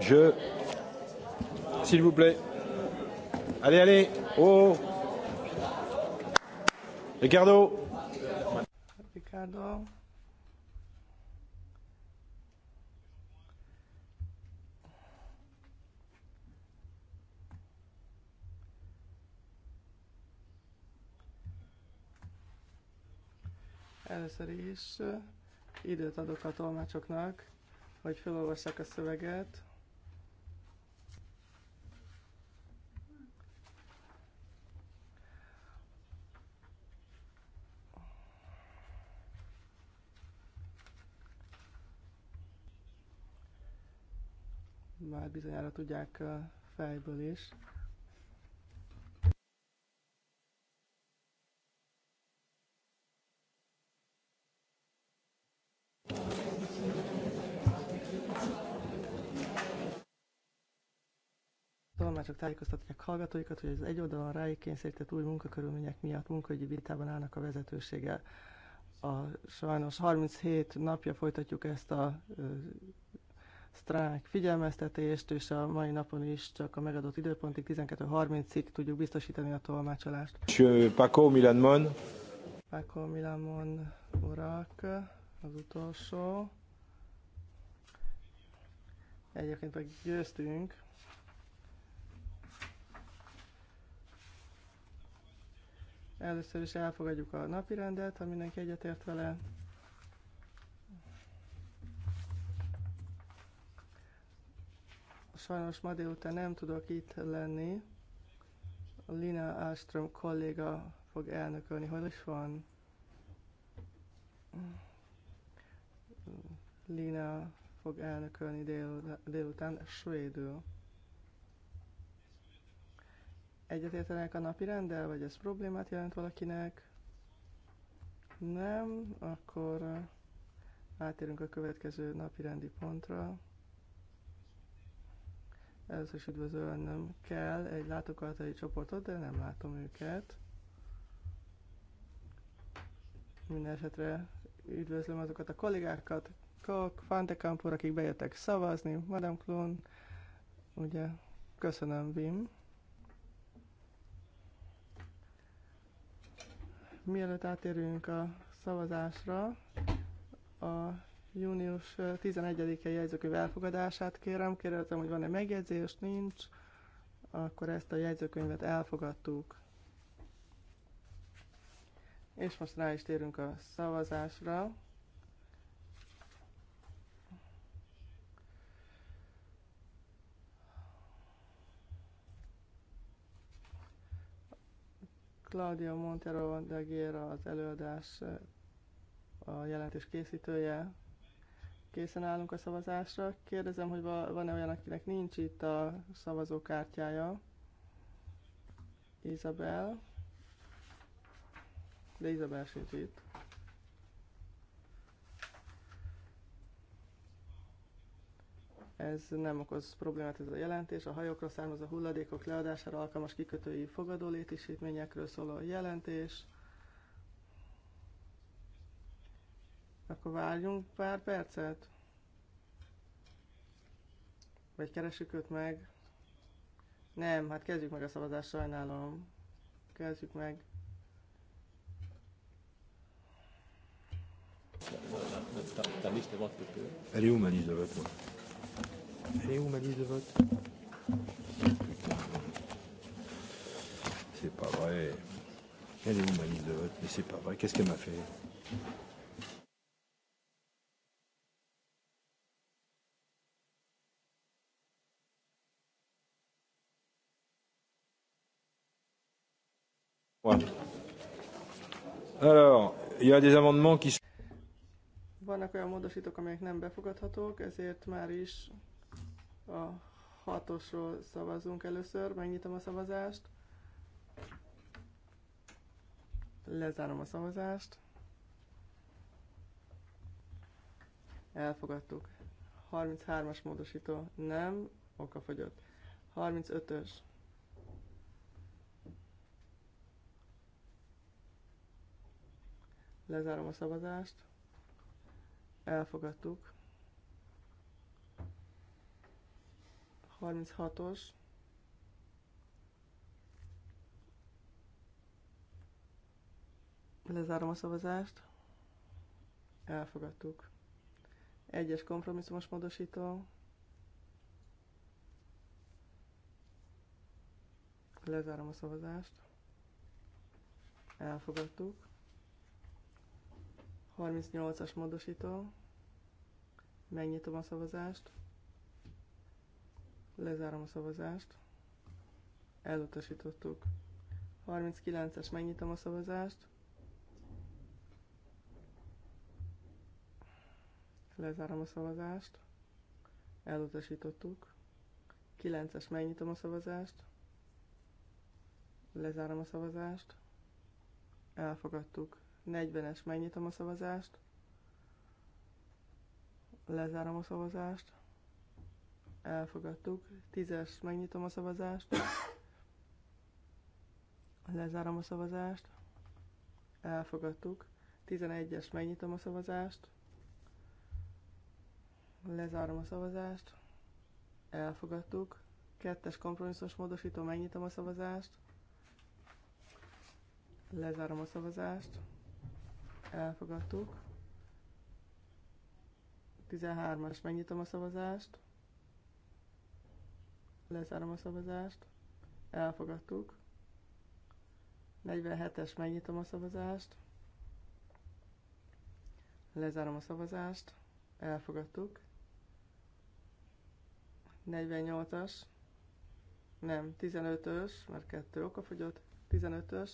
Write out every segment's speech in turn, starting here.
Je. S'il vous plaît. Allez, allez. Oh. Ricardo. Ricardo. Először is uh, időt adok a tolmácsoknak, hogy felolvassák a szöveget. már bizonyára tudják fejből is. tolmácsok tájékoztatják hallgatóikat, hogy az egy oldalon ráig kényszerített új munkakörülmények miatt munkahogyi vitában állnak a vezetőséggel. A, sajnos 37 napja folytatjuk ezt a sztrájk figyelmeztetést, és a mai napon is csak a megadott időpontig 12.30-ig tudjuk biztosítani a tolmácsolást. Paco Milanmon. Paco Milanmon urak, az utolsó. Egyébként meg győztünk. Először is elfogadjuk a napirendet, ha mindenki egyetért vele. Sajnos ma délután nem tudok itt lenni. Lina Ástrom kolléga fog elnökölni. Hol is van? Lina fog elnökölni dél, délután svédül. Egyetértenek a napi rendel, vagy ez problémát jelent valakinek? Nem, akkor uh, átérünk a következő napi rendi pontra. Először is üdvözölnöm kell egy látogatói csoportot, de nem látom őket. Minden esetre üdvözlöm azokat a kollégákat, Kok, Van akik bejöttek szavazni, Madame Klun, ugye, köszönöm, Vim. Mielőtt átérünk a szavazásra, a június 11-e jegyzőkönyv elfogadását kérem. Kérdezem, hogy van-e megjegyzés, nincs. Akkor ezt a jegyzőkönyvet elfogadtuk. És most rá is térünk a szavazásra. Claudia Montero de Gera az előadás a jelentés készítője, készen állunk a szavazásra. Kérdezem, hogy van-e olyan, akinek nincs itt a szavazókártyája? Izabel. De Izabel sincs itt. Ez nem okoz problémát ez a jelentés. A hajókra származó hulladékok leadására alkalmas kikötői fogadó létesítményekről szóló jelentés. Akkor várjunk pár percet. Vagy keresük őt meg. Nem, hát kezdjük meg a szavazást, sajnálom. Kezdjük meg. Elég meg is dövött van. Elég meg is dövött. C'est pas vrai. Elle est où ma liste de vote Mais c'est pas vrai. Qu'est-ce qu'elle m'a fait Voilà. Alors, il y a des amendements qui vannak olyan módosítók, amelyek nem befogadhatók, ezért már is a hatosról szavazunk először. Megnyitom a szavazást. Lezárom a szavazást. Elfogadtuk. 33-as módosító nem, okafogyott. 35-ös Lezárom a szavazást. Elfogadtuk. 36-os. Lezárom a szavazást. Elfogadtuk. Egyes kompromisszumos módosító. Lezárom a szavazást. Elfogadtuk. 38-as módosító. Megnyitom a szavazást. Lezárom a szavazást. Elutasítottuk. 39-es, megnyitom a szavazást. Lezárom a szavazást. Elutasítottuk. 9-es, megnyitom a szavazást. Lezárom a szavazást. Elfogadtuk. 40-es, megnyitom a szavazást. Lezárom a szavazást. Elfogadtuk. 10-es, megnyitom a szavazást. Lezárom a szavazást. Elfogadtuk. 11-es, megnyitom a szavazást. Lezárom a szavazást. Elfogadtuk. Kettes kompromisszos módosító, megnyitom a szavazást. Lezárom a szavazást elfogadtuk. 13-as, megnyitom a szavazást, lezárom a szavazást, elfogadtuk. 47-es, megnyitom a szavazást, lezárom a szavazást, elfogadtuk. 48-as, nem, 15-ös, mert kettő okafogyott, 15-ös,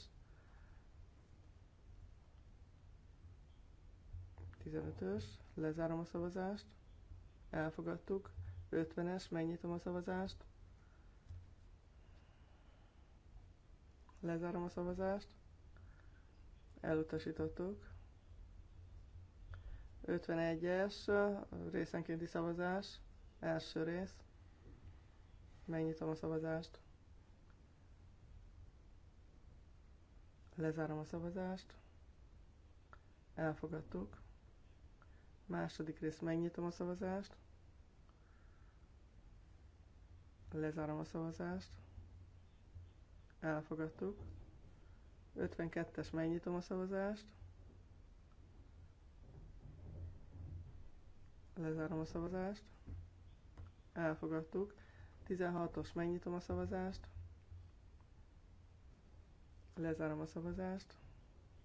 15-ös, lezárom a szavazást, elfogadtuk, 50-es, megnyitom a szavazást, lezárom a szavazást, elutasítottuk, 51-es, részenkénti szavazás, első rész, megnyitom a szavazást, lezárom a szavazást, elfogadtuk, Második rész megnyitom a szavazást. Lezárom a szavazást. Elfogadtuk. 52-es megnyitom a szavazást. Lezárom a szavazást. Elfogadtuk. 16-os megnyitom a szavazást. Lezárom a szavazást.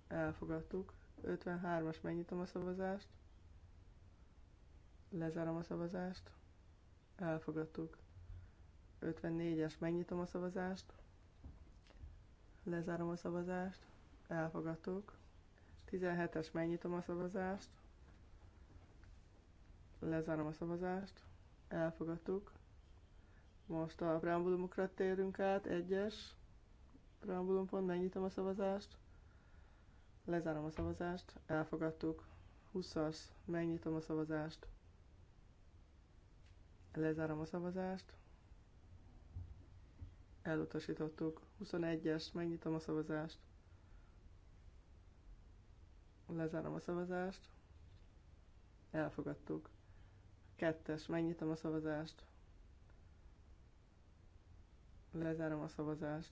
Elfogadtuk. 53-as megnyitom a szavazást. Lezárom a szavazást. Elfogadtuk. 54-es, megnyitom a szavazást. Lezárom a szavazást. Elfogadtuk. 17-es, megnyitom a szavazást. Lezárom a szavazást. Elfogadtuk. Most a preambulumokra térünk át. Egyes preambulumpont, megnyitom a szavazást. Lezárom a szavazást. Elfogadtuk. 20-as, megnyitom a szavazást. Lezárom a szavazást. Elutasítottuk. 21-es, megnyitom a szavazást. Lezárom a szavazást. Elfogadtuk. es megnyitom a szavazást. Lezárom a szavazást.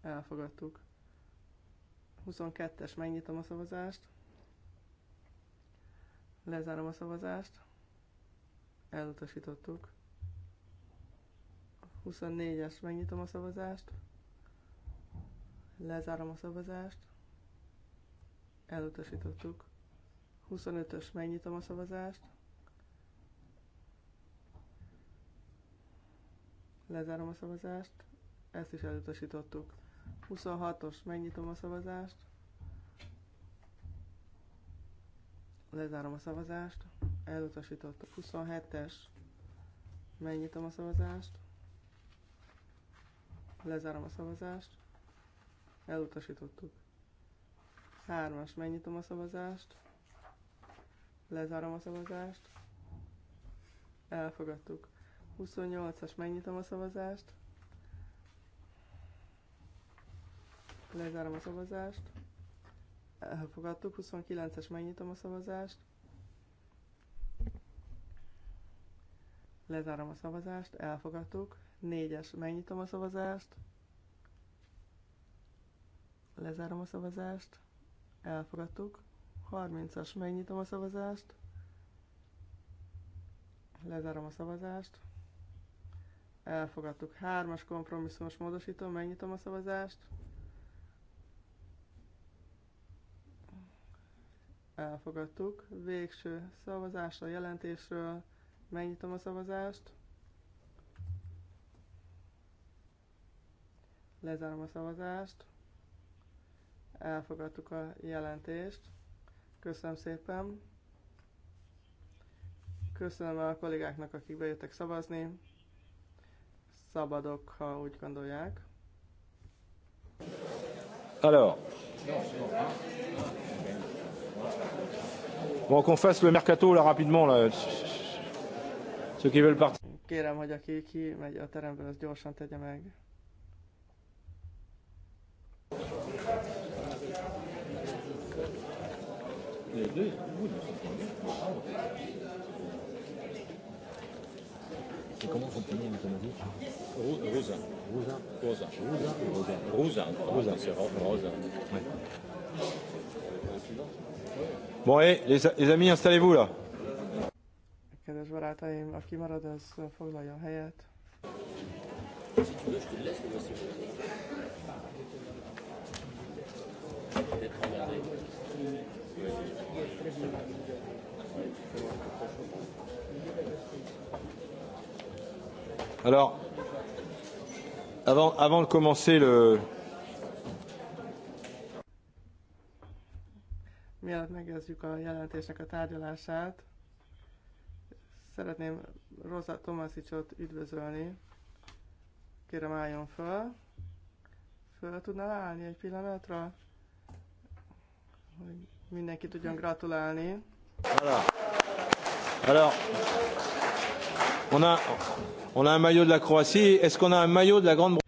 Elfogadtuk. 22-es, megnyitom a szavazást. Lezárom a szavazást elutasítottuk. 24-es, megnyitom a szavazást, lezárom a szavazást, elutasítottuk. 25-ös, megnyitom a szavazást, lezárom a szavazást, ezt is elutasítottuk. 26-os, megnyitom a szavazást, lezárom a szavazást, elutasítottuk. 27-es, megnyitom a szavazást, lezárom a szavazást, elutasítottuk. 3-as, megnyitom a szavazást, lezárom a szavazást, elfogadtuk. 28-as, megnyitom a szavazást, lezárom a szavazást, elfogadtuk. 29-es, megnyitom a szavazást, Lezárom a szavazást, elfogadtuk. Négyes, megnyitom a szavazást. Lezárom a szavazást, elfogadtuk. 30-as, megnyitom a szavazást. Lezárom a szavazást. Elfogadtuk. 3-as kompromisszumos módosító, megnyitom a szavazást. Elfogadtuk. Végső szavazásra, a jelentésről Megnyitom a szavazást. Lezárom a szavazást. Elfogadtuk a jelentést. Köszönöm szépen. Köszönöm a kollégáknak, akik bejöttek szavazni. Szabadok, ha úgy gondolják. Hello. Bon, qu'on fasse le mercato là rapidement là. Kérem, hogy aki ki megy a teremből, az gyorsan tegye meg. C'est comment son prénom, Nicolas Rosa. Rosa. Rosa. Rosa. Rosa. Rosa. C'est Rosa. Ouais. Bon, et les, les amis, installez-vous là barátaim, aki marad, az foglaljon helyet. Alors, avant, avant de commencer le, mielőtt megkezdjük a jelentésnek a tárgyalását, Szeretném Rosa Tomasicsot üdvözölni. Kérem álljon föl. Föl tudna állni egy pillanatra? Hogy mindenki tudjon gratulálni. Hello. Hello. on a, on a maillot de la Croatie. Est-ce qu'on a un maillot de la Grande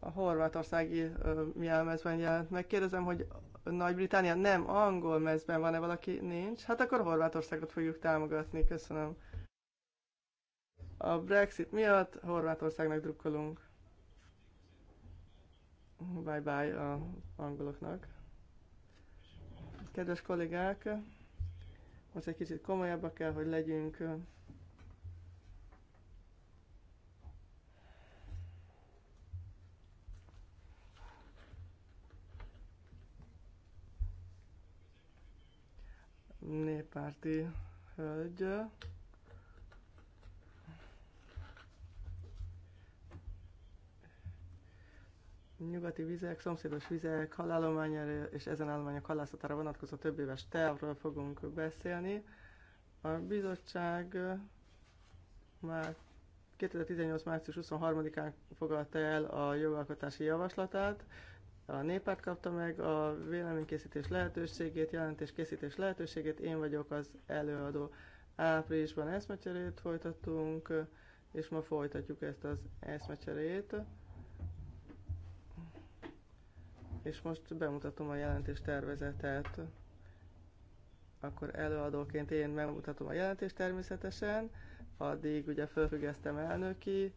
A horvátországi uh, jelmezben jelent meg. Kérdezem, hogy Nagy-Britannia nem angol mezben van-e valaki? Nincs. Hát akkor Horvátországot fogjuk támogatni. Köszönöm. A Brexit miatt Horvátországnak drukkolunk. Bye-bye a angoloknak. Kedves kollégák, most egy kicsit komolyabbak kell, hogy legyünk. néppárti hölgy. nyugati vizek, szomszédos vizek halállományára és ezen állományok halászatára vonatkozó több éves tervről fogunk beszélni. A bizottság már 2018. március 23-án fogadta el a jogalkotási javaslatát. A néppárt kapta meg a véleménykészítés lehetőségét, jelentéskészítés lehetőségét, én vagyok az előadó. Áprilisban eszmecserét folytattunk, és ma folytatjuk ezt az eszmecserét és most bemutatom a jelentéstervezetet. Akkor előadóként én megmutatom a jelentést természetesen, addig ugye felfüggesztem elnöki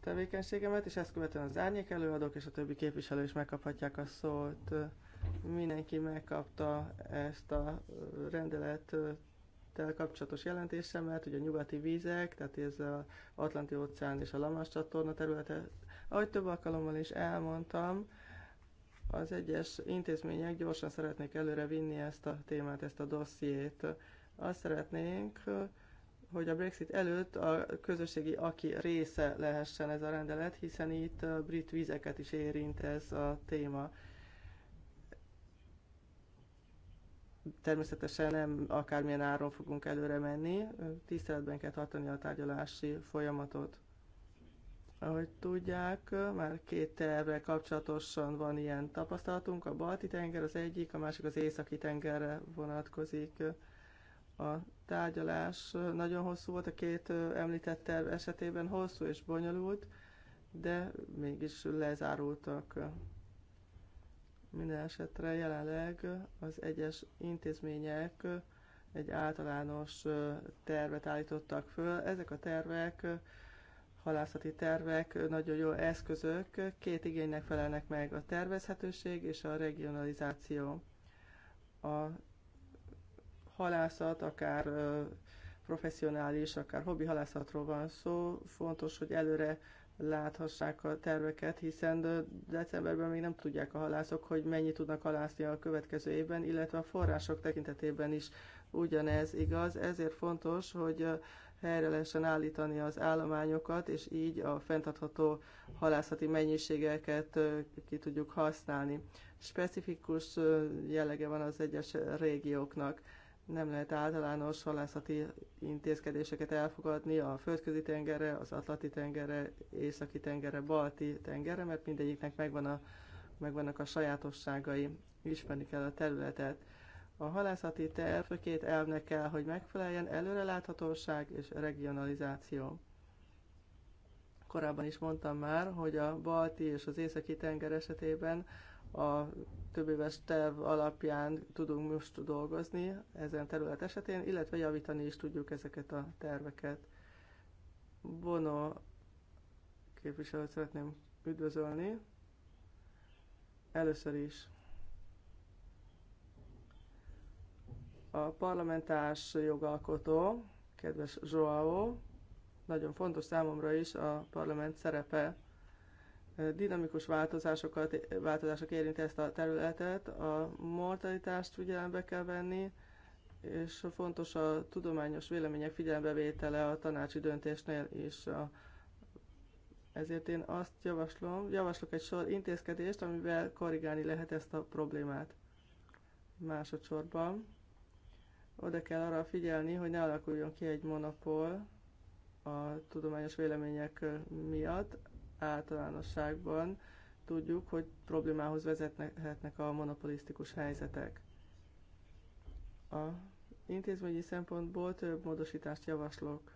tevékenységemet, és ezt követően az árnyék előadók és a többi képviselő is megkaphatják a szót. Mindenki megkapta ezt a rendelettel kapcsolatos jelentésemet, ugye a nyugati vízek, tehát ez az Atlanti óceán és a Lamas csatorna területe. Ahogy több alkalommal is elmondtam, az egyes intézmények gyorsan szeretnék előre vinni ezt a témát, ezt a dossziét. Azt szeretnénk, hogy a Brexit előtt a közösségi aki része lehessen ez a rendelet, hiszen itt a brit vizeket is érint ez a téma. Természetesen nem akármilyen áron fogunk előre menni, tiszteletben kell tartani a tárgyalási folyamatot. Ahogy tudják, már két tervvel kapcsolatosan van ilyen tapasztalatunk. A balti tenger az egyik, a másik az északi tengerre vonatkozik. A tárgyalás nagyon hosszú volt, a két említett terv esetében hosszú és bonyolult, de mégis lezárultak. Minden esetre jelenleg az egyes intézmények egy általános tervet állítottak föl. Ezek a tervek halászati tervek nagyon jó eszközök, két igénynek felelnek meg a tervezhetőség és a regionalizáció. A halászat, akár professzionális, akár hobbi halászatról van szó, fontos, hogy előre láthassák a terveket, hiszen decemberben még nem tudják a halászok, hogy mennyit tudnak halászni a következő évben, illetve a források tekintetében is ugyanez igaz. Ezért fontos, hogy helyre lehessen állítani az állományokat, és így a fenntartható halászati mennyiségeket ki tudjuk használni. Specifikus jellege van az egyes régióknak. Nem lehet általános halászati intézkedéseket elfogadni a földközi tengerre, az atlanti tengerre, északi tengerre, balti tengerre, mert mindegyiknek megvan a, megvannak a sajátosságai, ismerni kell a területet a halászati terv két elvnek kell, hogy megfeleljen előreláthatóság és regionalizáció. Korábban is mondtam már, hogy a balti és az északi tenger esetében a több éves terv alapján tudunk most dolgozni ezen terület esetén, illetve javítani is tudjuk ezeket a terveket. Bono képviselőt szeretném üdvözölni. Először is a parlamentárs jogalkotó, kedves Joao, nagyon fontos számomra is a parlament szerepe. Dinamikus változásokat, változások érint ezt a területet, a mortalitást figyelembe kell venni, és fontos a tudományos vélemények figyelembevétele a tanácsi döntésnél is. Ezért én azt javaslom, javaslok egy sor intézkedést, amivel korrigálni lehet ezt a problémát. Másodszorban oda kell arra figyelni, hogy ne alakuljon ki egy monopól a tudományos vélemények miatt általánosságban. Tudjuk, hogy problémához vezethetnek a monopolisztikus helyzetek. A intézményi szempontból több módosítást javaslok.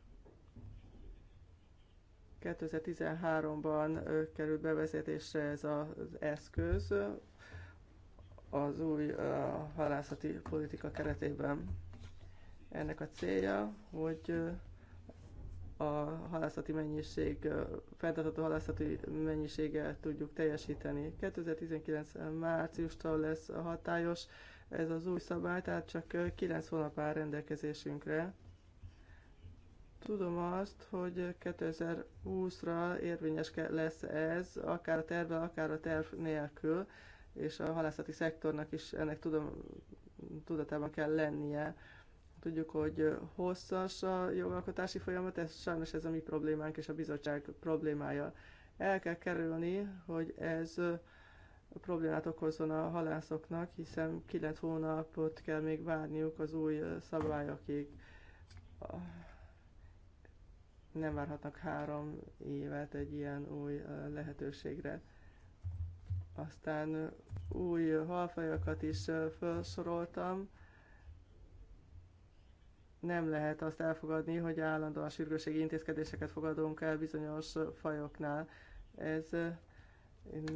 2013-ban került bevezetésre ez az eszköz az új halászati politika keretében. Ennek a célja, hogy a halászati mennyiség, fenntartható halászati mennyiséggel tudjuk teljesíteni. 2019. márciustól lesz hatályos ez az új szabály, tehát csak 9 hónap áll rendelkezésünkre. Tudom azt, hogy 2020-ra érvényes lesz ez, akár a terve, akár a terv nélkül, és a halászati szektornak is ennek tudom, tudatában kell lennie. Tudjuk, hogy hosszas a jogalkotási folyamat, ez sajnos ez a mi problémánk és a bizottság problémája. El kell kerülni, hogy ez problémát okozzon a halászoknak, hiszen 9 hónapot kell még várniuk az új szabályokig. Nem várhatnak három évet egy ilyen új lehetőségre. Aztán új halfajokat is felsoroltam, nem lehet azt elfogadni, hogy állandóan sürgőségi intézkedéseket fogadunk el bizonyos fajoknál. Ez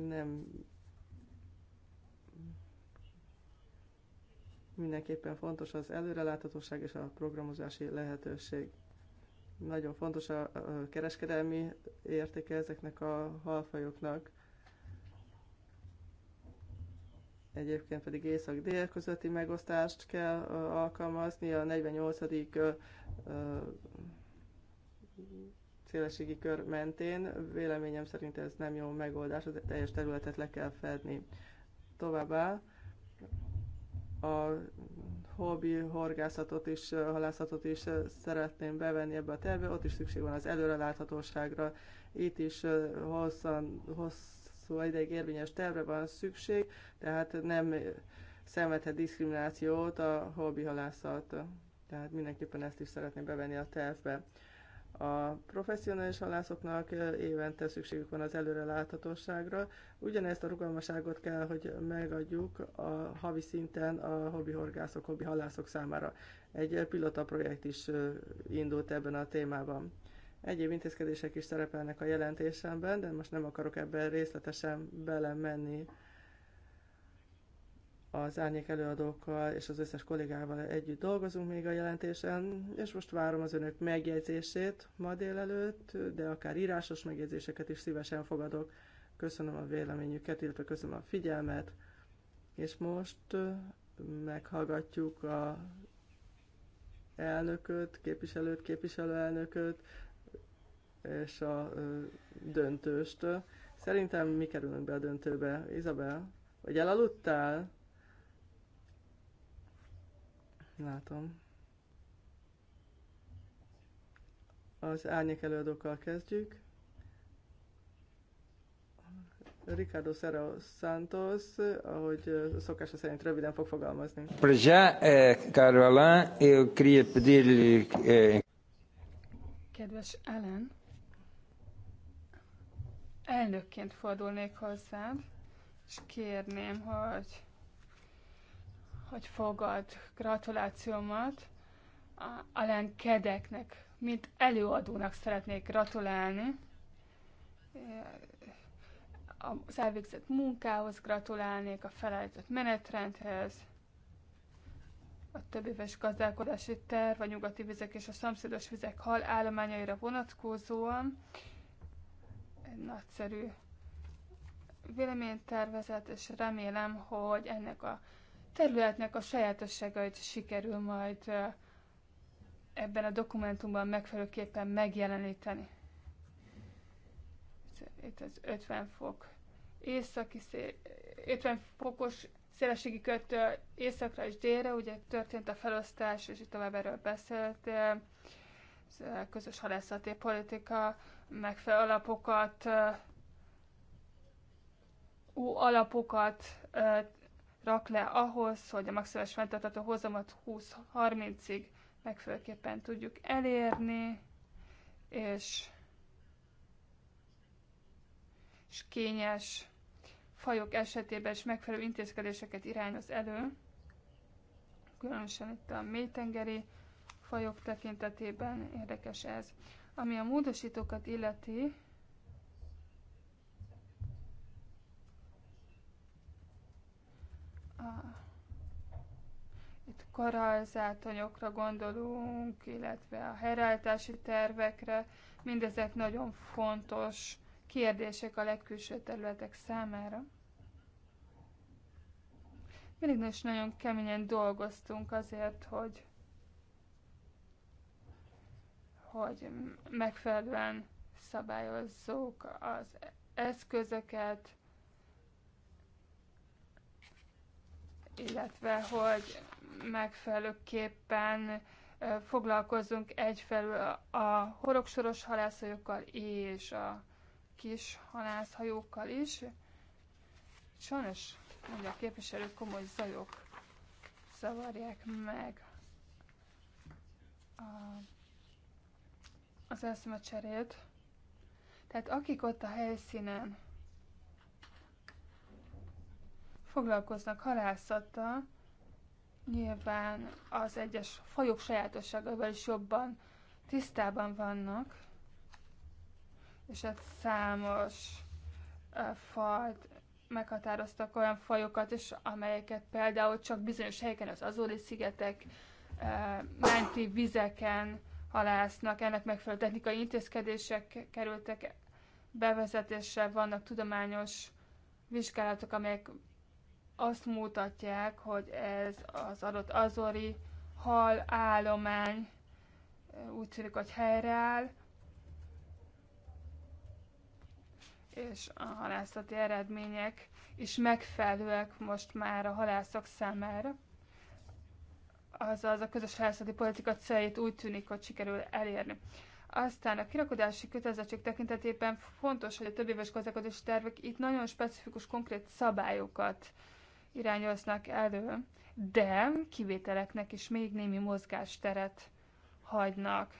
nem mindenképpen fontos az előreláthatóság és a programozási lehetőség. Nagyon fontos a kereskedelmi értéke ezeknek a halfajoknak. Egyébként pedig észak-dél közötti megosztást kell alkalmazni a 48. szélességi kör mentén. Véleményem szerint ez nem jó megoldás, az teljes területet le kell fedni. Továbbá a hobbi horgászatot is, halászatot is szeretném bevenni ebbe a tervbe, ott is szükség van az előreláthatóságra. Itt is hosszan, hossz, Szóval ideig érvényes tervre van szükség, tehát nem szenvedhet diszkriminációt a hobbi halászat. Tehát mindenképpen ezt is szeretné bevenni a tervbe. A professzionális halászoknak évente szükségük van az előreláthatóságra. Ugyanezt a rugalmaságot kell, hogy megadjuk a havi szinten a hobbi horgászok, hobbi halászok számára. Egy pilota projekt is indult ebben a témában. Egyéb intézkedések is szerepelnek a jelentésemben, de most nem akarok ebben részletesen belemenni az árnyék előadókkal és az összes kollégával együtt dolgozunk még a jelentésen, és most várom az önök megjegyzését ma délelőtt, de akár írásos megjegyzéseket is szívesen fogadok. Köszönöm a véleményüket, illetve köszönöm a figyelmet, és most meghallgatjuk a elnököt, képviselőt, képviselőelnököt, és a döntőst. Szerintem mi kerülünk be a döntőbe? Izabel, vagy elaludtál? Látom. Az árnyék előadókkal kezdjük. Ricardo Serra Santos, ahogy szokása szerint röviden fog fogalmazni. Prezsá, Alain, eu queria pedir-lhe... Kedves Alain, elnökként fordulnék hozzá, és kérném, hogy, hogy fogad gratulációmat a Kedeknek, mint előadónak szeretnék gratulálni. Az elvégzett munkához gratulálnék, a felállított menetrendhez, a több éves gazdálkodási terv a nyugati vizek és a szomszédos vizek hal állományaira vonatkozóan, nagyszerű véleménytervezet, és remélem, hogy ennek a területnek a sajátosságait sikerül majd ebben a dokumentumban megfelelőképpen megjeleníteni. Itt az 50 fok északi szél, 50 fokos szélességi kötő északra és délre, ugye történt a felosztás, és itt tovább erről beszéltél, közös halászati politika, megfelelő alapokat, ú alapokat rak le ahhoz, hogy a maximális fenntartható hozamat 20-30-ig megfelelőképpen tudjuk elérni, és, és kényes fajok esetében is megfelelő intézkedéseket irányoz elő, különösen itt a mélytengeri fajok tekintetében érdekes ez. Ami a módosítókat illeti, a, itt karalzátonyokra gondolunk, illetve a helyreállítási tervekre, mindezek nagyon fontos kérdések a legkülső területek számára. Mindig is nagyon keményen dolgoztunk azért, hogy hogy megfelelően szabályozzuk az eszközöket, illetve hogy megfelelőképpen foglalkozzunk egyfelől a horogsoros halászhajókkal és a kis halászhajókkal is. Sajnos, mondja a képviselő, komoly zajok zavarják meg a az eszmecserét. Tehát akik ott a helyszínen foglalkoznak halászattal, nyilván az egyes fajok sajátosságával is jobban tisztában vannak, és ez hát számos fajt meghatároztak olyan fajokat is, amelyeket például csak bizonyos helyeken, az Azori szigetek menti vizeken halásznak. Ennek megfelelő technikai intézkedések kerültek bevezetésre, vannak tudományos vizsgálatok, amelyek azt mutatják, hogy ez az adott azori hal állomány eh, úgy tűnik, hogy helyreáll, és a halászati eredmények is megfelelőek most már a halászok számára azaz a közös házadi politika céljét úgy tűnik, hogy sikerül elérni. Aztán a kirakodási kötelezettség tekintetében fontos, hogy a több éves gazdálkodási tervek itt nagyon specifikus, konkrét szabályokat irányoznak elő, de kivételeknek is még némi mozgásteret hagynak.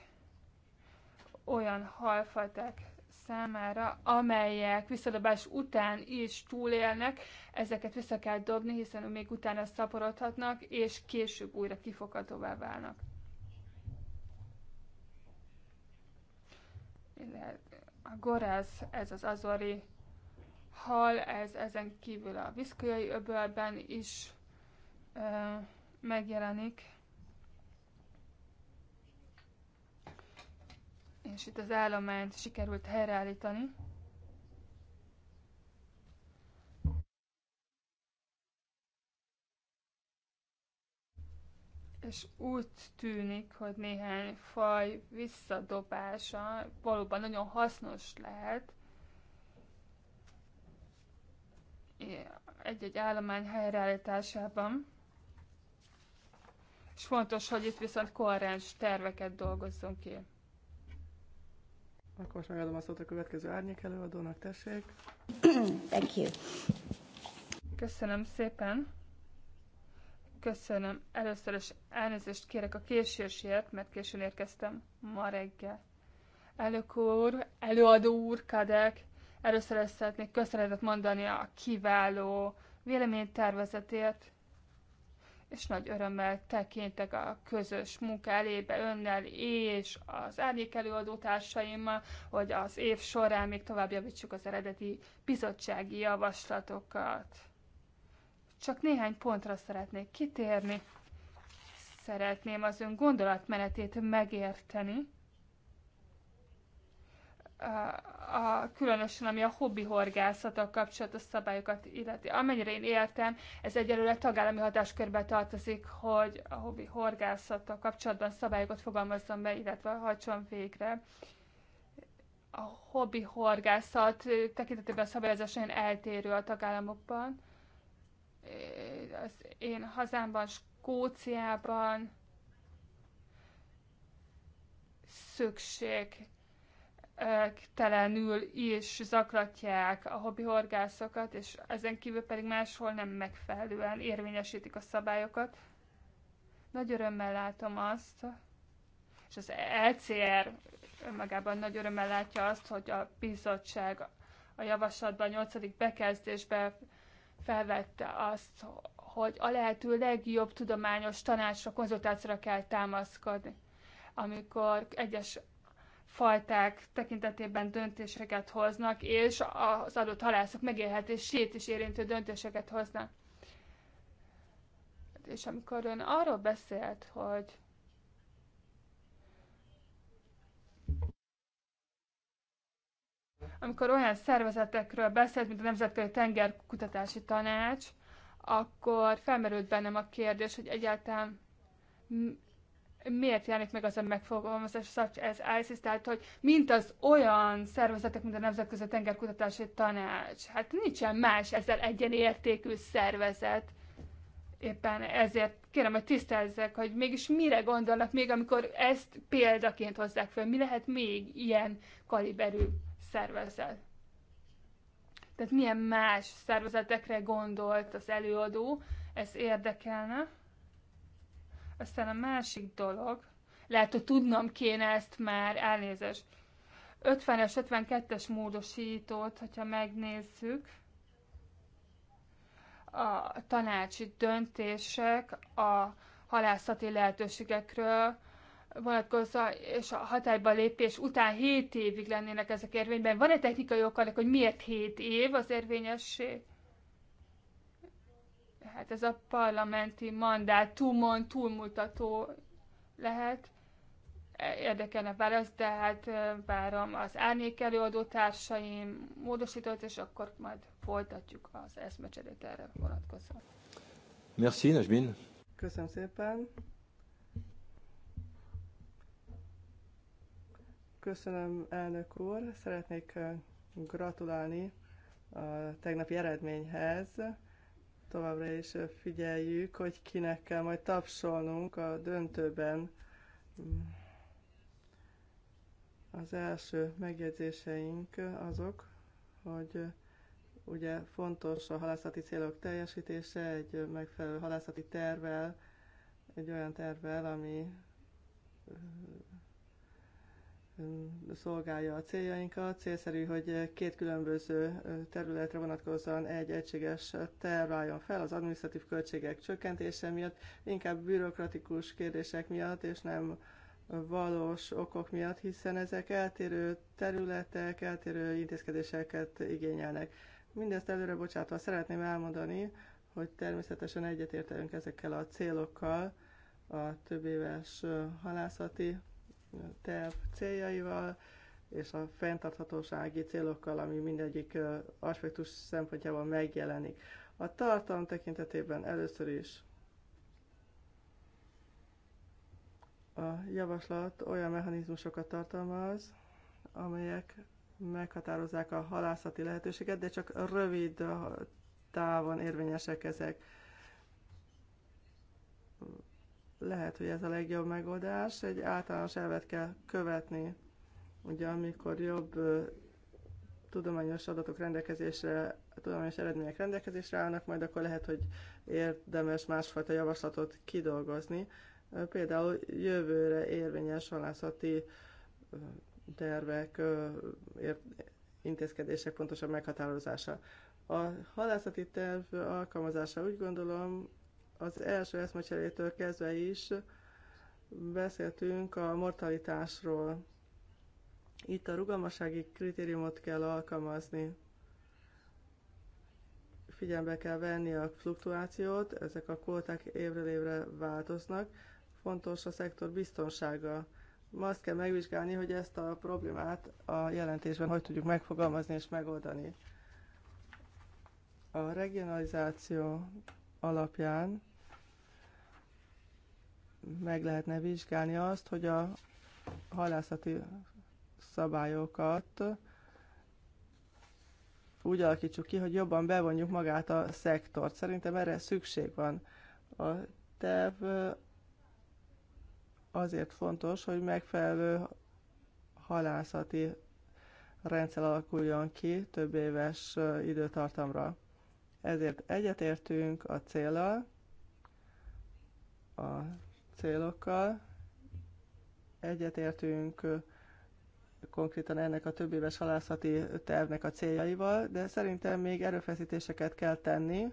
Olyan halfajták számára, amelyek visszadobás után is túlélnek, ezeket vissza kell dobni, hiszen még utána szaporodhatnak, és később újra kifoghatóvá válnak. A gorász, ez az azori hal, ez ezen kívül a viszkajai öbölben is ö, megjelenik. és itt az állományt sikerült helyreállítani. és úgy tűnik, hogy néhány faj visszadobása valóban nagyon hasznos lehet. Egy-egy állomány helyreállításában. És fontos, hogy itt viszont koherens terveket dolgozzunk ki. Akkor most megadom a szót a következő árnyék előadónak, tessék. Thank you. Köszönöm szépen. Köszönöm. Először is elnézést kérek a késésért, mert későn érkeztem ma reggel. Elnök úr, előadó úr, Kadek, először is szeretnék köszönetet mondani a kiváló véleménytervezetért, és nagy örömmel tekintek a közös munka elébe önnel és az árnyék előadótársaimmal, hogy az év során még tovább javítsuk az eredeti bizottsági javaslatokat. Csak néhány pontra szeretnék kitérni. Szeretném az ön gondolatmenetét megérteni, a, a, különösen ami a hobbi horgászattal kapcsolatos szabályokat illeti. Amennyire én értem, ez egyelőre tagállami hatáskörbe tartozik, hogy a hobbi horgászattal kapcsolatban szabályokat fogalmazzon be, illetve hajtson végre. A hobbi horgászat tekintetében a szabályozás nagyon eltérő a tagállamokban. Az én hazámban, Skóciában szükség telenül is zaklatják a hobbi horgászokat, és ezen kívül pedig máshol nem megfelelően érvényesítik a szabályokat. Nagy örömmel látom azt, és az LCR e önmagában nagy örömmel látja azt, hogy a bizottság a javaslatban, a nyolcadik bekezdésben felvette azt, hogy a lehető legjobb tudományos tanácsra, konzultációra kell támaszkodni. Amikor egyes fajták tekintetében döntéseket hoznak, és az adott halászok megélhetését is érintő döntéseket hoznak. És amikor ön arról beszélt, hogy amikor olyan szervezetekről beszélt, mint a Nemzetközi Tengerkutatási Tanács, akkor felmerült bennem a kérdés, hogy egyáltalán miért jelenik meg az a megfogalmazás, such as ISIS, tehát hogy mint az olyan szervezetek, mint a Nemzetközi Tengerkutatási Tanács. Hát nincsen más ezzel egyenértékű szervezet. Éppen ezért kérem, hogy tisztelzek, hogy mégis mire gondolnak még, amikor ezt példaként hozzák fel. Mi lehet még ilyen kaliberű szervezet? Tehát milyen más szervezetekre gondolt az előadó, ez érdekelne. Aztán a másik dolog, lehet, hogy tudnom kéne ezt már, elnézést. 50-es, 52-es módosítót, hogyha megnézzük, a tanácsi döntések a halászati lehetőségekről vonatkozva, és a hatályba lépés után 7 évig lennének ezek érvényben. Van-e technikai okkal, hogy miért 7 év az érvényesség? Hát ez a parlamenti mandátumon túlmutató lehet. E, érdekelne válasz, de hát várom az árnyék előadó társaim módosítót, és akkor majd folytatjuk az eszmecserét erre vonatkozóan. Merci, Najmin. Köszönöm szépen. Köszönöm, elnök úr. Szeretnék gratulálni a tegnapi eredményhez továbbra is figyeljük, hogy kinek kell majd tapsolnunk a döntőben. Az első megjegyzéseink azok, hogy ugye fontos a halászati célok teljesítése egy megfelelő halászati tervel, egy olyan tervel, ami szolgálja a céljainkat. Célszerű, hogy két különböző területre vonatkozóan egy egységes terv álljon fel az administratív költségek csökkentése miatt, inkább bürokratikus kérdések miatt, és nem valós okok miatt, hiszen ezek eltérő területek, eltérő intézkedéseket igényelnek. Mindezt előre bocsátva szeretném elmondani, hogy természetesen egyetértünk ezekkel a célokkal a több éves halászati terv céljaival, és a fenntarthatósági célokkal, ami mindegyik aspektus szempontjából megjelenik. A tartalom tekintetében először is a javaslat olyan mechanizmusokat tartalmaz, amelyek meghatározzák a halászati lehetőséget, de csak rövid távon érvényesek ezek. lehet, hogy ez a legjobb megoldás. Egy általános elvet kell követni. Ugye amikor jobb tudományos adatok rendelkezésre, tudományos eredmények rendelkezésre állnak, majd akkor lehet, hogy érdemes másfajta javaslatot kidolgozni. Például jövőre érvényes halászati tervek, intézkedések pontosabb meghatározása. A halászati terv alkalmazása úgy gondolom az első eszmecserétől kezdve is beszéltünk a mortalitásról. Itt a rugalmassági kritériumot kell alkalmazni. Figyelembe kell venni a fluktuációt, ezek a kvóták évről évre változnak. Fontos a szektor biztonsága. Ma azt kell megvizsgálni, hogy ezt a problémát a jelentésben hogy tudjuk megfogalmazni és megoldani. A regionalizáció alapján meg lehetne vizsgálni azt, hogy a halászati szabályokat úgy alakítsuk ki, hogy jobban bevonjuk magát a szektort. Szerintem erre szükség van. A terv azért fontos, hogy megfelelő halászati rendszer alakuljon ki több éves időtartamra. Ezért egyetértünk a célral, a célokkal. Egyetértünk konkrétan ennek a több éves halászati tervnek a céljaival, de szerintem még erőfeszítéseket kell tenni,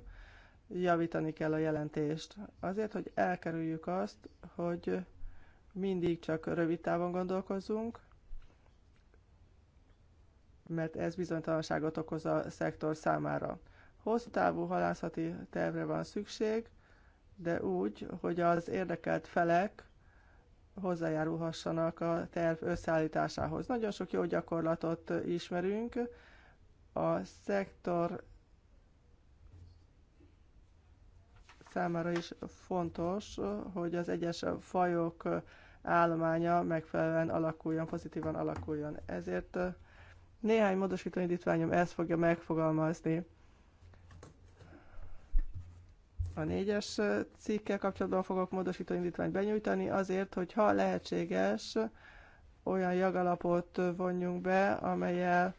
javítani kell a jelentést. Azért, hogy elkerüljük azt, hogy mindig csak rövid távon gondolkozzunk, mert ez bizonytalanságot okoz a szektor számára. Hosszú távú halászati tervre van szükség, de úgy, hogy az érdekelt felek hozzájárulhassanak a terv összeállításához. Nagyon sok jó gyakorlatot ismerünk. A szektor számára is fontos, hogy az egyes fajok állománya megfelelően alakuljon, pozitívan alakuljon. Ezért néhány módosító indítványom ezt fogja megfogalmazni a négyes cikkel kapcsolatban fogok módosító indítványt benyújtani, azért, hogy ha lehetséges, olyan jogalapot vonjunk be, amelyel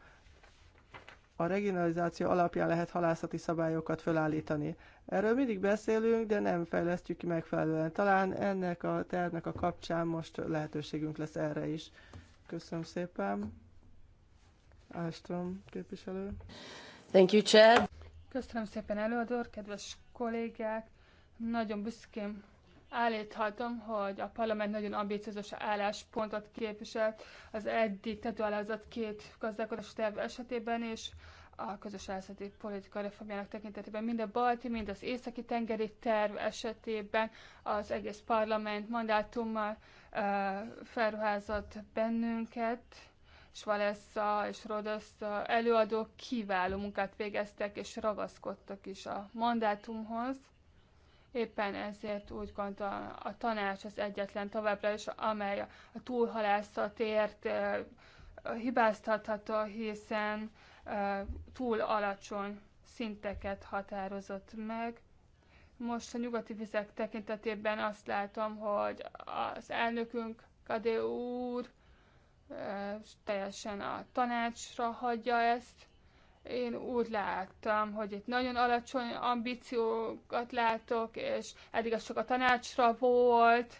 a regionalizáció alapján lehet halászati szabályokat fölállítani. Erről mindig beszélünk, de nem fejlesztjük ki megfelelően. Talán ennek a tervnek a kapcsán most lehetőségünk lesz erre is. Köszönöm szépen. Ástrom képviselő. Thank you, Chair. Köszönöm szépen előadó, kedves kollégák. Nagyon büszkén állíthatom, hogy a parlament nagyon ambíciózus álláspontot képviselt az eddig tetőalázott két gazdálkodási terv esetében is, a közös elszeti politika reformjának tekintetében, mind a balti, mind az északi tengeri terv esetében az egész parlament mandátummal uh, felruházott bennünket, Svalessa és Rodasz előadók kiváló munkát végeztek, és ragaszkodtak is a mandátumhoz. Éppen ezért úgy gondolom, a tanács az egyetlen továbbra is, amely a túlhalászatért hibáztatható, hiszen túl alacsony szinteket határozott meg. Most a nyugati vizek tekintetében azt látom, hogy az elnökünk Kadé úr teljesen a tanácsra hagyja ezt. Én úgy láttam, hogy itt nagyon alacsony ambíciókat látok, és eddig az csak a tanácsra volt,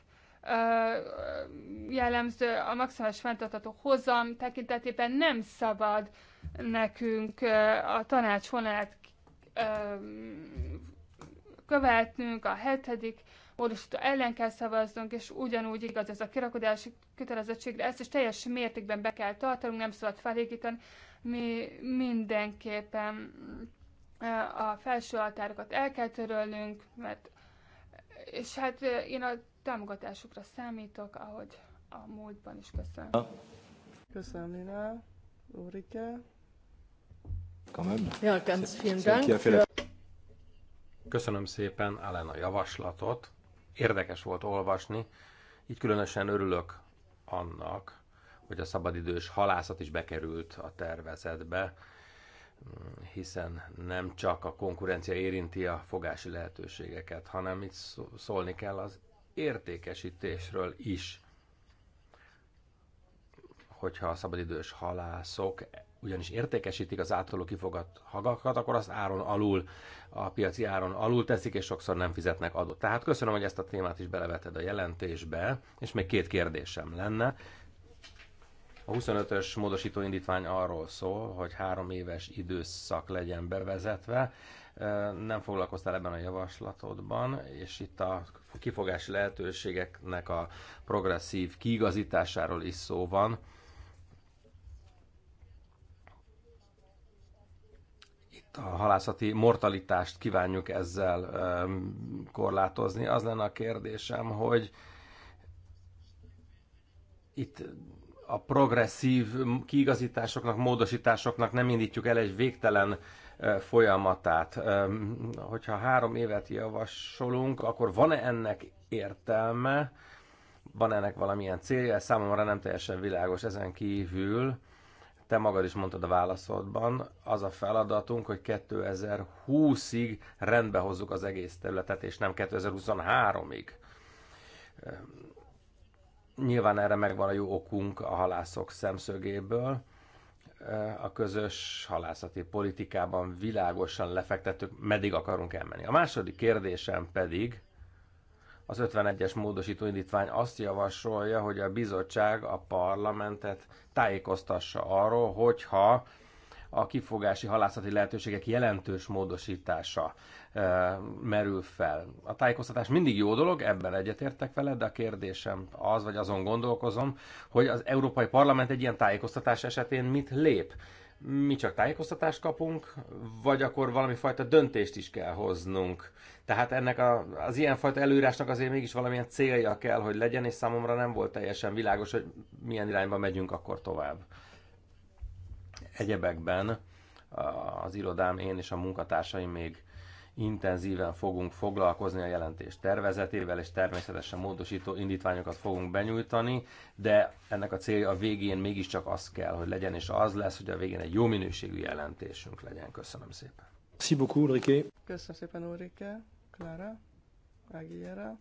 jellemző a maximális fenntartató hozam tekintetében nem szabad nekünk a tanács vonalát követnünk a hetedik módosító ellen kell szavaznunk, és ugyanúgy igaz ez a kirakodási kötelezettségre, ezt is teljes mértékben be kell tartanunk, nem szabad felégíteni, mi mindenképpen a felső altárokat el kell törölnünk, mert és hát én a támogatásukra számítok, ahogy a múltban is köszönöm. Köszönöm, Lina. Ulrike. Ja, Köszönöm szépen Ellen a javaslatot érdekes volt olvasni, így különösen örülök annak, hogy a szabadidős halászat is bekerült a tervezetbe, hiszen nem csak a konkurencia érinti a fogási lehetőségeket, hanem itt szólni kell az értékesítésről is. Hogyha a szabadidős halászok ugyanis értékesítik az általuk kifogat hagakat, akkor azt áron alul, a piaci áron alul teszik, és sokszor nem fizetnek adót. Tehát köszönöm, hogy ezt a témát is beleveted a jelentésbe, és még két kérdésem lenne. A 25-ös módosító indítvány arról szól, hogy három éves időszak legyen bevezetve. Nem foglalkoztál ebben a javaslatodban, és itt a kifogási lehetőségeknek a progresszív kiigazításáról is szó van a halászati mortalitást kívánjuk ezzel korlátozni. Az lenne a kérdésem, hogy itt a progresszív kiigazításoknak, módosításoknak nem indítjuk el egy végtelen folyamatát. Hogyha három évet javasolunk, akkor van-e ennek értelme, van -e ennek valamilyen célja, ez számomra nem teljesen világos ezen kívül te magad is mondtad a válaszodban, az a feladatunk, hogy 2020-ig rendbe hozzuk az egész területet, és nem 2023-ig. Ehm, nyilván erre megvan a jó okunk a halászok szemszögéből. Ehm, a közös halászati politikában világosan lefektettük, meddig akarunk elmenni. A második kérdésem pedig az 51-es módosító indítvány azt javasolja, hogy a bizottság a parlamentet tájékoztassa arról, hogyha a kifogási halászati lehetőségek jelentős módosítása e, merül fel. A tájékoztatás mindig jó dolog, ebben egyetértek veled, de a kérdésem az, vagy azon gondolkozom, hogy az Európai Parlament egy ilyen tájékoztatás esetén mit lép mi csak tájékoztatást kapunk, vagy akkor valami fajta döntést is kell hoznunk. Tehát ennek a, az ilyenfajta előírásnak azért mégis valamilyen célja kell, hogy legyen, és számomra nem volt teljesen világos, hogy milyen irányba megyünk akkor tovább. Egyebekben az irodám, én és a munkatársaim még intenzíven fogunk foglalkozni a jelentés tervezetével, és természetesen módosító indítványokat fogunk benyújtani, de ennek a célja a végén mégiscsak az kell, hogy legyen, és az lesz, hogy a végén egy jó minőségű jelentésünk legyen. Köszönöm szépen. Merci beaucoup, Ulrike. Köszönöm szépen, Ulrike, Clara, Aguilera.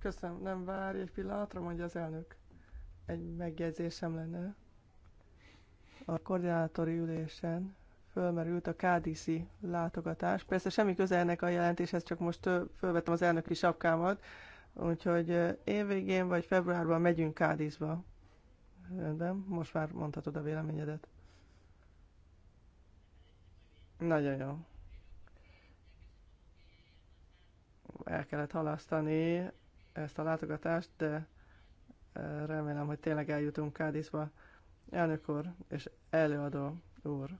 Köszönöm, nem várj egy pillanatra, mondja az elnök. Egy megjegyzésem lenne. A koordinátori ülésen fölmerült a kádiszi látogatás. Persze semmi köze ennek a jelentéshez, csak most fölvettem az elnöki sapkámat, úgyhogy évvégén vagy februárban megyünk Kádiszba. Rendben, most már mondhatod a véleményedet. Nagyon jó. El kellett halasztani ezt a látogatást, de remélem, hogy tényleg eljutunk Kádiszba. Elnök úr és előadó úr,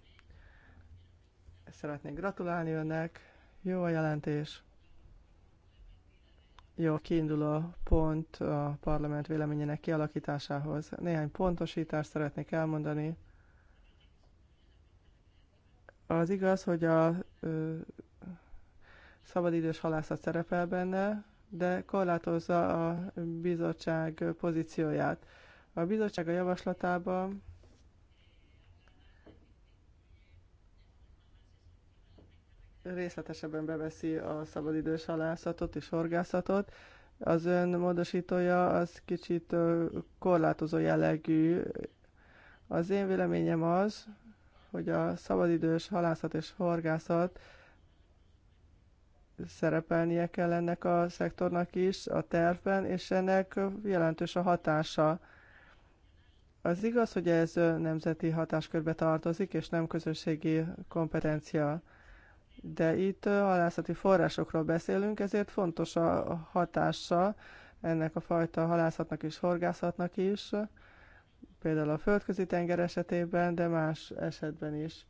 Szeretnék gratulálni önnek. Jó a jelentés. Jó kiinduló pont a parlament véleményének kialakításához. Néhány pontosítást szeretnék elmondani. Az igaz, hogy a ö, szabadidős halászat szerepel benne, de korlátozza a bizottság pozícióját. A bizottság a javaslatában részletesebben beveszi a szabadidős halászatot és horgászatot. Az ön módosítója az kicsit korlátozó jellegű. Az én véleményem az, hogy a szabadidős halászat és horgászat szerepelnie kell ennek a szektornak is a tervben, és ennek jelentős a hatása. Az igaz, hogy ez nemzeti hatáskörbe tartozik, és nem közösségi kompetencia de itt halászati forrásokról beszélünk, ezért fontos a hatása ennek a fajta halászatnak és horgászatnak is, például a földközi tenger esetében, de más esetben is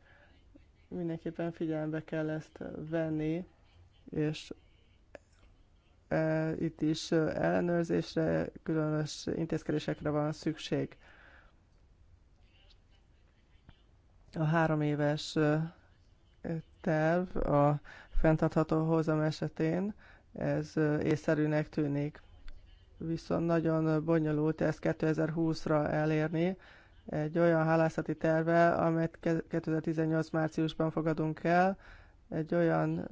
mindenképpen figyelembe kell ezt venni, és e, itt is ellenőrzésre, különös intézkedésekre van szükség. A három éves terv a fenntartható hozam esetén, ez észszerűnek tűnik. Viszont nagyon bonyolult ezt 2020-ra elérni, egy olyan hálászati terve, amelyet 2018 márciusban fogadunk el, egy olyan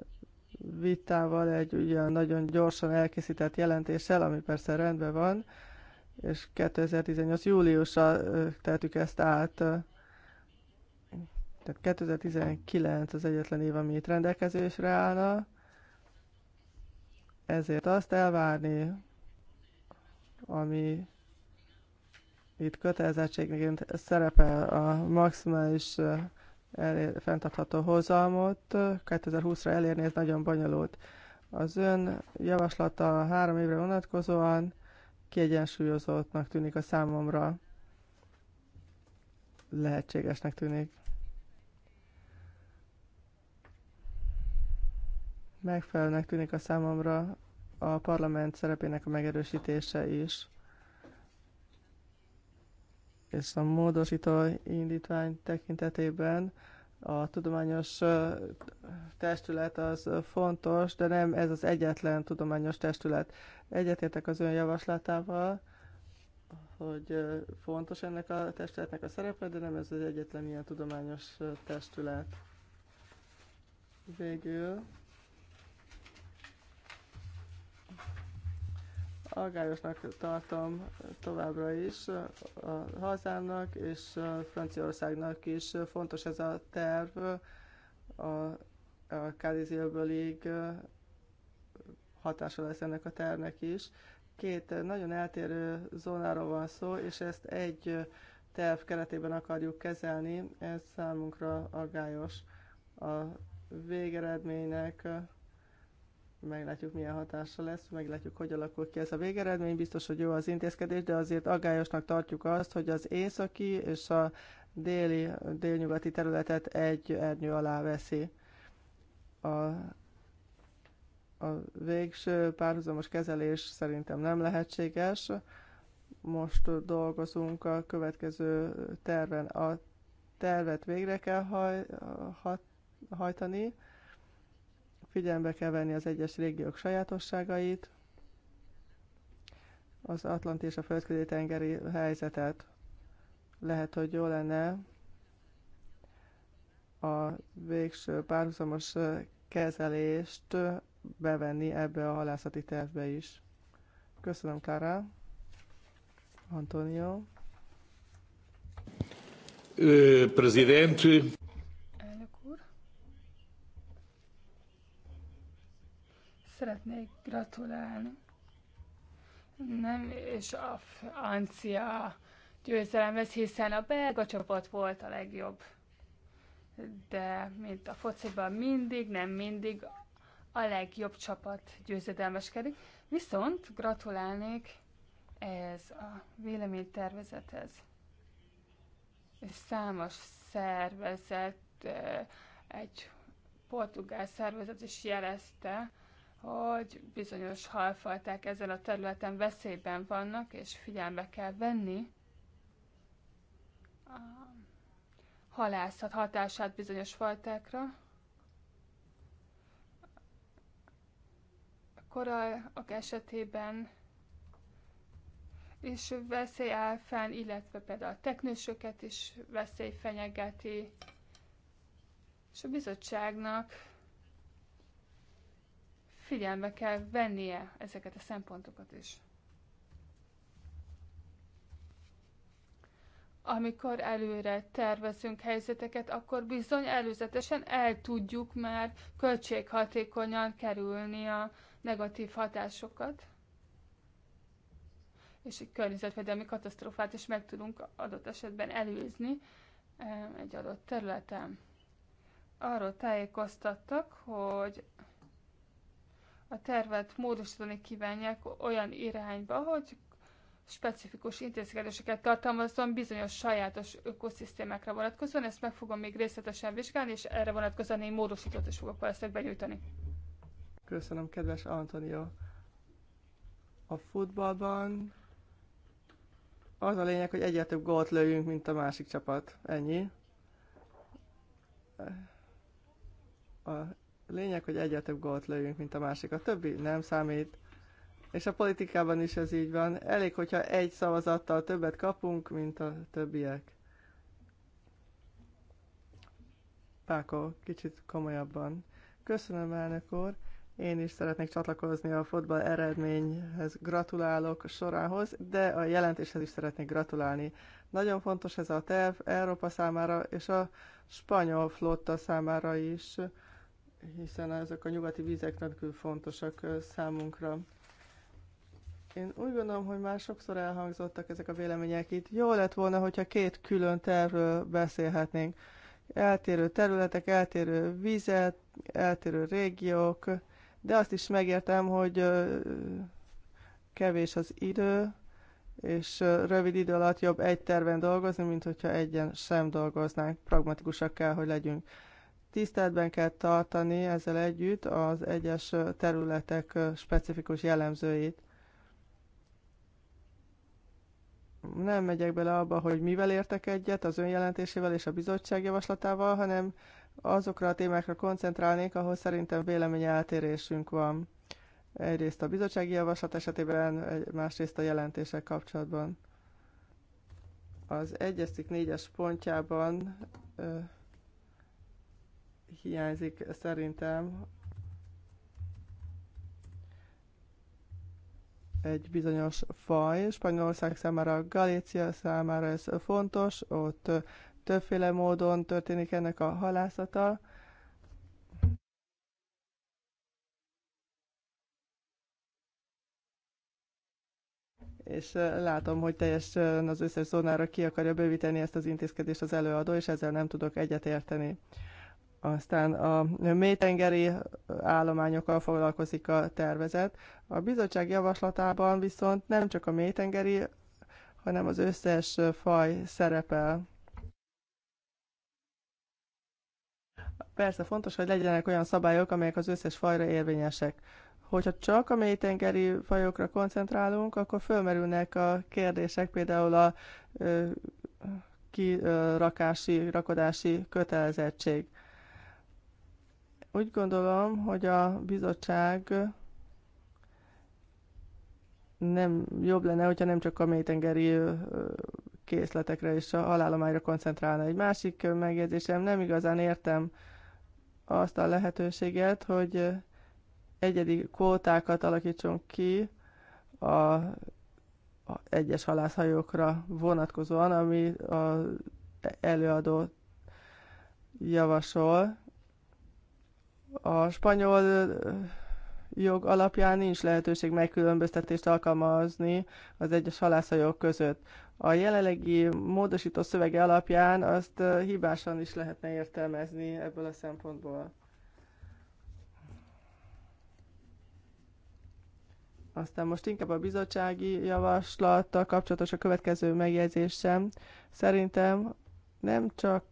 vitával, egy ugyan nagyon gyorsan elkészített jelentéssel, ami persze rendben van, és 2018 júliusra tettük ezt át tehát 2019 az egyetlen év, ami itt rendelkezésre állna, ezért azt elvárni, ami itt kötelezettségként szerepel a maximális elér, fenntartható hozamot 2020-ra elérni, ez nagyon bonyolult. Az ön javaslata három évre vonatkozóan kiegyensúlyozottnak tűnik a számomra, lehetségesnek tűnik. Megfelelőnek tűnik a számomra a parlament szerepének a megerősítése is. És a módosító indítvány tekintetében a tudományos testület az fontos, de nem ez az egyetlen tudományos testület. Egyetértek az ön javaslatával, hogy fontos ennek a testületnek a szerepe, de nem ez az egyetlen ilyen tudományos testület. Végül Aggályosnak tartom továbbra is a hazának és Franciaországnak is fontos ez a terv a, a ég hatása lesz ennek a tervnek is. Két nagyon eltérő zónáról van szó, és ezt egy terv keretében akarjuk kezelni, ez számunkra aggályos. A végeredménynek meglátjuk, milyen hatása lesz, meglátjuk, hogy alakul ki ez a végeredmény. Biztos, hogy jó az intézkedés, de azért aggályosnak tartjuk azt, hogy az északi és a déli, délnyugati területet egy ernyő alá veszi. A, a végső párhuzamos kezelés szerintem nem lehetséges. Most dolgozunk a következő terven. A tervet végre kell haj, ha, hajtani, Figyelembe kell venni az egyes régiók sajátosságait, az Atlanti és a földközi tengeri helyzetet. Lehet, hogy jó lenne a végső párhuzamos kezelést bevenni ebbe a halászati tervbe is. Köszönöm, Klára. Antonio. Presidente. Szeretnék gratulálni. Nem, és a francia győzelemhez, hiszen a belga csapat volt a legjobb. De, mint a fociban mindig, nem mindig a legjobb csapat győzedelmeskedik. Viszont gratulálnék ez a véleménytervezethez. Számos szervezet, egy portugál szervezet is jelezte, hogy bizonyos halfajták ezen a területen veszélyben vannak, és figyelme kell venni a halászat hatását bizonyos fajtákra. A korallok esetében és veszély áll fenn, illetve például a teknősöket is veszély fenyegeti, és a bizottságnak figyelme kell vennie ezeket a szempontokat is. Amikor előre tervezünk helyzeteket, akkor bizony előzetesen el tudjuk már költséghatékonyan kerülni a negatív hatásokat és egy környezetvédelmi katasztrófát is meg tudunk adott esetben előzni eh, egy adott területen. Arról tájékoztattak, hogy a tervet módosítani kívánják olyan irányba, hogy specifikus intézkedéseket tartalmazzon bizonyos sajátos ökoszisztémákra vonatkozóan. Ezt meg fogom még részletesen vizsgálni, és erre vonatkozóan én módosítót is fogok valószínűleg benyújtani. Köszönöm, kedves Antonio. A futballban az a lényeg, hogy egyre több gólt lőjünk, mint a másik csapat. Ennyi. A Lényeg, hogy egyre több gólt lőjünk, mint a másik. A többi nem számít. És a politikában is ez így van. Elég, hogyha egy szavazattal többet kapunk, mint a többiek. Páko, kicsit komolyabban. Köszönöm, elnök úr. Én is szeretnék csatlakozni a fotball eredményhez, gratulálok sorához, de a jelentéshez is szeretnék gratulálni. Nagyon fontos ez a terv Európa számára és a spanyol flotta számára is hiszen ezek a nyugati vizek rendkívül fontosak számunkra. Én úgy gondolom, hogy már sokszor elhangzottak ezek a vélemények itt. Jó lett volna, hogyha két külön tervről beszélhetnénk. Eltérő területek, eltérő vizet, eltérő régiók, de azt is megértem, hogy kevés az idő, és rövid idő alatt jobb egy terven dolgozni, mint hogyha egyen sem dolgoznánk. Pragmatikusak kell, hogy legyünk tiszteletben kell tartani ezzel együtt az egyes területek specifikus jellemzőit. Nem megyek bele abba, hogy mivel értek egyet, az önjelentésével és a bizottság javaslatával, hanem azokra a témákra koncentrálnék, ahol szerintem véleményeltérésünk van. Egyrészt a bizottsági javaslat esetében, másrészt a jelentések kapcsolatban. Az egyesik négyes pontjában hiányzik szerintem egy bizonyos faj. Spanyolország számára, Galícia számára ez fontos, ott többféle módon történik ennek a halászata. és eh, látom, hogy teljesen az összes zónára ki akarja bővíteni ezt az intézkedést az előadó, és ezzel nem tudok egyetérteni. érteni. Aztán a mélytengeri állományokkal foglalkozik a tervezet. A bizottság javaslatában viszont nem csak a mélytengeri, hanem az összes faj szerepel. Persze fontos, hogy legyenek olyan szabályok, amelyek az összes fajra érvényesek. Hogyha csak a mélytengeri fajokra koncentrálunk, akkor fölmerülnek a kérdések, például a ö, kirakási, rakodási kötelezettség. Úgy gondolom, hogy a bizottság nem jobb lenne, hogyha nem csak a mélytengeri készletekre és a halállományra koncentrálna. Egy másik megjegyzésem, nem igazán értem azt a lehetőséget, hogy egyedi kvótákat alakítsunk ki a, a egyes halászhajókra vonatkozóan, ami az előadó javasol. A spanyol jog alapján nincs lehetőség megkülönböztetést alkalmazni az egyes halászajok között. A jelenlegi módosító szövege alapján azt hibásan is lehetne értelmezni ebből a szempontból. Aztán most inkább a bizottsági javaslattal kapcsolatos a következő megjegyzésem. Szerintem nem csak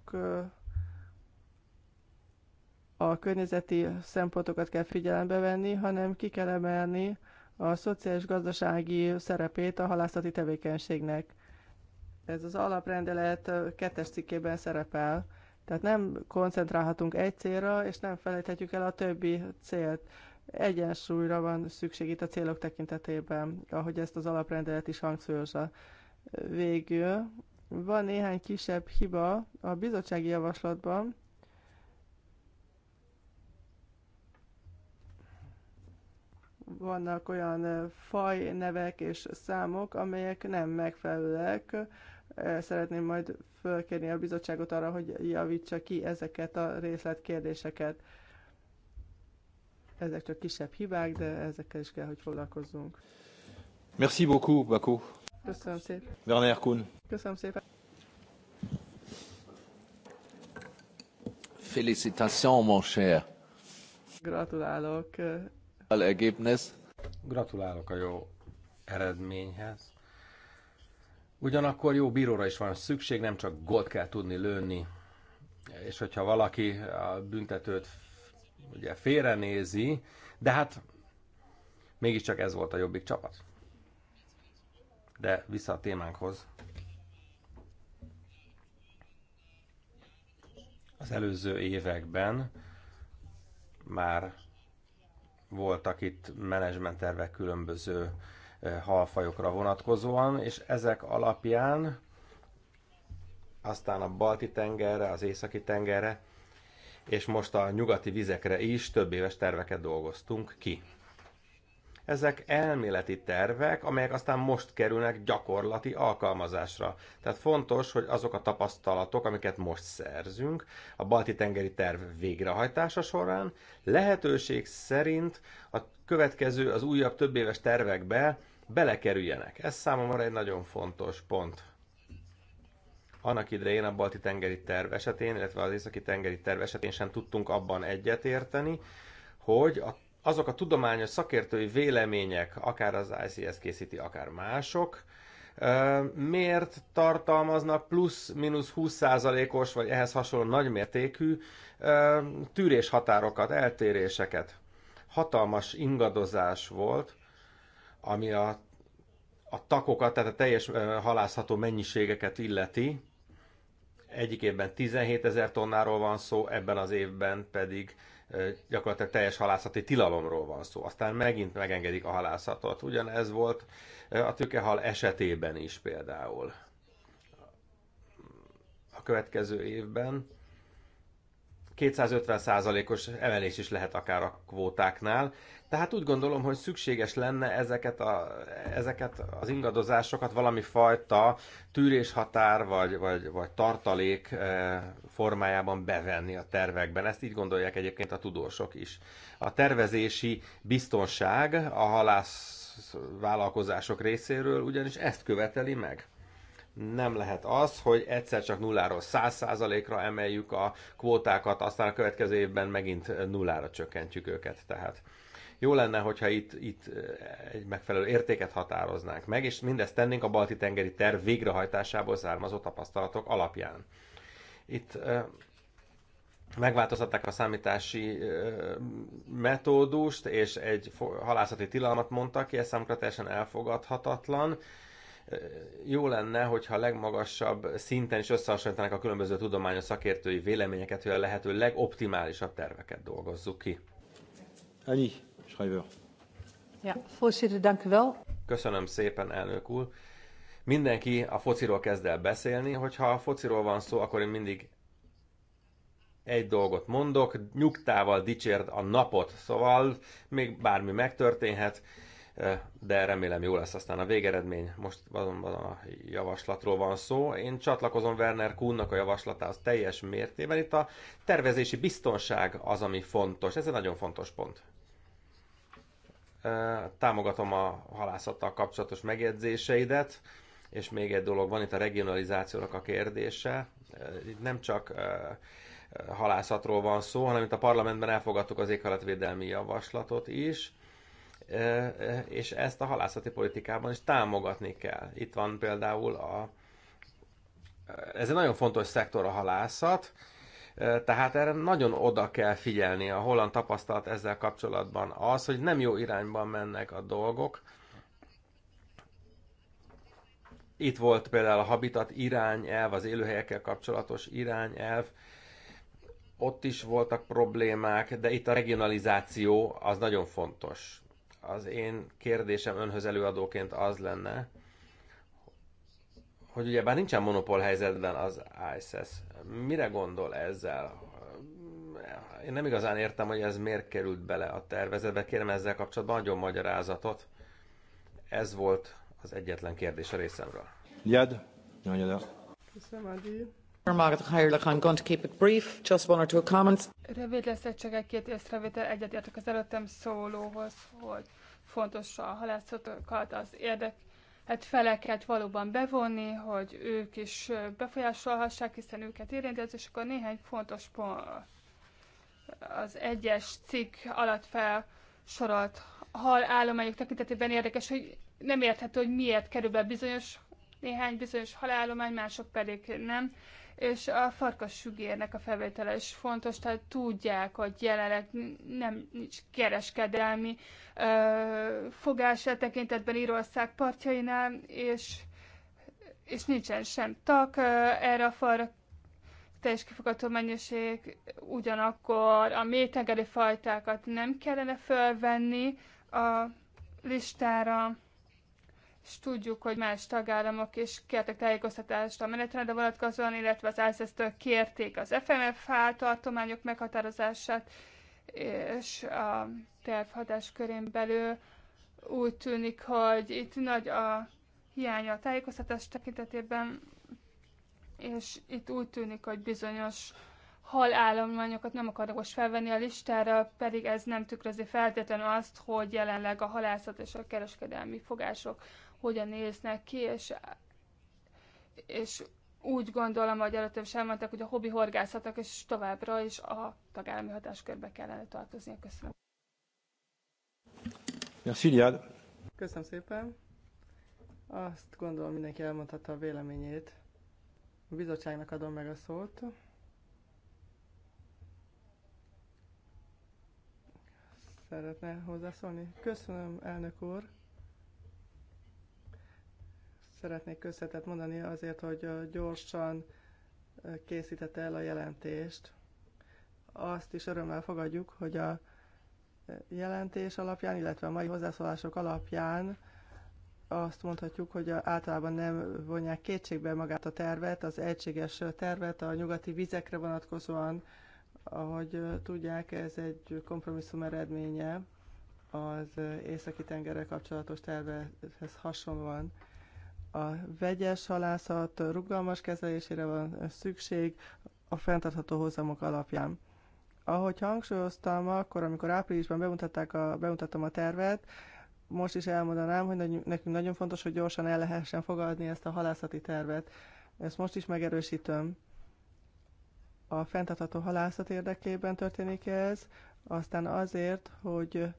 a környezeti szempontokat kell figyelembe venni, hanem ki kell emelni a szociális-gazdasági szerepét a halászati tevékenységnek. Ez az alaprendelet kettes cikkében szerepel. Tehát nem koncentrálhatunk egy célra, és nem felejthetjük el a többi célt. Egyensúlyra van szükség itt a célok tekintetében, ahogy ezt az alaprendelet is hangsúlyozza. Végül van néhány kisebb hiba a bizottsági javaslatban, vannak olyan fajnevek és számok, amelyek nem megfelelőek. Szeretném majd fölkérni a bizottságot arra, hogy javítsa ki ezeket a részletkérdéseket. Ezek csak kisebb hibák, de ezekkel is kell, hogy foglalkozzunk. Merci beaucoup, Baku. Köszönöm szépen. Werner Kuhn. Köszönöm szépen. Félicitations, mon cher. Gratulálok, Gratulálok a jó eredményhez. Ugyanakkor jó bíróra is van szükség, nem csak gólt kell tudni lőni. És hogyha valaki a büntetőt ugye félrenézi, de hát mégiscsak ez volt a jobbik csapat. De vissza a témánkhoz. Az előző években már voltak itt menedzsmenttervek különböző halfajokra vonatkozóan, és ezek alapján aztán a balti tengerre, az északi tengerre, és most a nyugati vizekre is több éves terveket dolgoztunk ki. Ezek elméleti tervek, amelyek aztán most kerülnek gyakorlati alkalmazásra. Tehát fontos, hogy azok a tapasztalatok, amiket most szerzünk a balti-tengeri terv végrehajtása során, lehetőség szerint a következő, az újabb többéves tervekbe belekerüljenek. Ez számomra egy nagyon fontos pont annak idején a balti tengeri terv esetén, illetve az északi tengeri terv esetén sem tudtunk abban egyetérteni, hogy a azok a tudományos szakértői vélemények, akár az ICS készíti, akár mások, miért tartalmaznak plusz-minusz 20%-os, vagy ehhez hasonló nagymértékű tűréshatárokat, eltéréseket. Hatalmas ingadozás volt, ami a, a takokat, tehát a teljes halászható mennyiségeket illeti. Egyik évben 17 ezer tonnáról van szó, ebben az évben pedig gyakorlatilag teljes halászati tilalomról van szó. Aztán megint megengedik a halászatot. Ugyanez volt a tükehal esetében is például. A következő évben 250%-os emelés is lehet akár a kvótáknál. Tehát úgy gondolom, hogy szükséges lenne ezeket, a, ezeket az ingadozásokat valami fajta tűréshatár vagy, vagy, vagy tartalék eh, formájában bevenni a tervekben. Ezt így gondolják egyébként a tudósok is. A tervezési biztonság a halász vállalkozások részéről ugyanis ezt követeli meg nem lehet az, hogy egyszer csak nulláról 100%-ra emeljük a kvótákat, aztán a következő évben megint nullára csökkentjük őket. Tehát jó lenne, hogyha itt, itt egy megfelelő értéket határoznánk meg, és mindezt tennénk a balti tengeri terv végrehajtásából származó tapasztalatok alapján. Itt megváltoztatták a számítási metódust, és egy halászati tilalmat mondtak ki, ez számukra teljesen elfogadhatatlan jó lenne, hogyha a legmagasabb szinten is összehasonlítanák a különböző tudományos szakértői véleményeket, hogy a lehető legoptimálisabb terveket dolgozzuk ki. Annyi, Schreiber. Ja, voorzitter, dank u wel. Köszönöm szépen, elnök úr. Mindenki a fociról kezd el beszélni, hogyha a fociról van szó, akkor én mindig egy dolgot mondok, nyugtával dicsérd a napot, szóval még bármi megtörténhet, de remélem jó lesz aztán a végeredmény. Most azonban a javaslatról van szó. Én csatlakozom Werner Kuhnnak a javaslatához teljes mértében. Itt a tervezési biztonság az, ami fontos. Ez egy nagyon fontos pont. Támogatom a halászattal kapcsolatos megjegyzéseidet, és még egy dolog van itt a regionalizációnak a kérdése. Itt nem csak halászatról van szó, hanem itt a parlamentben elfogadtuk az éghajlatvédelmi javaslatot is és ezt a halászati politikában is támogatni kell. Itt van például a... Ez egy nagyon fontos szektor a halászat, tehát erre nagyon oda kell figyelni. A holland tapasztalat ezzel kapcsolatban az, hogy nem jó irányban mennek a dolgok. Itt volt például a habitat irányelv, az élőhelyekkel kapcsolatos irányelv, ott is voltak problémák, de itt a regionalizáció az nagyon fontos. Az én kérdésem önhöz előadóként az lenne, hogy ugye bár nincsen monopól helyzetben az ISS, mire gondol ezzel? Én nem igazán értem, hogy ez miért került bele a tervezetbe. Kérem ezzel kapcsolatban nagyon magyarázatot. Ez volt az egyetlen kérdés a részemről. Jed, nagyon Köszönöm, Adi. I'm going to keep it brief, just one or two comments. Rövid csak egy-két észrevétel egyetértek az előttem szólóhoz, hogy fontos a halászatokat, az érdek, hát feleket valóban bevonni, hogy ők is befolyásolhassák, hiszen őket érinti, és akkor néhány fontos pont az egyes cikk alatt felsorolt hal állományok tekintetében érdekes, hogy nem érthető, hogy miért kerül be bizonyos néhány bizonyos halállomány, mások pedig nem és a farkas sugérnek a felvétele is fontos, tehát tudják, hogy jelenleg nem nincs kereskedelmi ö, fogása e tekintetben Írország partjainál, és, és nincsen sem tak ö, erre a farra teljes kifogató mennyiség, ugyanakkor a mélytengeri fajtákat nem kellene felvenni a listára, és tudjuk, hogy más tagállamok is kértek tájékoztatást a menetrendre vonatkozóan, illetve az ISIS-től kérték az FMF tartományok meghatározását, és a tervhatás körén belül úgy tűnik, hogy itt nagy a hiánya a tájékoztatás tekintetében, és itt úgy tűnik, hogy bizonyos halállományokat nem akarnak most felvenni a listára, pedig ez nem tükrözi feltétlenül azt, hogy jelenleg a halászat és a kereskedelmi fogások hogyan néznek ki, és, és úgy gondolom, hogy előttem sem mondták, hogy a hobbi horgászatnak és továbbra is a tagállami hatáskörbe kellene tartozni. Köszönöm. Merci, Liad. Köszönöm szépen. Azt gondolom, mindenki elmondhatta a véleményét. A bizottságnak adom meg a szót. Szeretne hozzászólni? Köszönöm, elnök úr szeretnék köszönetet mondani azért, hogy gyorsan készítette el a jelentést. Azt is örömmel fogadjuk, hogy a jelentés alapján, illetve a mai hozzászólások alapján azt mondhatjuk, hogy általában nem vonják kétségbe magát a tervet, az egységes tervet a nyugati vizekre vonatkozóan, ahogy tudják, ez egy kompromisszum eredménye az északi tengerrel kapcsolatos tervehez hasonlóan. A vegyes halászat rugalmas kezelésére van szükség a fenntartható hozamok alapján. Ahogy hangsúlyoztam, akkor, amikor áprilisban bemutatták a, bemutattam a tervet, most is elmondanám, hogy nekünk nagyon fontos, hogy gyorsan el lehessen fogadni ezt a halászati tervet. Ezt most is megerősítöm. A fenntartható halászat érdekében történik ez, aztán azért, hogy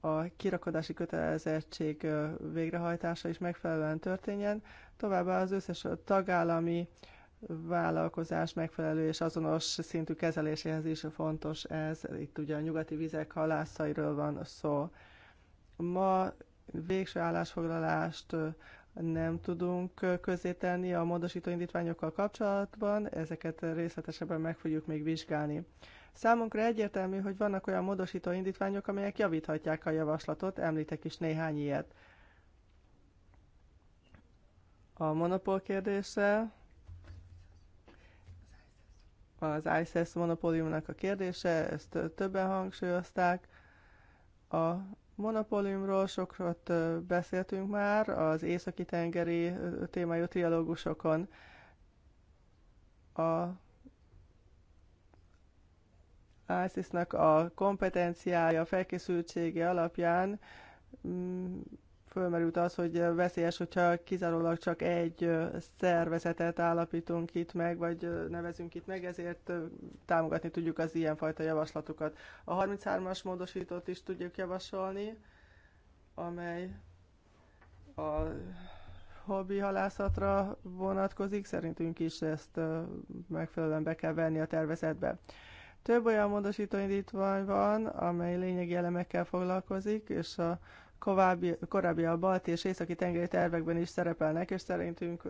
a kirakodási kötelezettség végrehajtása is megfelelően történjen, továbbá az összes tagállami vállalkozás megfelelő és azonos szintű kezeléséhez is fontos ez. Itt ugye a nyugati vizek halászairól van szó. Ma végső állásfoglalást nem tudunk közzétenni a módosító indítványokkal kapcsolatban, ezeket részletesebben meg fogjuk még vizsgálni. Számunkra egyértelmű, hogy vannak olyan módosító indítványok, amelyek javíthatják a javaslatot, említek is néhány ilyet. A monopól kérdése, az ISS monopóliumnak a kérdése, ezt többen hangsúlyozták. A monopóliumról sokat beszéltünk már az északi tengeri témájú trialógusokon. A ISIS-nak a kompetenciája, felkészültsége alapján mm, fölmerült az, hogy veszélyes, hogyha kizárólag csak egy szervezetet állapítunk itt meg, vagy nevezünk itt meg, ezért támogatni tudjuk az ilyenfajta javaslatokat. A 33-as módosítót is tudjuk javasolni, amely a hobbi halászatra vonatkozik, szerintünk is ezt megfelelően be kell venni a tervezetbe. Több olyan módosító indítvány van, amely lényegi elemekkel foglalkozik, és a korábbi, korábbi a balti és északi tengeri tervekben is szerepelnek, és szerintünk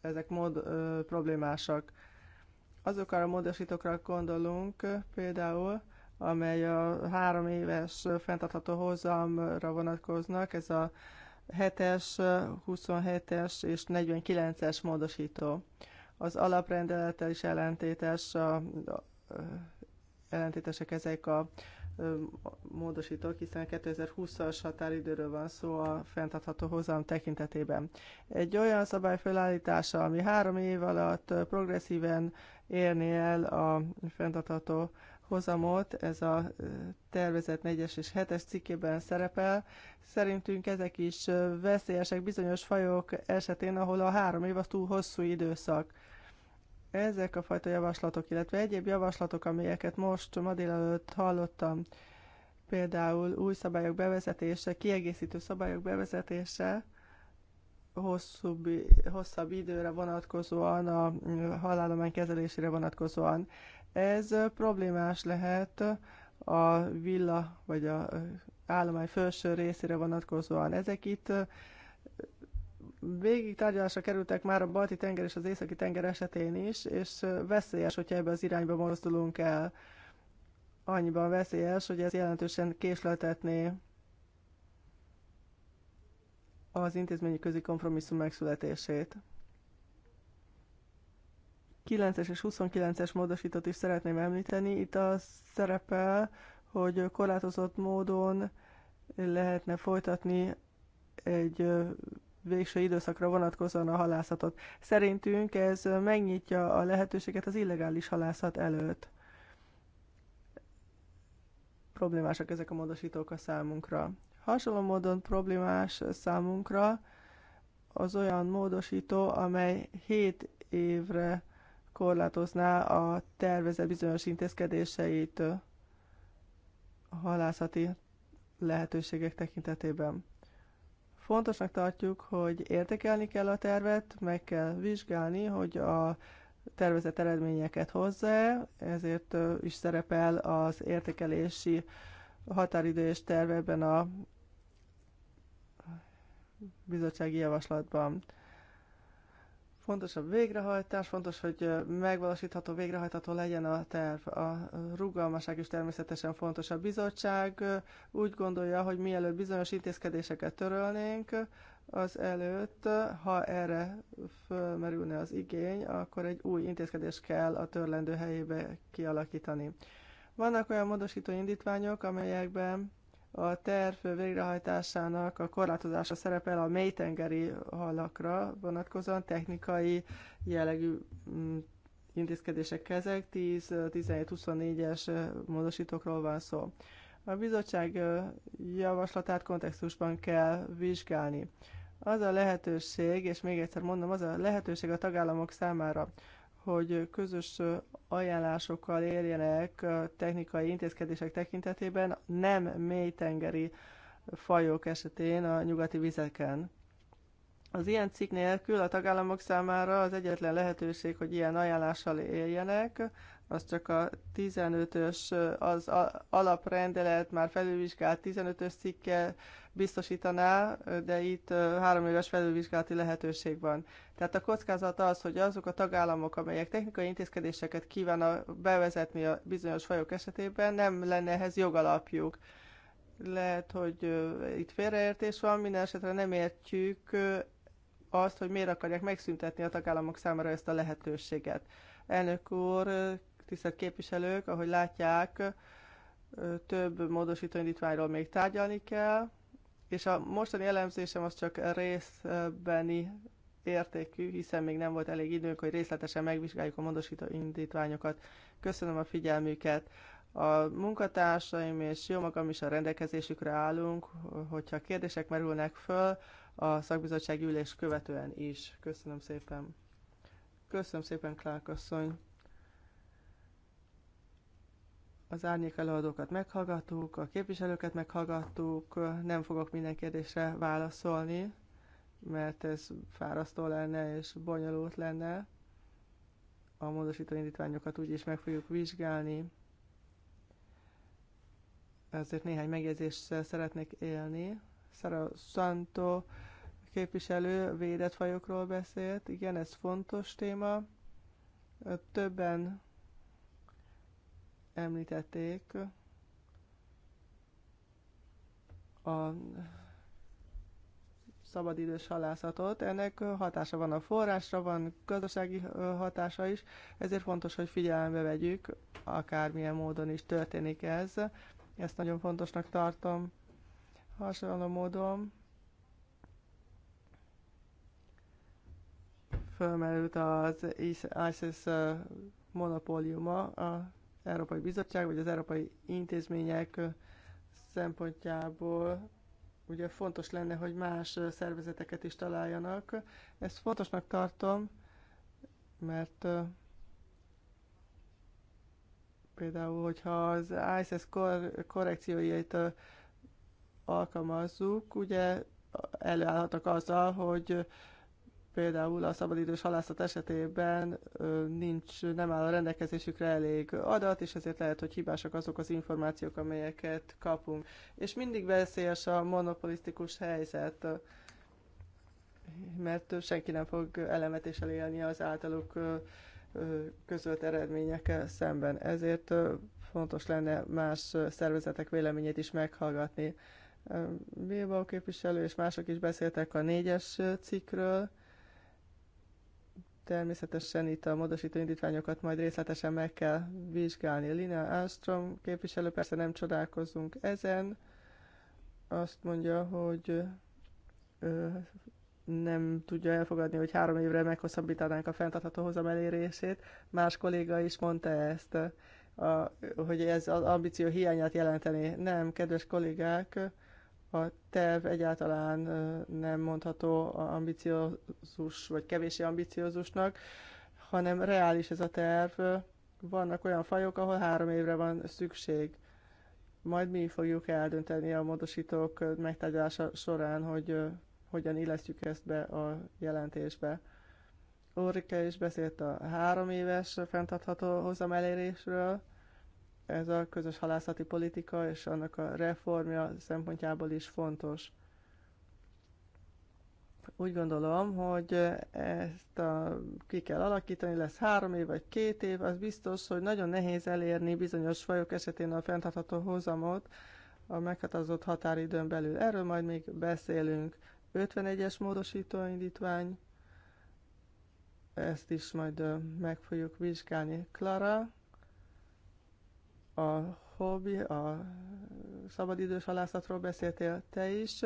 ezek mód, ö, problémásak. Azokra a módosítókra gondolunk például, amely a három éves fenntartható hozamra vonatkoznak, ez a 7-es, 27-es és 49-es módosító. Az alaprendelettel is ellentétes a, a, a ellentétesek ezek a módosítók, hiszen 2020-as határidőről van szó a fenntartható hozam tekintetében. Egy olyan szabály felállítása, ami három év alatt progresszíven érni el a fenntartható hozamot, ez a tervezett 4-es és 7-es cikkében szerepel. Szerintünk ezek is veszélyesek bizonyos fajok esetén, ahol a három év az túl hosszú időszak ezek a fajta javaslatok, illetve egyéb javaslatok, amelyeket most ma délelőtt hallottam, például új szabályok bevezetése, kiegészítő szabályok bevezetése, hosszúbb, hosszabb időre vonatkozóan, a halálomány kezelésére vonatkozóan. Ez problémás lehet a villa vagy a állomány felső részére vonatkozóan. Ezek itt végig tárgyalásra kerültek már a balti tenger és az északi tenger esetén is, és veszélyes, hogyha ebbe az irányba mozdulunk el. Annyiban veszélyes, hogy ez jelentősen késleltetné az intézményi közi kompromisszum megszületését. 9-es és 29-es módosítót is szeretném említeni. Itt a szerepel, hogy korlátozott módon lehetne folytatni egy végső időszakra vonatkozóan a halászatot. Szerintünk ez megnyitja a lehetőséget az illegális halászat előtt. Problémásak ezek a módosítók a számunkra. Hasonló módon problémás számunkra az olyan módosító, amely 7 évre korlátozná a tervezett bizonyos intézkedéseit a halászati lehetőségek tekintetében. Fontosnak tartjuk, hogy értékelni kell a tervet, meg kell vizsgálni, hogy a tervezett eredményeket hozza. ezért is szerepel az értékelési határidő és terve ebben a bizottsági javaslatban. Fontos a végrehajtás, fontos, hogy megvalósítható, végrehajtható legyen a terv. A rugalmaság is természetesen fontos. A bizottság úgy gondolja, hogy mielőtt bizonyos intézkedéseket törölnénk, az előtt, ha erre fölmerülne az igény, akkor egy új intézkedést kell a törlendő helyébe kialakítani. Vannak olyan módosító indítványok, amelyekben a terv végrehajtásának a korlátozása szerepel a mélytengeri halakra vonatkozóan technikai jellegű mm, intézkedések ezek, 10-17-24-es módosítókról van szó. A bizottság javaslatát kontextusban kell vizsgálni. Az a lehetőség, és még egyszer mondom, az a lehetőség a tagállamok számára, hogy közös ajánlásokkal érjenek technikai intézkedések tekintetében nem mélytengeri fajok esetén a nyugati vizeken. Az ilyen cikk nélkül a tagállamok számára az egyetlen lehetőség, hogy ilyen ajánlással éljenek, az csak a 15-ös, az alaprendelet már felülvizsgált 15-ös cikke biztosítaná, de itt három éves felülvizsgálati lehetőség van. Tehát a kockázat az, hogy azok a tagállamok, amelyek technikai intézkedéseket kívánna bevezetni a bizonyos fajok esetében, nem lenne ehhez jogalapjuk. Lehet, hogy itt félreértés van, minden esetre nem értjük azt, hogy miért akarják megszüntetni a tagállamok számára ezt a lehetőséget. Elnök úr, tisztelt képviselők, ahogy látják, több módosítóindítványról még tárgyalni kell és a mostani elemzésem az csak részbeni értékű, hiszen még nem volt elég időnk, hogy részletesen megvizsgáljuk a módosító indítványokat. Köszönöm a figyelmüket. A munkatársaim és jó magam is a rendelkezésükre állunk, hogyha kérdések merülnek föl a szakbizottság ülés követően is. Köszönöm szépen. Köszönöm szépen, Klárk asszony az árnyék előadókat meghallgattuk, a képviselőket meghallgattuk, nem fogok minden kérdésre válaszolni, mert ez fárasztó lenne és bonyolult lenne. A módosító indítványokat úgyis meg fogjuk vizsgálni. Ezért néhány megjegyzéssel szeretnék élni. Szara Santo képviselő védett fajokról beszélt. Igen, ez fontos téma. Többen említették, a szabadidős halászatot. Ennek hatása van a forrásra, van gazdasági hatása is, ezért fontos, hogy figyelembe vegyük, akármilyen módon is történik ez. Ezt nagyon fontosnak tartom. Hasonló módon fölmerült az ISIS monopóliuma a Európai Bizottság vagy az európai intézmények szempontjából ugye fontos lenne, hogy más szervezeteket is találjanak. Ezt fontosnak tartom, mert például, hogyha az ISIS kor- korrekciójait alkalmazzuk, ugye előállhatok azzal, hogy például a szabadidős halászat esetében nincs, nem áll a rendelkezésükre elég adat, és ezért lehet, hogy hibásak azok az információk, amelyeket kapunk. És mindig veszélyes a monopolisztikus helyzet, mert senki nem fog és elélni az általuk közölt eredményekkel szemben. Ezért fontos lenne más szervezetek véleményét is meghallgatni. Bilbao képviselő és mások is beszéltek a négyes cikkről, Természetesen itt a módosító indítványokat majd részletesen meg kell vizsgálni. Lina Armstrong képviselő, persze nem csodálkozunk ezen, azt mondja, hogy ö, nem tudja elfogadni, hogy három évre meghosszabbítanánk a fenntartható hozam elérését. Más kolléga is mondta ezt, a, hogy ez az ambíció hiányát jelenteni. Nem, kedves kollégák, a terv egyáltalán nem mondható ambiciózus, vagy kevésé ambiciózusnak, hanem reális ez a terv. Vannak olyan fajok, ahol három évre van szükség. Majd mi fogjuk eldönteni a módosítók megtárgyalása során, hogy hogyan illesztjük ezt be a jelentésbe. Ulrike is beszélt a három éves fenntartható hozamelérésről, elérésről, ez a közös halászati politika és annak a reformja szempontjából is fontos. Úgy gondolom, hogy ezt a, ki kell alakítani, lesz három év vagy két év, az biztos, hogy nagyon nehéz elérni bizonyos fajok esetén a fenntartható hozamot a meghatározott határidőn belül. Erről majd még beszélünk. 51-es módosítóindítvány, indítvány, ezt is majd meg fogjuk vizsgálni. Klara, a hobbi, a szabadidős halászatról beszéltél te is,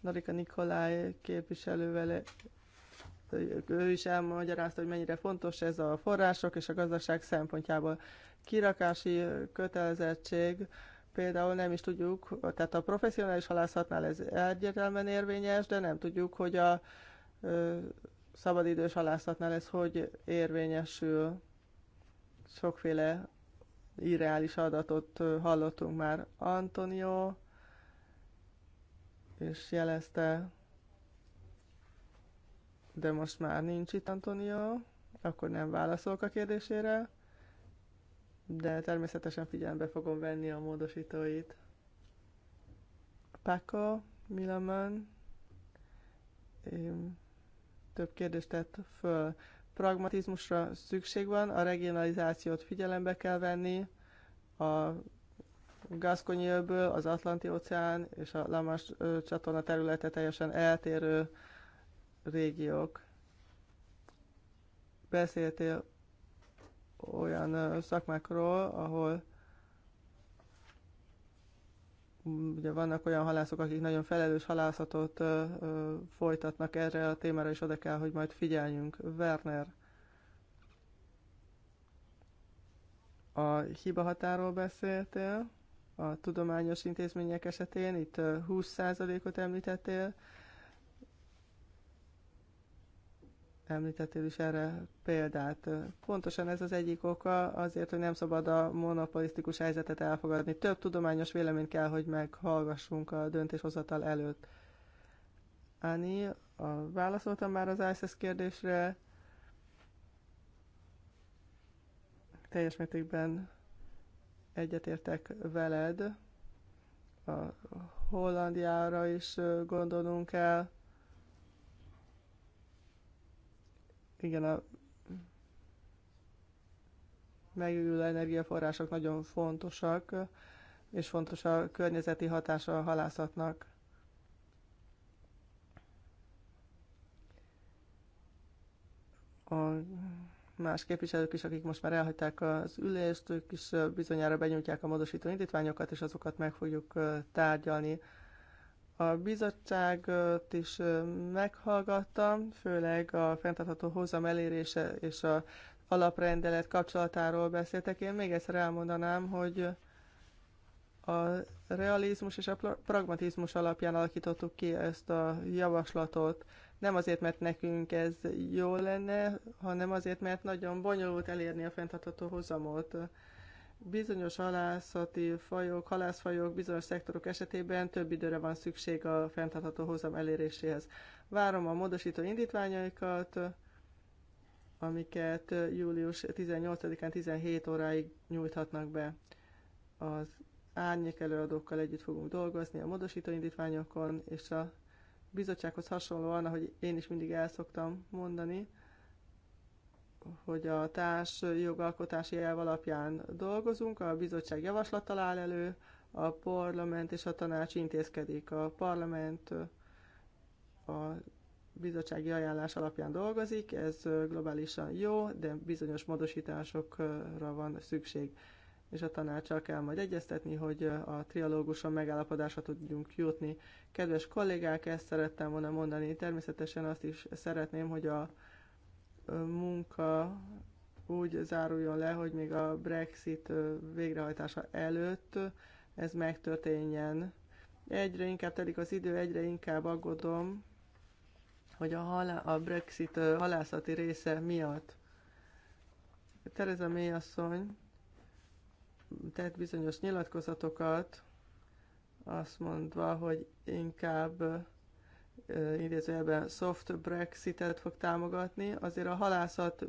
Narika Nikolaj képviselővel ő is elmagyarázta, hogy mennyire fontos ez a források és a gazdaság szempontjából. Kirakási kötelezettség például nem is tudjuk, tehát a professzionális halászatnál ez egyértelműen érvényes, de nem tudjuk, hogy a ö, szabadidős halászatnál ez hogy érvényesül. Sokféle irreális adatot hallottunk már. Antonio és jelezte, de most már nincs itt Antonio, akkor nem válaszolok a kérdésére, de természetesen figyelembe fogom venni a módosítóit. Paco, Milaman, több kérdést tett föl pragmatizmusra szükség van, a regionalizációt figyelembe kell venni, a Gaszkonyi öböl, az Atlanti óceán és a Lamas csatorna területe teljesen eltérő régiók. Beszéltél olyan szakmákról, ahol Ugye vannak olyan halászok, akik nagyon felelős halászatot folytatnak erre a témára, és oda kell, hogy majd figyeljünk. Werner. A hiba határól beszéltél, a tudományos intézmények esetén, itt 20%-ot említettél, Említettél is erre példát. Pontosan ez az egyik oka azért, hogy nem szabad a monopolisztikus helyzetet elfogadni. Több tudományos véleményt kell, hogy meghallgassunk a döntéshozatal előtt. Áni, a, válaszoltam már az ISIS kérdésre. Teljes mértékben egyetértek veled. A Hollandiára is gondolnunk kell igen, a megújuló energiaforrások nagyon fontosak, és fontos a környezeti hatása a halászatnak. A más képviselők is, akik most már elhagyták az ülést, ők is bizonyára benyújtják a módosító indítványokat, és azokat meg fogjuk tárgyalni. A bizottságot is meghallgattam, főleg a fenntartható hozam elérése és a alaprendelet kapcsolatáról beszéltek. Én még egyszer elmondanám, hogy a realizmus és a pragmatizmus alapján alakítottuk ki ezt a javaslatot. Nem azért, mert nekünk ez jó lenne, hanem azért, mert nagyon bonyolult elérni a fenntartható hozamot bizonyos halászati fajok, halászfajok, bizonyos szektorok esetében több időre van szükség a fenntartható hozam eléréséhez. Várom a módosító indítványaikat, amiket július 18-án 17 óráig nyújthatnak be. Az árnyék előadókkal együtt fogunk dolgozni a módosító indítványokon, és a bizottsághoz hasonlóan, ahogy én is mindig elszoktam mondani, hogy a társ jogalkotási elv alapján dolgozunk, a bizottság javaslattal áll elő, a parlament és a tanács intézkedik. A parlament a bizottsági ajánlás alapján dolgozik, ez globálisan jó, de bizonyos módosításokra van szükség, és a tanácsal kell majd egyeztetni, hogy a trialóguson megállapodásra tudjunk jutni. Kedves kollégák, ezt szerettem volna mondani. Természetesen azt is szeretném, hogy a munka úgy záruljon le, hogy még a Brexit végrehajtása előtt ez megtörténjen. Egyre inkább telik az idő, egyre inkább aggodom, hogy a, halá- a Brexit halászati része miatt. Tereza mélyasszony tett bizonyos nyilatkozatokat, azt mondva, hogy inkább idézőjelben soft Brexitet fog támogatni. Azért a halászat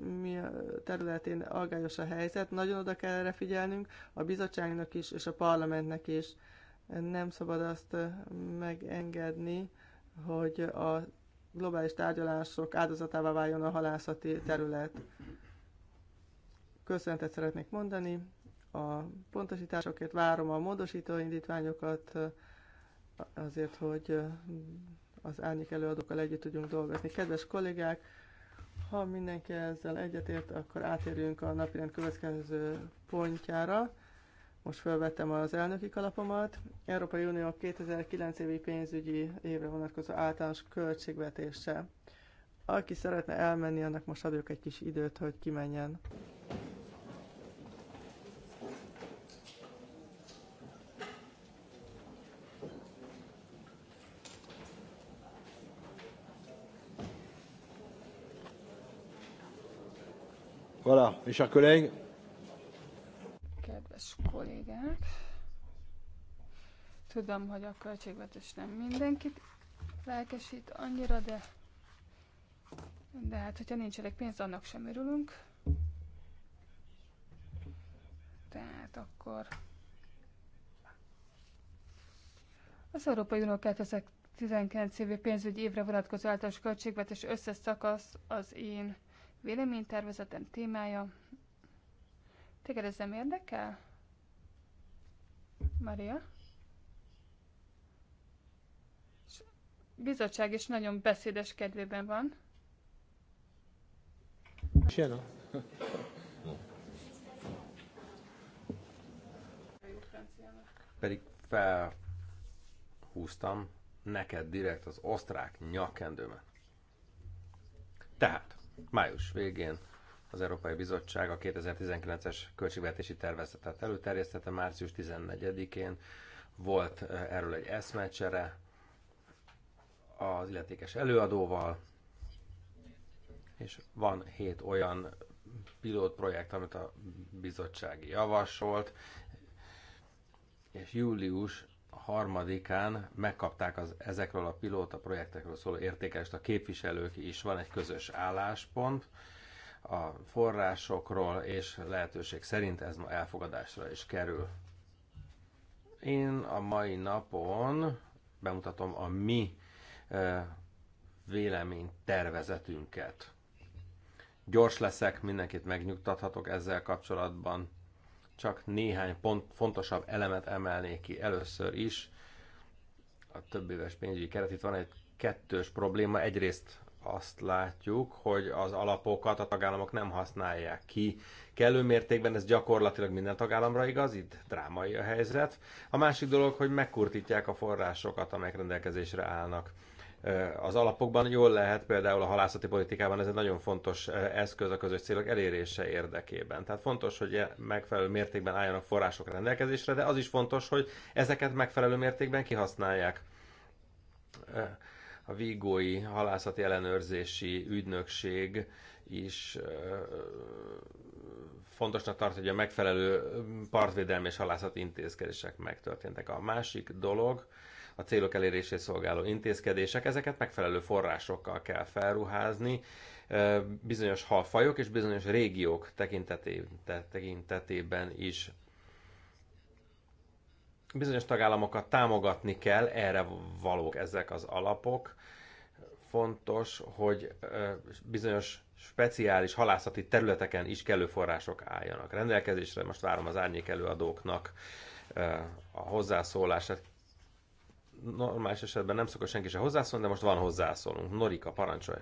területén aggályos a helyzet, nagyon oda kell erre figyelnünk, a bizottságnak is és a parlamentnek is. Nem szabad azt megengedni, hogy a globális tárgyalások áldozatává váljon a halászati terület. Köszönetet szeretnék mondani a pontosításokért, várom a módosító indítványokat, azért, hogy az árnyék előadókkal együtt tudjunk dolgozni. Kedves kollégák, ha mindenki ezzel egyetért, akkor átérjünk a napirend következő pontjára. Most felvettem az elnöki kalapomat. Európai Unió 2009 évi pénzügyi évre vonatkozó általános költségvetése. Aki szeretne elmenni, annak most adjuk egy kis időt, hogy kimenjen. Mes chers collègues. Kedves kollégák, tudom, hogy a költségvetés nem mindenkit lelkesít annyira, de, de hát, hogyha nincs elég pénz, annak sem örülünk. Tehát akkor az Európai Unió 2019 évi pénzügyi évre vonatkozó általános költségvetés összes szakasz az én véleménytervezetem témája. Téged ez nem érdekel? Maria? És bizottság is nagyon beszédes kedvében van. Siena. Pedig felhúztam neked direkt az osztrák nyakendőmet. Tehát, Május végén az Európai Bizottság a 2019-es költségvetési tervezetet előterjesztette, március 14-én volt eh, erről egy eszmecsere az illetékes előadóval, és van hét olyan pilotprojekt, amit a bizottsági javasolt, és július harmadikán megkapták az, ezekről a pilóta projektekről szóló értékelést a képviselők is. Van egy közös álláspont a forrásokról, és lehetőség szerint ez ma elfogadásra is kerül. Én a mai napon bemutatom a mi tervezetünket. Gyors leszek, mindenkit megnyugtathatok ezzel kapcsolatban csak néhány pont, fontosabb elemet emelnék ki. Először is a több éves pénzügyi keret, itt van egy kettős probléma. Egyrészt azt látjuk, hogy az alapokat a tagállamok nem használják ki. Kellő mértékben ez gyakorlatilag minden tagállamra igaz, itt drámai a helyzet. A másik dolog, hogy megkurtítják a forrásokat, amelyek rendelkezésre állnak az alapokban. Jól lehet például a halászati politikában ez egy nagyon fontos eszköz a közös célok elérése érdekében. Tehát fontos, hogy e megfelelő mértékben álljanak források rendelkezésre, de az is fontos, hogy ezeket megfelelő mértékben kihasználják. A vígói Halászati Ellenőrzési Ügynökség is fontosnak tart, hogy a megfelelő partvédelmi és halászati intézkedések megtörténtek. A másik dolog, a célok eléréséhez szolgáló intézkedések, ezeket megfelelő forrásokkal kell felruházni, bizonyos halfajok és bizonyos régiók tekintetében is. Bizonyos tagállamokat támogatni kell, erre valók ezek az alapok. Fontos, hogy bizonyos speciális halászati területeken is kellő források álljanak rendelkezésre. Most várom az árnyék előadóknak a hozzászólását normális esetben nem szokott senki se hozzászólni, de most van hozzászólunk. Norika, parancsolj!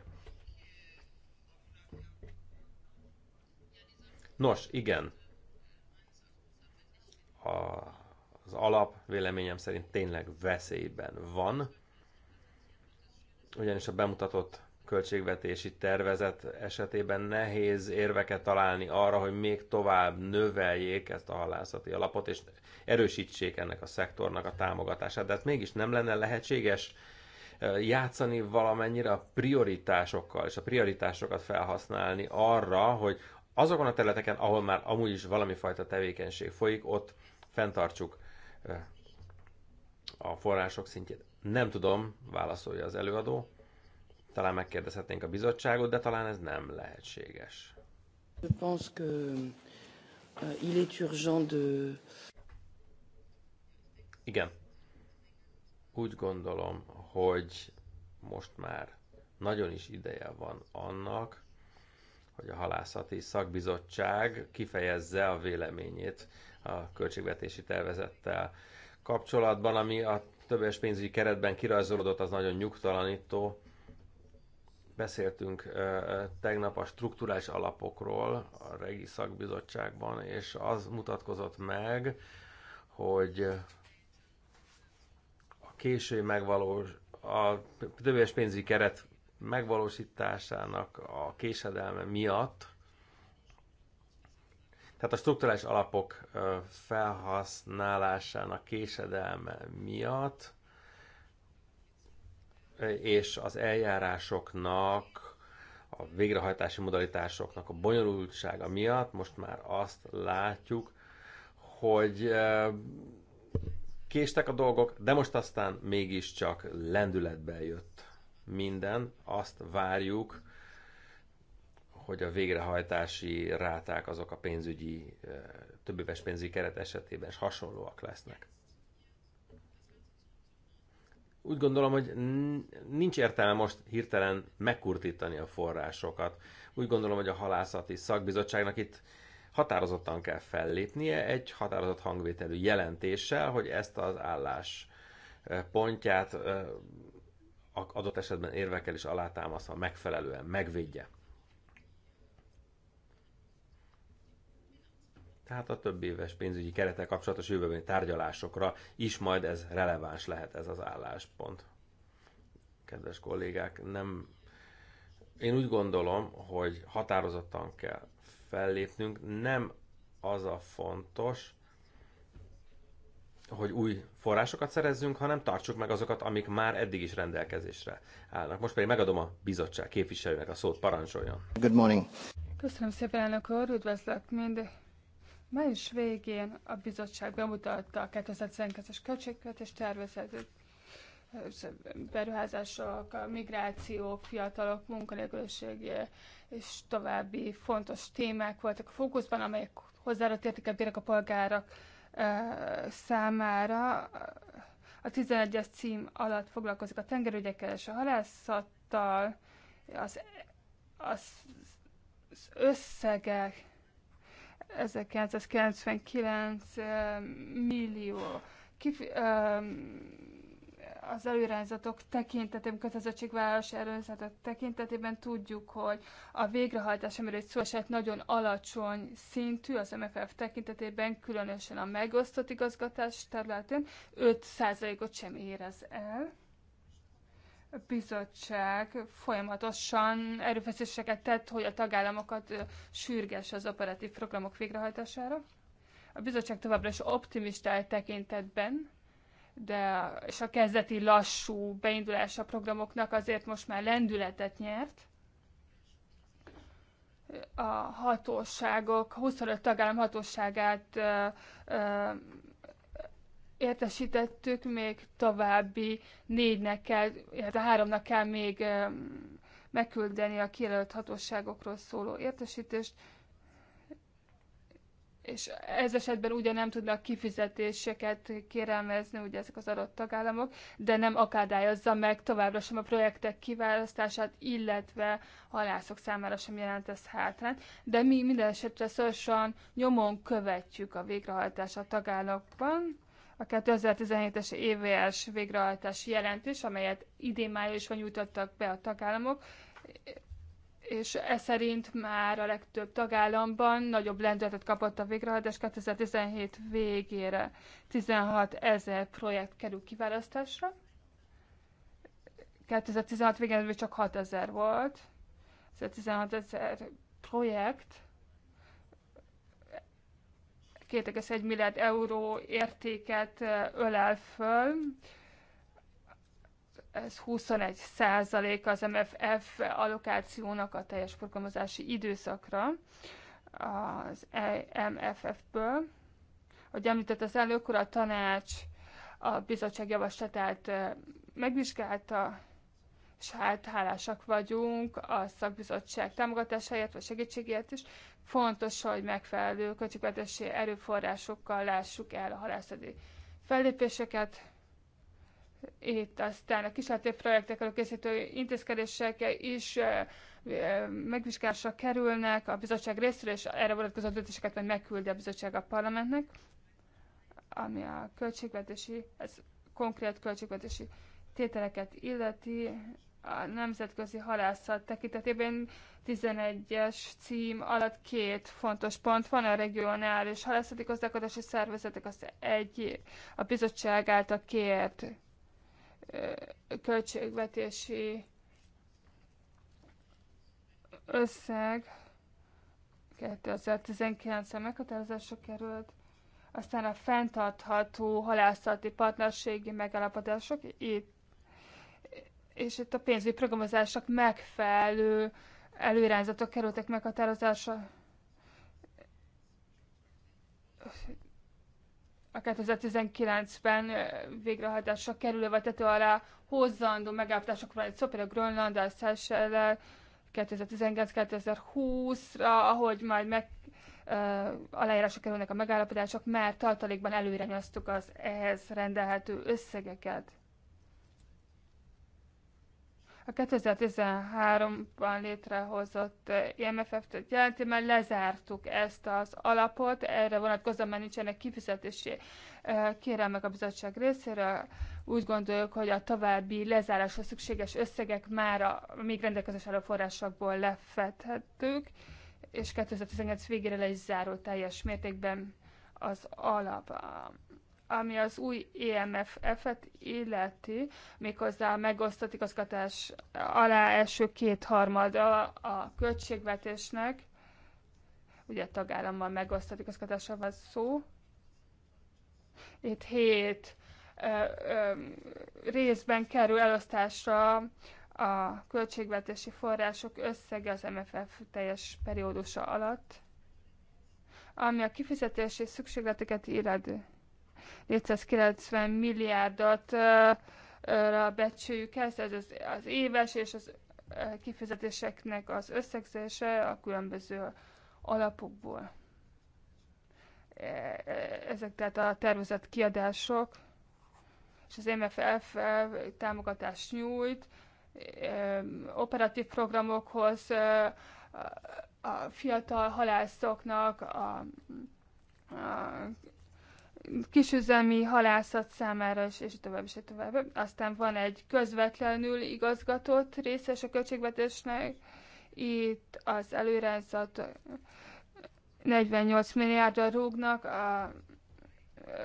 Nos, igen. A, az alap véleményem szerint tényleg veszélyben van, ugyanis a bemutatott költségvetési tervezet esetében nehéz érveket találni arra, hogy még tovább növeljék ezt a halászati alapot, és erősítsék ennek a szektornak a támogatását. De hát mégis nem lenne lehetséges játszani valamennyire a prioritásokkal, és a prioritásokat felhasználni arra, hogy azokon a területeken, ahol már amúgy is valami fajta tevékenység folyik, ott fenntartsuk a források szintjét. Nem tudom, válaszolja az előadó. Talán megkérdezhetnénk a bizottságot, de talán ez nem lehetséges. Je pense que euh, il est urgent de... Igen. Úgy gondolom, hogy most már nagyon is ideje van annak, hogy a halászati szakbizottság kifejezze a véleményét a költségvetési tervezettel kapcsolatban, ami a többes pénzügyi keretben kirajzolódott, az nagyon nyugtalanító. Beszéltünk tegnap a strukturális alapokról a Regi Szakbizottságban, és az mutatkozott meg, hogy a késői megvalós, a többes pénzügyi keret megvalósításának a késedelme miatt tehát a strukturális alapok felhasználásának késedelme miatt és az eljárásoknak, a végrehajtási modalitásoknak a bonyolultsága miatt most már azt látjuk, hogy eh, késtek a dolgok, de most aztán mégiscsak lendületbe jött minden. Azt várjuk, hogy a végrehajtási ráták azok a pénzügyi, eh, többéves pénzügyi keret esetében is hasonlóak lesznek. Úgy gondolom, hogy nincs értelme most hirtelen megkurtítani a forrásokat. Úgy gondolom, hogy a halászati szakbizottságnak itt határozottan kell fellépnie egy határozott hangvételű jelentéssel, hogy ezt az állás pontját adott esetben érvekkel is alátámasztva megfelelően megvédje. tehát a több éves pénzügyi keretek kapcsolatos jövőbeni tárgyalásokra is majd ez releváns lehet ez az álláspont. Kedves kollégák, nem... Én úgy gondolom, hogy határozottan kell fellépnünk, nem az a fontos, hogy új forrásokat szerezzünk, hanem tartsuk meg azokat, amik már eddig is rendelkezésre állnak. Most pedig megadom a bizottság képviselőnek a szót, parancsoljon. Good morning. Köszönöm szépen, elnök úr, üdvözlök mind Május végén a bizottság bemutatta a 2012-es költségvetés tervezetet, beruházások, a migráció, fiatalok, munkanélküliség és további fontos témák voltak a fókuszban, amelyek hozzáadott értéket a polgárok számára. A 11-es cím alatt foglalkozik a tengerügyekkel és a halászattal, az, az, az összegek, 1999 millió kif- az előrányzatok tekintetében, kötelezettségvállalási előrányzatok tekintetében tudjuk, hogy a végrehajtás, amiről egy szó esett, nagyon alacsony szintű az MFF tekintetében, különösen a megosztott igazgatás területén 5%-ot sem érez el bizottság folyamatosan erőfeszítéseket tett, hogy a tagállamokat sürges az operatív programok végrehajtására. A bizottság továbbra is optimista tekintetben, de és a kezdeti lassú beindulása programoknak azért most már lendületet nyert. A hatóságok, 25 tagállam hatóságát értesítettük, még további négynek kell, illetve háromnak kell még megküldeni a kijelölt hatóságokról szóló értesítést, és ez esetben ugye nem tudnak kifizetéseket kérelmezni ugye ezek az adott tagállamok, de nem akadályozza meg továbbra sem a projektek kiválasztását, illetve halászok számára sem jelent ez hátrán. De mi minden esetre szorosan nyomon követjük a végrehajtás a tagállamokban, a 2017-es éves végrehajtási jelentés, amelyet idén májusban nyújtottak be a tagállamok, és ez szerint már a legtöbb tagállamban nagyobb lendületet kapott a végrehajtás 2017 végére 16 ezer projekt kerül kiválasztásra. 2016 végén csak 6 ezer volt, ez 16 ezer projekt, 2,1 milliárd euró értéket ölel föl. Ez 21 százalék az MFF allokációnak a teljes programozási időszakra az MFF-ből. Ahogy említett az elnök a tanács a bizottság javaslatát megvizsgálta, és hát hálásak vagyunk a szakbizottság támogatásáért, vagy segítségért is, Fontos, hogy megfelelő költségvetési erőforrásokkal lássuk el a halászati fellépéseket. Itt aztán a kísérleti projektek előkészítő intézkedések is megvizsgálásra kerülnek a bizottság részéről, és erre vonatkozó döntéseket majd megküldi a bizottság a parlamentnek, ami a költségvetési, ez konkrét költségvetési tételeket illeti, a nemzetközi halászat tekintetében 11-es cím alatt két fontos pont van a regionális halászati gazdálkodási szervezetek, az egy a bizottság által kért költségvetési összeg 2019-ben meghatározásra került, aztán a fenntartható halászati partnerségi megállapodások, itt és itt a pénzügyi programozásnak megfelelő előirányzatok kerültek meghatározásra. A 2019-ben végrehajtásra kerülő vagy tető alá hozzandó megállapodások van egy szó, például Grönland, a 2019-2020-ra, ahogy majd meg uh, aláírásra kerülnek a megállapodások, már tartalékban előirányoztuk az ehhez rendelhető összegeket a 2013-ban létrehozott IMFF-t jelenti, mert lezártuk ezt az alapot, erre vonatkozóan már nincsenek kifizetési kérelmek a bizottság részéről. Úgy gondoljuk, hogy a további lezáráshoz szükséges összegek már a még rendelkezés álló forrásokból lefethetők, és 2019 végére le is zárult teljes mértékben az alap ami az új EMFF-et illeti, méghozzá megosztott igazgatás alá első kétharmada a költségvetésnek, ugye tagállammal megosztott igazgatásra van szó. Itt hét ö, ö, részben kerül elosztásra a költségvetési források összege az MFF teljes periódusa alatt, ami a kifizetési szükségleteket illeti 490 milliárdot becsüljük ezt, ez az, az éves és az kifizetéseknek az összegzése a különböző alapokból. E, e, ezek tehát a tervezett kiadások, és az MFF támogatás nyújt, operatív programokhoz, a fiatal halászoknak, a, a kisüzemi halászat számára, és, és tovább, és tovább. Aztán van egy közvetlenül igazgatott részes a költségvetésnek, itt az előrehajzott 48 milliárdra rúgnak a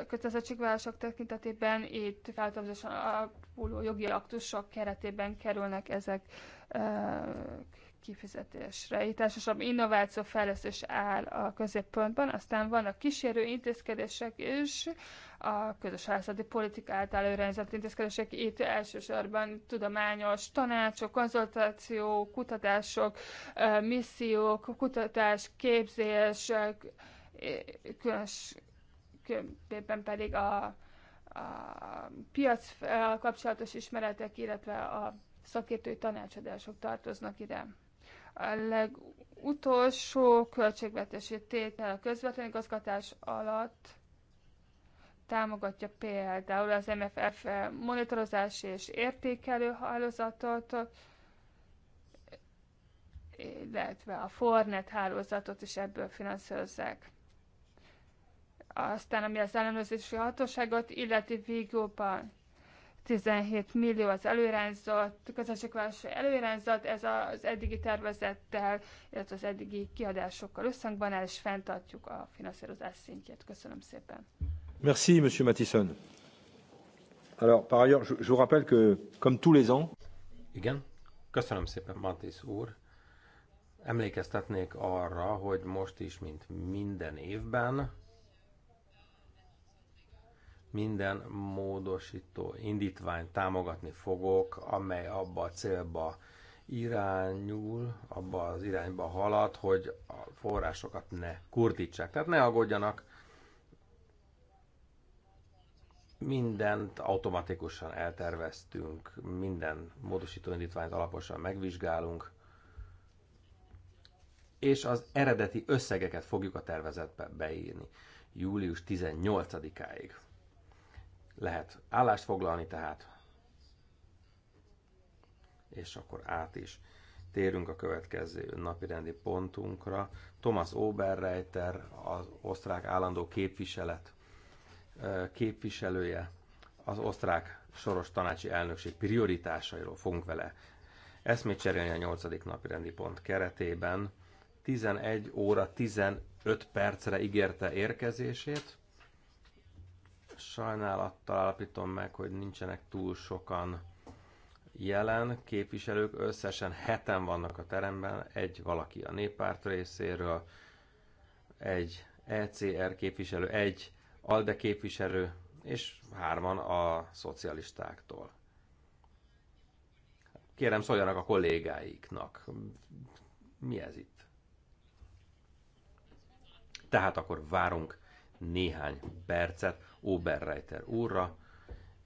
kötelezettségvállalások tekintetében, itt feltartozáson a jogi aktusok keretében kerülnek ezek kifizetésre. Itt elsősorban innováció fejlesztés áll a középpontban, aztán vannak kísérő intézkedések is, a közös házadi politika által előrendezett intézkedések, itt elsősorban tudományos tanácsok, konzultáció, kutatások, missziók, kutatás, képzés, különösképpen pedig a, a piac kapcsolatos ismeretek, illetve a szakértői tanácsadások tartoznak ide. A legutolsó költségvetési tétel a közvetlen igazgatás alatt támogatja például az MFF monitorozási és értékelő hálózatot, illetve a Fornet hálózatot is ebből finanszírozzák. Aztán, ami az ellenőrzési hatóságot illeti végóban 17 millió az előrányzott, gazdaságvállalási előrányzat, ez az eddigi tervezettel, illetve az eddigi kiadásokkal összhangban áll, és fenntartjuk a finanszírozás szintjét. Köszönöm szépen. Merci, Monsieur Matisson. Alors, par ailleurs, je, je vous rappelle que, comme tous les ans... Igen, köszönöm szépen, Matisz úr. Emlékeztetnék arra, hogy most is, mint minden évben, minden módosító indítványt támogatni fogok, amely abba a célba irányul, abba az irányba halad, hogy a forrásokat ne kurtítsák. Tehát ne aggódjanak, mindent automatikusan elterveztünk, minden módosító indítványt alaposan megvizsgálunk, és az eredeti összegeket fogjuk a tervezetbe beírni július 18-áig lehet állást foglalni tehát. És akkor át is térünk a következő napi rendi pontunkra. Thomas Oberreiter, az osztrák állandó képviselet képviselője, az osztrák soros tanácsi elnökség prioritásairól fogunk vele eszmét cserélni a 8. napi rendi pont keretében. 11 óra 15 percre ígérte érkezését, Sajnálattal állapítom meg, hogy nincsenek túl sokan jelen képviselők, összesen heten vannak a teremben, egy valaki a néppárt részéről, egy ECR képviselő, egy ALDE képviselő, és hárman a szocialistáktól. Kérem, szóljanak a kollégáiknak. Mi ez itt? Tehát akkor várunk néhány percet Oberreiter úrra,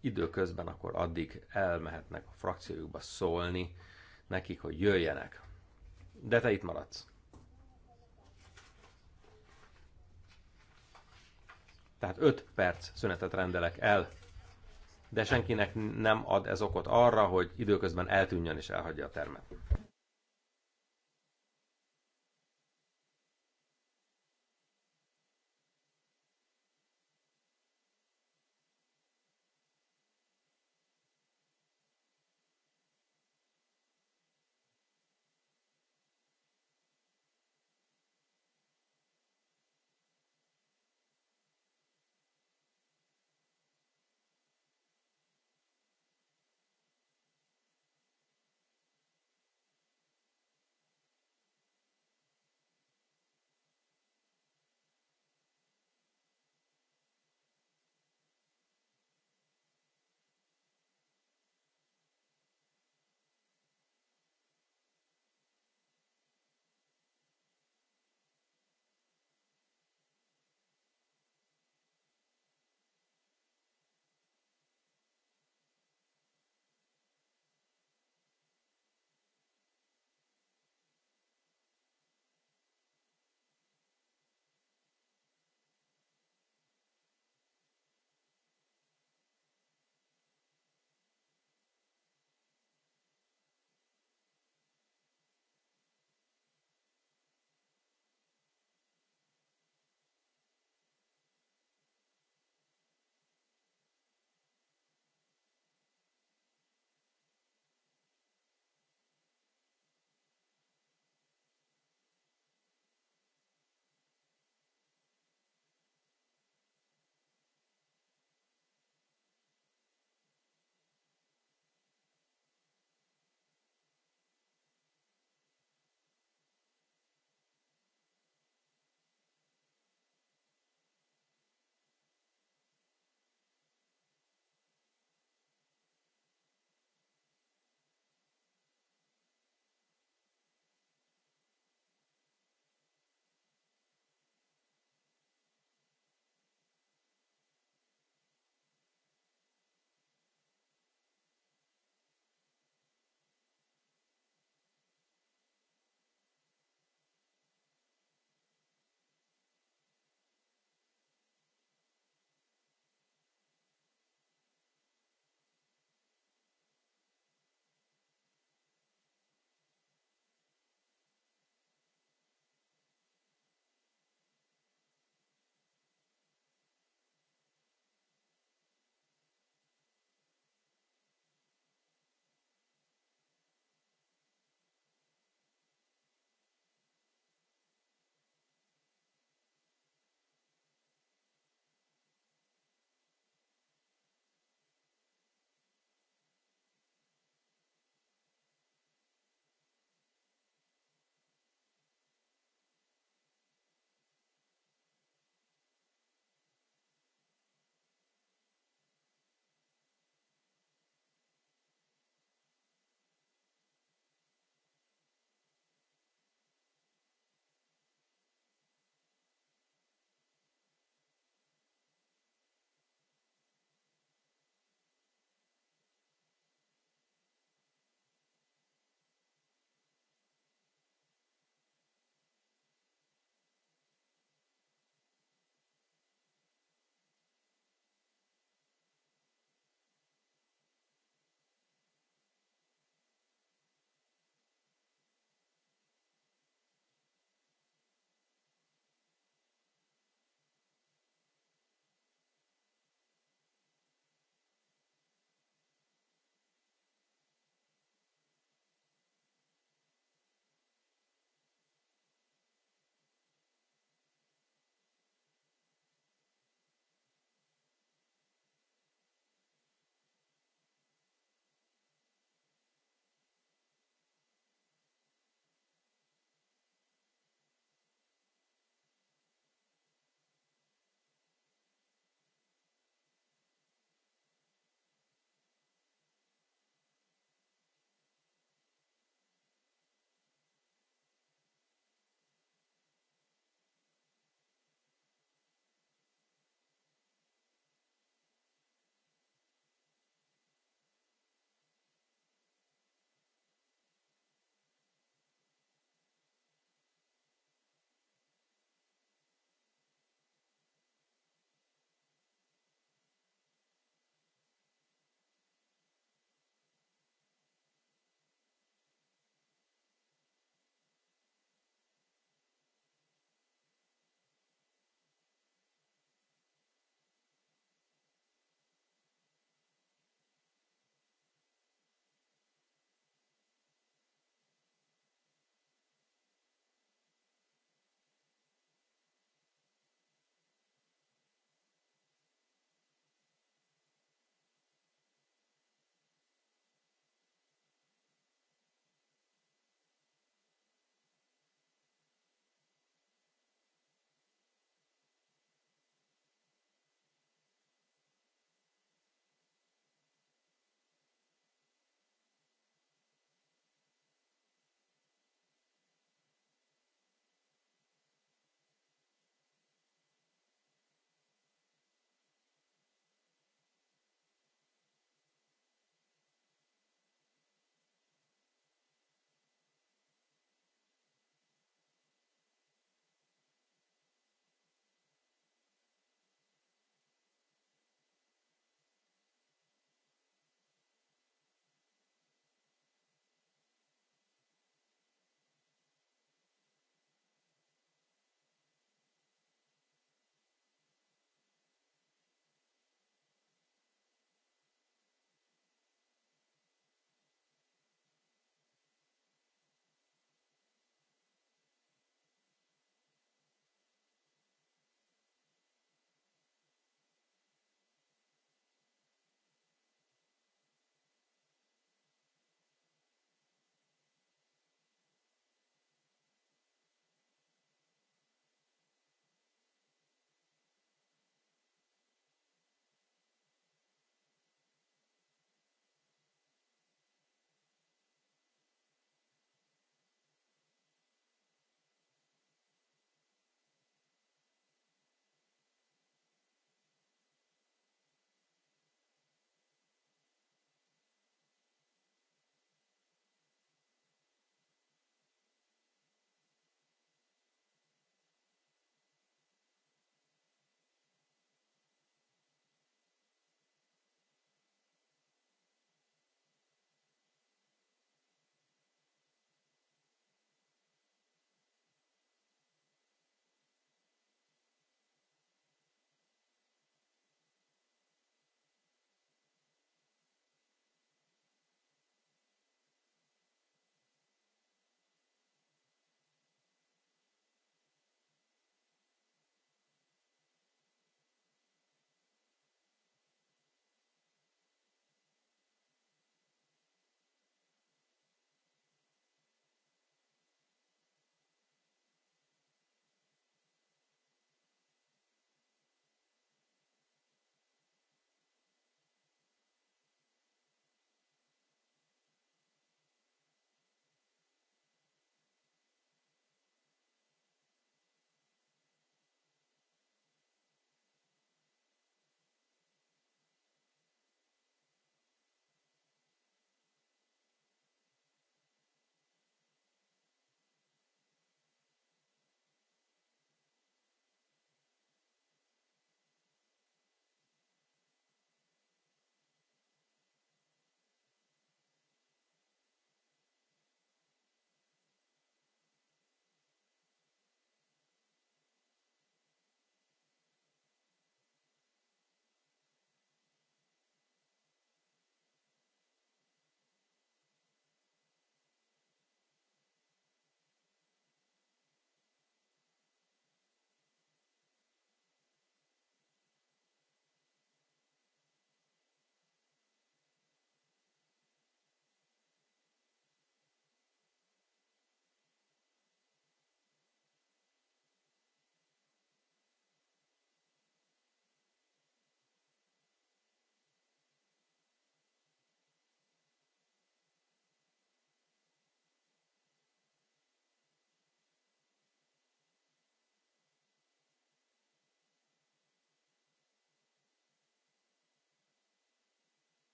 időközben akkor addig elmehetnek a frakciójukba szólni nekik, hogy jöjjenek. De te itt maradsz. Tehát 5 perc szünetet rendelek el, de senkinek nem ad ez okot arra, hogy időközben eltűnjön és elhagyja a termet.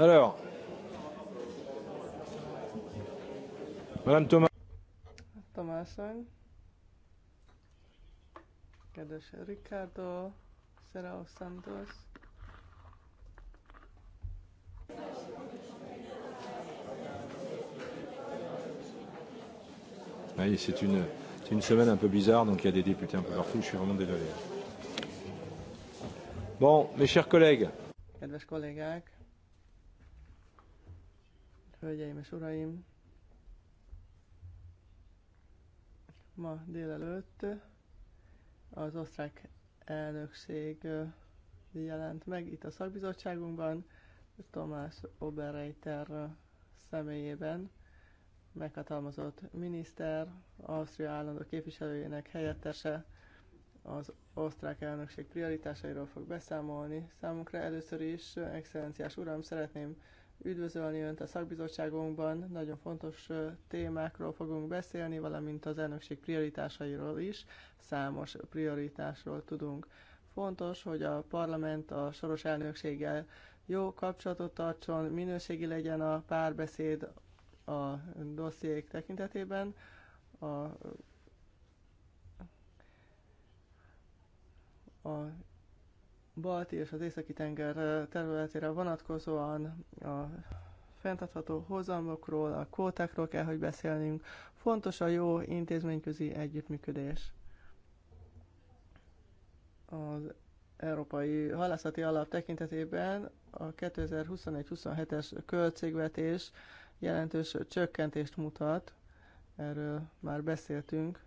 Alors, Madame Thomas. Thomas. Kedves Ricardo, Szerao Santos. Oui, c'est une, une semaine un peu bizarre, donc il y a des députés un peu partout, je suis vraiment désolé. Bon, mes chers collègues. Kedves kollégák, hölgyeim és uraim! Ma délelőtt az osztrák elnökség jelent meg itt a szakbizottságunkban, Tomás Oberreiter személyében meghatalmazott miniszter, Ausztria állandó képviselőjének helyettese az osztrák elnökség prioritásairól fog beszámolni. Számunkra először is, excellenciás uram, szeretném üdvözölni Önt a szakbizottságunkban. Nagyon fontos témákról fogunk beszélni, valamint az elnökség prioritásairól is. Számos prioritásról tudunk. Fontos, hogy a parlament a soros elnökséggel jó kapcsolatot tartson, minőségi legyen a párbeszéd a dossziék tekintetében. A, a Balti és az Északi-tenger területére vonatkozóan a fenntartható hozamokról, a kvótákról kell, hogy beszélnünk. Fontos a jó intézményközi együttműködés. Az Európai Halászati Alap tekintetében a 2021-27-es költségvetés jelentős csökkentést mutat, erről már beszéltünk,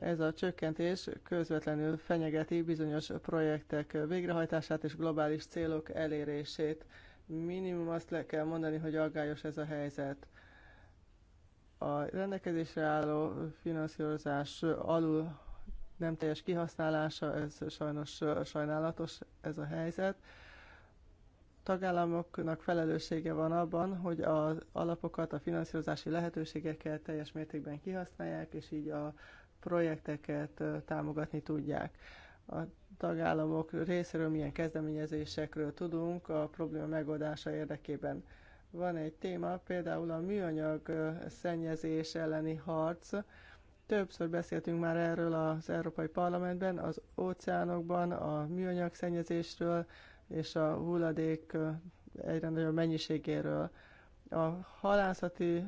ez a csökkentés közvetlenül fenyegeti bizonyos projektek végrehajtását és globális célok elérését. Minimum azt le kell mondani, hogy aggályos ez a helyzet. A rendelkezésre álló finanszírozás alul nem teljes kihasználása, ez sajnos sajnálatos ez a helyzet. Tagállamoknak felelőssége van abban, hogy az alapokat, a finanszírozási lehetőségeket teljes mértékben kihasználják, és így a projekteket támogatni tudják. A tagállamok részéről milyen kezdeményezésekről tudunk a probléma megoldása érdekében. Van egy téma, például a műanyag szennyezés elleni harc. Többször beszéltünk már erről az Európai Parlamentben, az óceánokban, a műanyag szennyezésről és a hulladék egyre nagyobb mennyiségéről. A halászati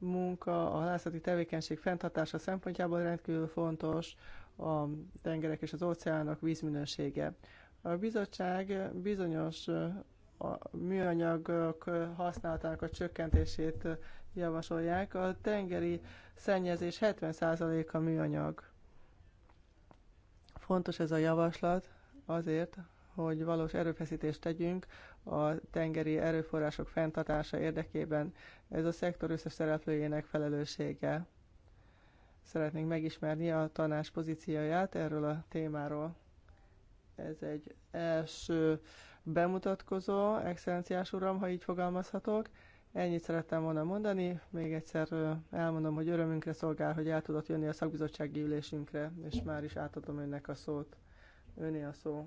munka, a halászati tevékenység fenntartása szempontjából rendkívül fontos a tengerek és az óceánok vízminősége. A bizottság bizonyos a műanyagok használatának a csökkentését javasolják. A tengeri szennyezés 70%-a műanyag. Fontos ez a javaslat azért, hogy valós erőfeszítést tegyünk a tengeri erőforrások fenntartása érdekében. Ez a szektor összes szereplőjének felelőssége. Szeretnénk megismerni a tanács pozícióját erről a témáról. Ez egy első bemutatkozó, excellenciás uram, ha így fogalmazhatok. Ennyit szerettem volna mondani, még egyszer elmondom, hogy örömünkre szolgál, hogy el tudott jönni a szakbizottsági ülésünkre, és már is átadom önnek a szót. Öné a szó.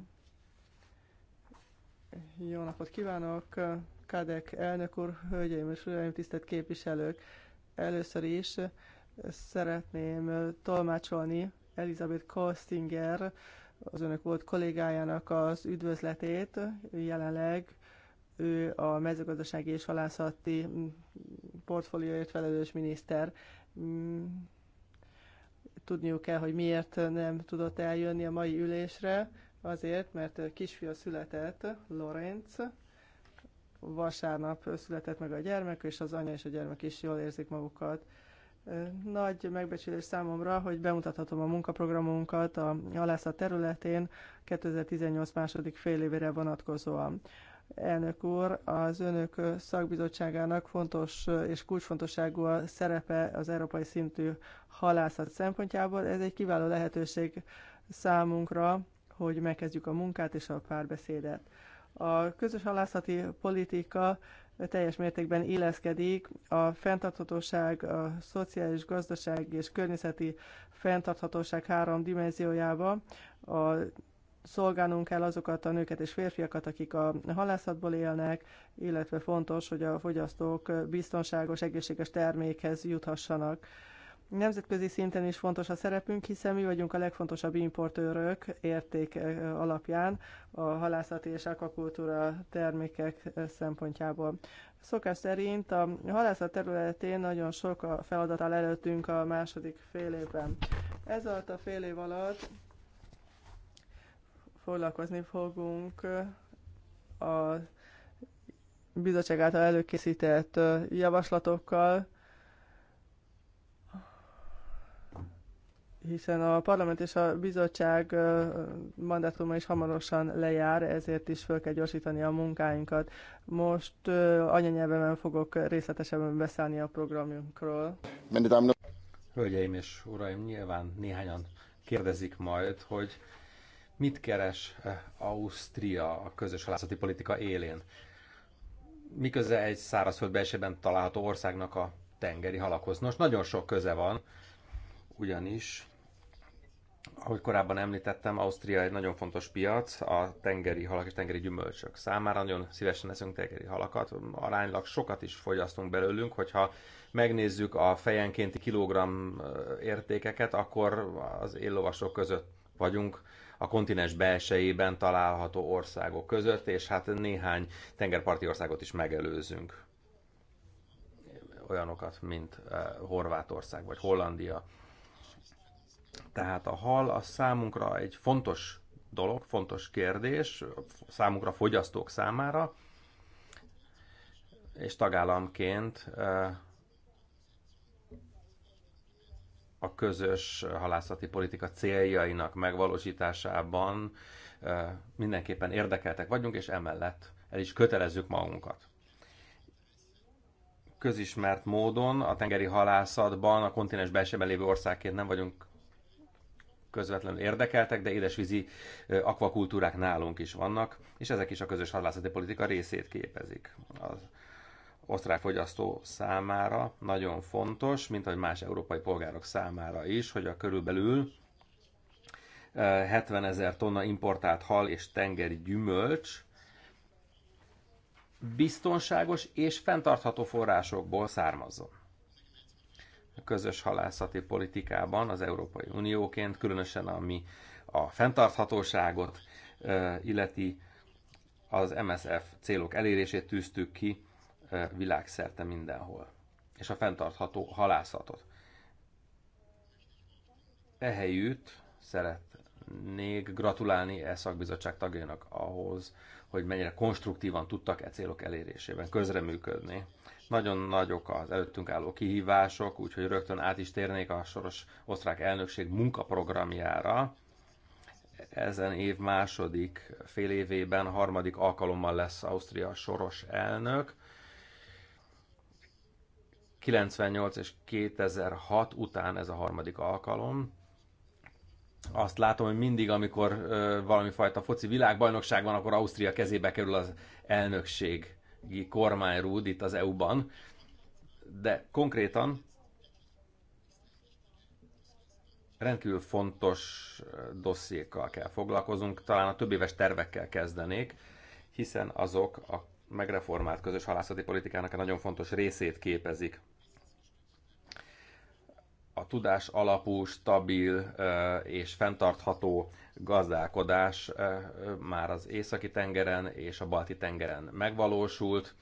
Jó napot kívánok, Kadek elnök úr, hölgyeim és uraim, tisztelt képviselők! Először is szeretném tolmácsolni Elizabeth Kostinger, az önök volt kollégájának az üdvözletét. Jelenleg ő a mezőgazdasági és halászati portfólióért felelős miniszter. Tudniuk kell, hogy miért nem tudott eljönni a mai ülésre Azért, mert kisfia született, Lorenz, vasárnap született meg a gyermek, és az anya és a gyermek is jól érzik magukat. Nagy megbecsülés számomra, hogy bemutathatom a munkaprogramunkat a halászat területén 2018 második fél évére vonatkozóan. Elnök úr, az önök szakbizottságának fontos és kulcsfontosságú a szerepe az európai szintű halászat szempontjából. Ez egy kiváló lehetőség számunkra, hogy megkezdjük a munkát és a párbeszédet. A közös halászati politika teljes mértékben illeszkedik a fenntarthatóság, a szociális, gazdaság és környezeti fenntarthatóság három dimenziójába. A szolgálnunk kell azokat a nőket és férfiakat, akik a halászatból élnek, illetve fontos, hogy a fogyasztók biztonságos, egészséges termékhez juthassanak Nemzetközi szinten is fontos a szerepünk, hiszen mi vagyunk a legfontosabb importőrök érték eh, alapján a halászati és akvakultúra termékek eh, szempontjából. Szokás szerint a halászat területén nagyon sok a feladat áll előttünk a második fél évben. Ez alatt a fél év alatt foglalkozni fogunk eh, a bizottság által előkészített javaslatokkal, hiszen a parlament és a bizottság mandátuma is hamarosan lejár, ezért is föl kell gyorsítani a munkáinkat. Most anyanyelvemen fogok részletesebben beszélni a programjunkról. Hölgyeim és uraim, nyilván néhányan kérdezik majd, hogy mit keres Ausztria a közös halászati politika élén? Miközben egy szárazföld belsőben található országnak a tengeri halakhoz. Nos, nagyon sok köze van, ugyanis ahogy korábban említettem, Ausztria egy nagyon fontos piac a tengeri halak és tengeri gyümölcsök számára. Nagyon szívesen eszünk tengeri halakat, aránylag sokat is fogyasztunk belőlünk, hogyha megnézzük a fejenkénti kilogramm értékeket, akkor az éllovasok között vagyunk a kontinens belsejében található országok között, és hát néhány tengerparti országot is megelőzünk. Olyanokat, mint Horvátország vagy Hollandia. Tehát a hal az számunkra egy fontos dolog, fontos kérdés, számunkra fogyasztók számára, és tagállamként a közös halászati politika céljainak megvalósításában mindenképpen érdekeltek vagyunk, és emellett el is kötelezzük magunkat. Közismert módon a tengeri halászatban a kontinens belsőben lévő országként nem vagyunk közvetlenül érdekeltek, de édesvízi akvakultúrák nálunk is vannak, és ezek is a közös halászati politika részét képezik. Az osztrák fogyasztó számára nagyon fontos, mint ahogy más európai polgárok számára is, hogy a körülbelül 70 ezer tonna importált hal és tengeri gyümölcs biztonságos és fenntartható forrásokból származzon a közös halászati politikában az Európai Unióként, különösen ami a fenntarthatóságot illeti, az MSF célok elérését tűztük ki világszerte mindenhol, és a fenntartható halászatot. Ehelyütt szeretnék gratulálni e szakbizottság tagjainak ahhoz, hogy mennyire konstruktívan tudtak e célok elérésében közreműködni. Nagyon nagyok az előttünk álló kihívások, úgyhogy rögtön át is térnék a soros osztrák elnökség munkaprogramjára. Ezen év második fél évében harmadik alkalommal lesz Ausztria soros elnök. 98 és 2006 után ez a harmadik alkalom azt látom, hogy mindig, amikor ö, valami fajta foci világbajnokság van, akkor Ausztria kezébe kerül az elnökség kormányrúd itt az EU-ban, de konkrétan rendkívül fontos dossziékkal kell foglalkozunk, talán a több éves tervekkel kezdenék, hiszen azok a megreformált közös halászati politikának a nagyon fontos részét képezik. A tudás alapú, stabil és fenntartható gazdálkodás eh, már az északi tengeren és a balti tengeren megvalósult.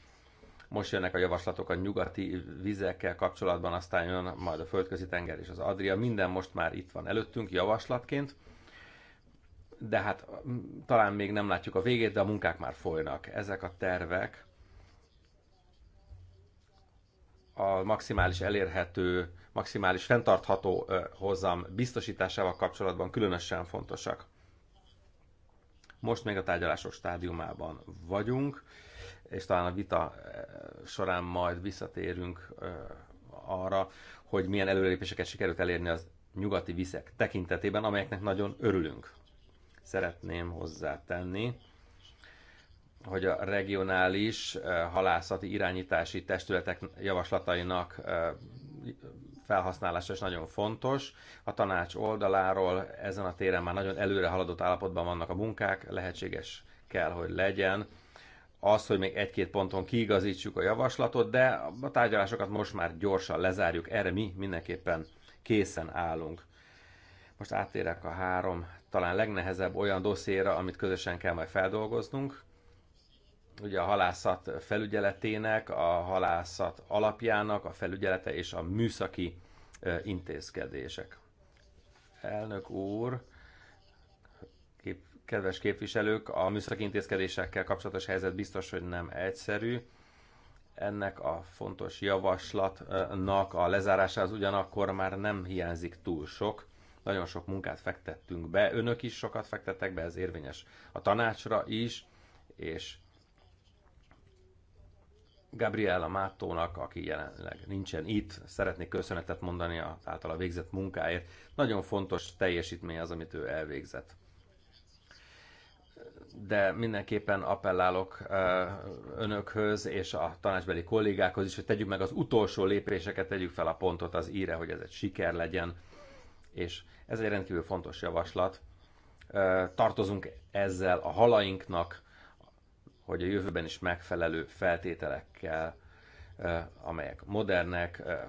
Most jönnek a javaslatok a nyugati vizekkel kapcsolatban, aztán jön majd a földközi tenger és az Adria. Minden most már itt van előttünk javaslatként, de hát mm, talán még nem látjuk a végét, de a munkák már folynak. Ezek a tervek a maximális elérhető maximális fenntartható hozam biztosításával kapcsolatban különösen fontosak. Most még a tárgyalások stádiumában vagyunk, és talán a vita során majd visszatérünk arra, hogy milyen előrelépéseket sikerült elérni az nyugati viszek tekintetében, amelyeknek nagyon örülünk. Szeretném hozzátenni, hogy a regionális halászati irányítási testületek javaslatainak felhasználása is nagyon fontos. A tanács oldaláról ezen a téren már nagyon előre haladott állapotban vannak a munkák, lehetséges kell, hogy legyen az, hogy még egy-két ponton kiigazítsuk a javaslatot, de a tárgyalásokat most már gyorsan lezárjuk, erre mi mindenképpen készen állunk. Most áttérek a három talán legnehezebb olyan dosszéra, amit közösen kell majd feldolgoznunk ugye a halászat felügyeletének, a halászat alapjának, a felügyelete és a műszaki intézkedések. Elnök úr, kép, kedves képviselők, a műszaki intézkedésekkel kapcsolatos helyzet biztos, hogy nem egyszerű. Ennek a fontos javaslatnak a lezárásához ugyanakkor már nem hiányzik túl sok. Nagyon sok munkát fektettünk be, önök is sokat fektettek be, ez érvényes a tanácsra is, és Gabriela Máttónak, aki jelenleg nincsen itt, szeretnék köszönetet mondani az általa végzett munkáért. Nagyon fontos teljesítmény az, amit ő elvégzett. De mindenképpen appellálok önökhöz és a tanácsbeli kollégákhoz is, hogy tegyük meg az utolsó lépéseket, tegyük fel a pontot az íre, hogy ez egy siker legyen. És ez egy rendkívül fontos javaslat. Tartozunk ezzel a halainknak, hogy a jövőben is megfelelő feltételekkel, eh, amelyek modernek eh,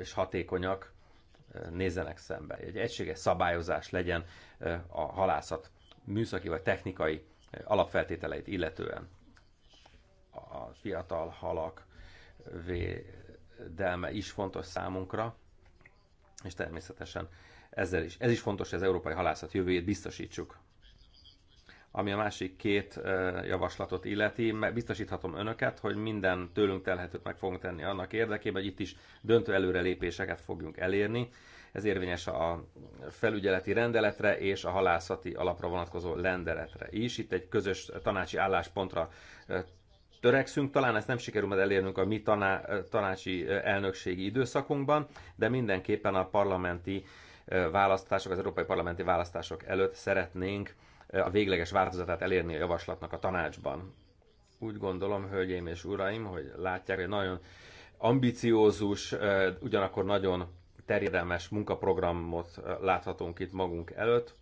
és hatékonyak, eh, nézzenek szembe. Egy egységes szabályozás legyen a halászat műszaki vagy technikai alapfeltételeit illetően. A fiatal halak védelme is fontos számunkra, és természetesen ezzel is, ez is fontos, hogy az európai halászat jövőjét biztosítsuk. Ami a másik két javaslatot illeti, biztosíthatom önöket, hogy minden tőlünk telhetőt meg fogunk tenni annak érdekében, hogy itt is döntő előrelépéseket fogjunk elérni. Ez érvényes a felügyeleti rendeletre és a halászati alapra vonatkozó rendeletre is. Itt egy közös tanácsi álláspontra törekszünk, talán ezt nem sikerül majd elérnünk a mi taná- tanácsi elnökségi időszakunkban, de mindenképpen a parlamenti választások, az európai parlamenti választások előtt szeretnénk a végleges változatát elérni a javaslatnak a tanácsban. Úgy gondolom, hölgyeim és uraim, hogy látják, hogy nagyon ambiciózus, ugyanakkor nagyon terjedelmes munkaprogramot láthatunk itt magunk előtt.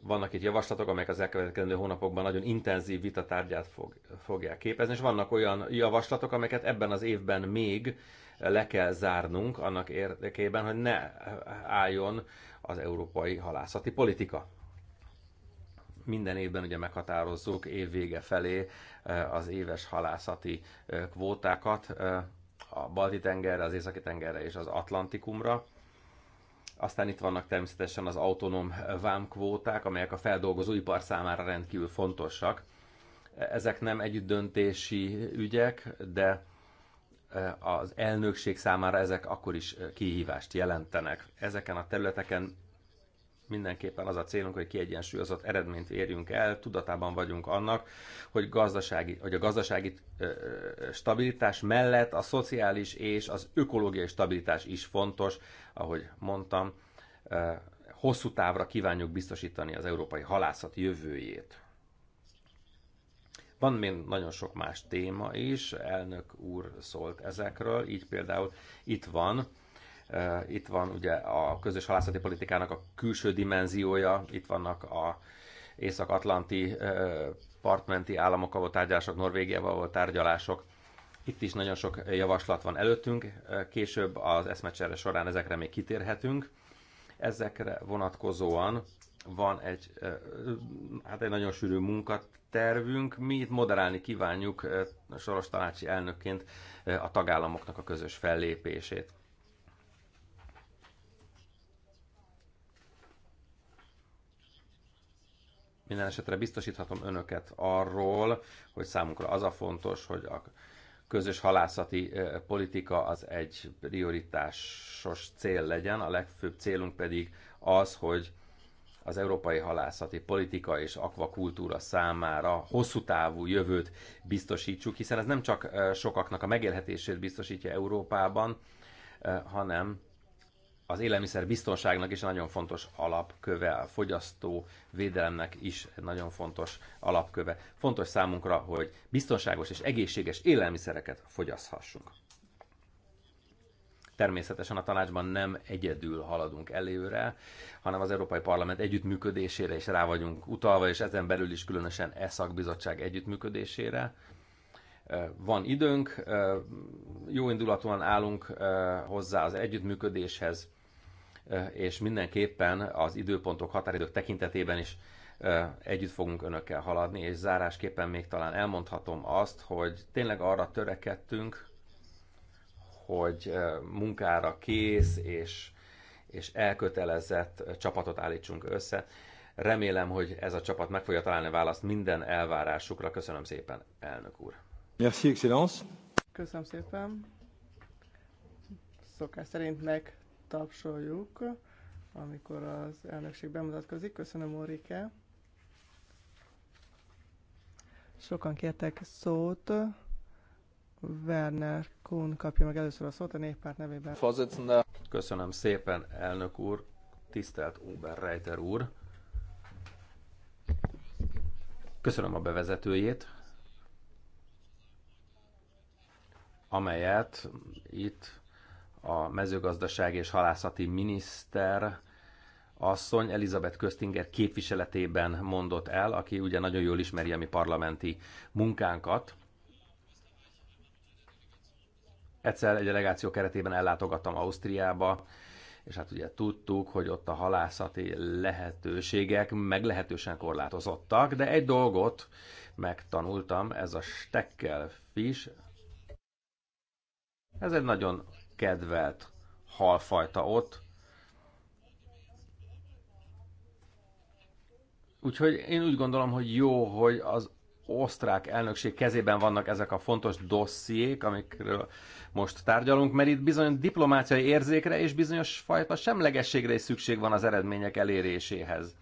Vannak itt javaslatok, amelyek az elkövetkező hónapokban nagyon intenzív vitatárgyát fog, fogják képezni, és vannak olyan javaslatok, amelyeket ebben az évben még le kell zárnunk annak érdekében, hogy ne álljon az európai halászati politika. Minden évben ugye meghatározzuk évvége felé eh, az éves halászati eh, kvótákat eh, a Balti-tengerre, az Északi-tengerre és az Atlantikumra. Aztán itt vannak természetesen az autonóm vámkvóták, amelyek a feldolgozóipar számára rendkívül fontosak. E-, ezek nem együttdöntési ügyek, de az elnökség számára ezek akkor is kihívást jelentenek. Ezeken a területeken mindenképpen az a célunk, hogy kiegyensúlyozott eredményt érjünk el, tudatában vagyunk annak, hogy, gazdasági, hogy a gazdasági stabilitás mellett a szociális és az ökológiai stabilitás is fontos, ahogy mondtam, hosszú távra kívánjuk biztosítani az európai halászat jövőjét. Van még nagyon sok más téma is, elnök úr szólt ezekről, így például itt van, e, itt van ugye a közös halászati politikának a külső dimenziója, itt vannak a észak-atlanti e, partmenti államokkal volt tárgyalások, Norvégiával volt tárgyalások, itt is nagyon sok javaslat van előttünk, e, később az eszmecsere során ezekre még kitérhetünk. Ezekre vonatkozóan van egy, hát egy nagyon sűrű munkat tervünk, mi itt moderálni kívánjuk soros tanácsi elnökként a tagállamoknak a közös fellépését. Minden esetre biztosíthatom önöket arról, hogy számunkra az a fontos, hogy a közös halászati politika az egy prioritásos cél legyen, a legfőbb célunk pedig az, hogy az európai halászati politika és akvakultúra számára hosszú távú jövőt biztosítsuk, hiszen ez nem csak sokaknak a megélhetését biztosítja Európában, hanem az élelmiszer biztonságnak is nagyon fontos alapköve, a fogyasztó védelemnek is nagyon fontos alapköve. Fontos számunkra, hogy biztonságos és egészséges élelmiszereket fogyaszthassunk. Természetesen a tanácsban nem egyedül haladunk előre, hanem az Európai Parlament együttműködésére is rá vagyunk utalva, és ezen belül is különösen e szakbizottság együttműködésére. Van időnk, jó indulatúan állunk hozzá az együttműködéshez, és mindenképpen az időpontok, határidők tekintetében is együtt fogunk önökkel haladni, és zárásképpen még talán elmondhatom azt, hogy tényleg arra törekedtünk, hogy munkára kész és, és elkötelezett csapatot állítsunk össze. Remélem, hogy ez a csapat meg fogja találni választ minden elvárásukra. Köszönöm szépen, elnök úr. Merci, Excellence. Köszönöm szépen. Szokás szerint megtapsoljuk, amikor az elnökség bemutatkozik. Köszönöm, Orike. Sokan kértek szót. Werner Kuhn kapja meg először a szót a néppárt nevében. Köszönöm szépen, elnök úr, tisztelt Oberreiter úr. Köszönöm a bevezetőjét, amelyet itt a mezőgazdaság és halászati miniszter asszony Elizabeth Köstinger képviseletében mondott el, aki ugye nagyon jól ismeri a mi parlamenti munkánkat, egyszer egy delegáció keretében ellátogattam Ausztriába, és hát ugye tudtuk, hogy ott a halászati lehetőségek meglehetősen korlátozottak, de egy dolgot megtanultam, ez a stekkel fish. Ez egy nagyon kedvelt halfajta ott. Úgyhogy én úgy gondolom, hogy jó, hogy az osztrák elnökség kezében vannak ezek a fontos dossziék, amikről most tárgyalunk, mert itt bizony diplomáciai érzékre és bizonyos fajta semlegességre is szükség van az eredmények eléréséhez.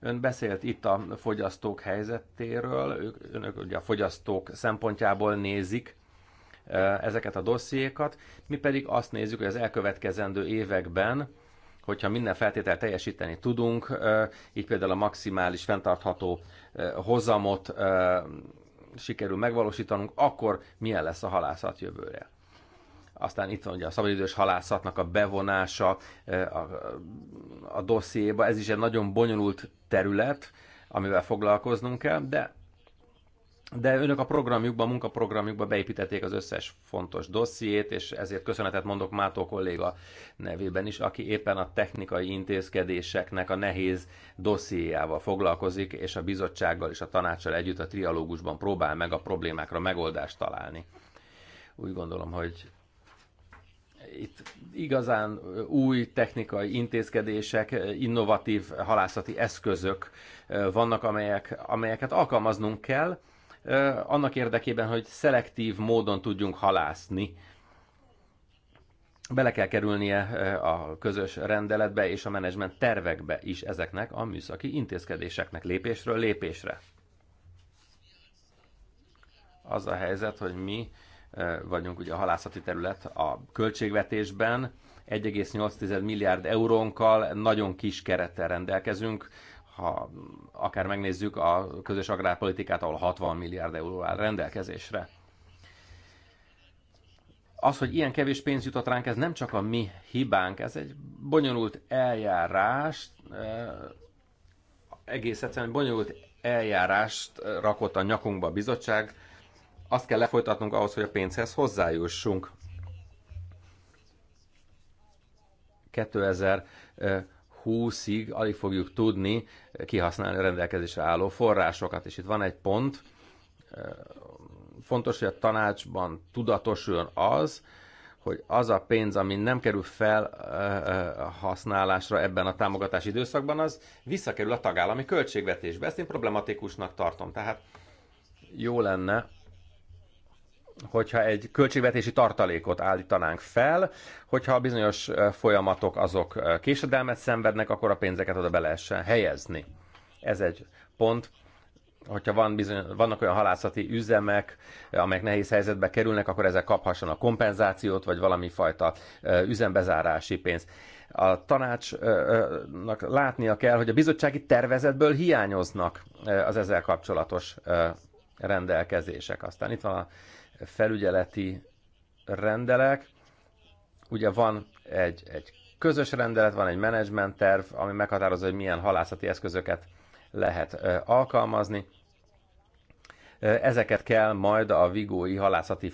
Ön beszélt itt a fogyasztók helyzetéről, ők, önök ugye a fogyasztók szempontjából nézik eh, ezeket a dossziékat, mi pedig azt nézzük, hogy az elkövetkezendő években hogyha minden feltétel teljesíteni tudunk, így például a maximális fenntartható hozamot sikerül megvalósítanunk, akkor milyen lesz a halászat jövőre. Aztán itt van ugye a szabadidős halászatnak a bevonása a, a dossziéba, ez is egy nagyon bonyolult terület, amivel foglalkoznunk kell, de de önök a programjukban a munkaprogramjukban beépítették az összes fontos dossziét, és ezért köszönetet mondok Mátó kolléga nevében is, aki éppen a technikai intézkedéseknek a nehéz dossziéjával foglalkozik, és a bizottsággal és a tanácssal együtt a trialógusban próbál meg a problémákra megoldást találni. Úgy gondolom, hogy itt igazán új technikai intézkedések, innovatív halászati eszközök vannak, amelyek, amelyeket alkalmaznunk kell, annak érdekében, hogy szelektív módon tudjunk halászni. Bele kell kerülnie a közös rendeletbe és a menedzsment tervekbe is ezeknek a műszaki intézkedéseknek lépésről lépésre. Az a helyzet, hogy mi vagyunk ugye a halászati terület a költségvetésben, 1,8 milliárd eurónkkal nagyon kis kerettel rendelkezünk, ha akár megnézzük a közös agrárpolitikát, ahol 60 milliárd euró áll rendelkezésre. Az, hogy ilyen kevés pénz jutott ránk, ez nem csak a mi hibánk, ez egy bonyolult eljárás, egész egyszerűen bonyolult eljárást rakott a nyakunkba a bizottság, azt kell lefolytatnunk ahhoz, hogy a pénzhez hozzájussunk. 2020-ig alig fogjuk tudni kihasználni a rendelkezésre álló forrásokat. És itt van egy pont, fontos, hogy a tanácsban tudatosuljon az, hogy az a pénz, ami nem kerül fel használásra ebben a támogatási időszakban, az visszakerül a tagállami költségvetésbe. Ezt én problematikusnak tartom. Tehát jó lenne, hogyha egy költségvetési tartalékot állítanánk fel, hogyha a bizonyos folyamatok azok késedelmet szenvednek, akkor a pénzeket oda be lehessen helyezni. Ez egy pont. Hogyha van bizony, vannak olyan halászati üzemek, amelyek nehéz helyzetbe kerülnek, akkor ezek a kompenzációt, vagy valami fajta üzembezárási pénzt a tanácsnak látnia kell, hogy a bizottsági tervezetből hiányoznak az ezzel kapcsolatos rendelkezések. Aztán itt van a felügyeleti rendelek. Ugye van egy, egy közös rendelet, van egy menedzsment terv, ami meghatározza, hogy milyen halászati eszközöket lehet alkalmazni. Ezeket kell majd a Vigói Halászati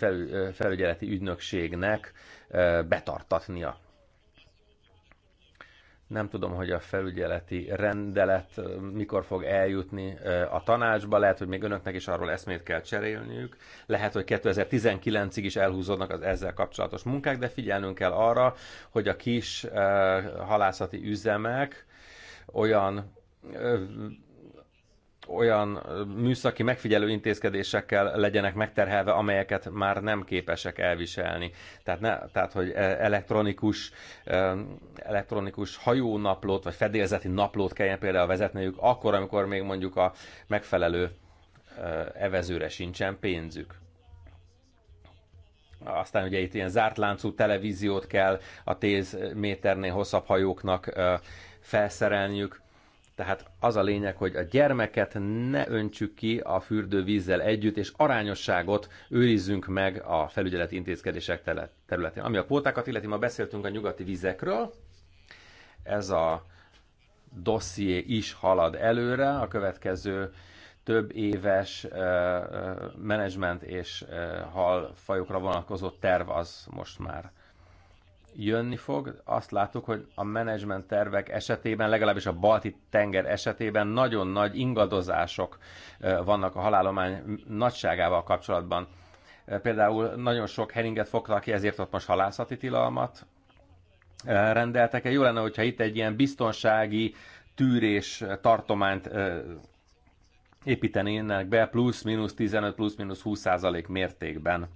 Felügyeleti Ügynökségnek betartatnia. Nem tudom, hogy a felügyeleti rendelet mikor fog eljutni a tanácsba, lehet, hogy még önöknek is arról eszmét kell cserélniük, lehet, hogy 2019-ig is elhúzódnak az ezzel kapcsolatos munkák, de figyelnünk kell arra, hogy a kis halászati üzemek olyan olyan műszaki megfigyelő intézkedésekkel legyenek megterhelve, amelyeket már nem képesek elviselni. Tehát, ne, tehát hogy e, elektronikus, elektronikus hajónaplót, vagy fedélzeti naplót kelljen például vezetniük, akkor, amikor még mondjuk a megfelelő evezőre sincsen pénzük aztán ugye itt ilyen zárt láncú televíziót kell a 10 méternél hosszabb hajóknak felszerelniük. Tehát az a lényeg, hogy a gyermeket ne öntsük ki a fürdővízzel együtt, és arányosságot őrizzünk meg a felügyeleti intézkedések területén. Ami a kvótákat illeti, ma beszéltünk a nyugati vizekről. Ez a dosszié is halad előre. A következő több éves menedzsment és halfajokra vonatkozó terv az most már jönni fog. Azt látok, hogy a menedzsment tervek esetében, legalábbis a balti tenger esetében nagyon nagy ingadozások vannak a halálomány nagyságával kapcsolatban. Például nagyon sok heringet fogtak ki, ezért ott most halászati tilalmat rendeltek el. Jó lenne, hogyha itt egy ilyen biztonsági tűrés tartományt építenének be, plusz-minusz 15, plusz-minusz 20 százalék mértékben.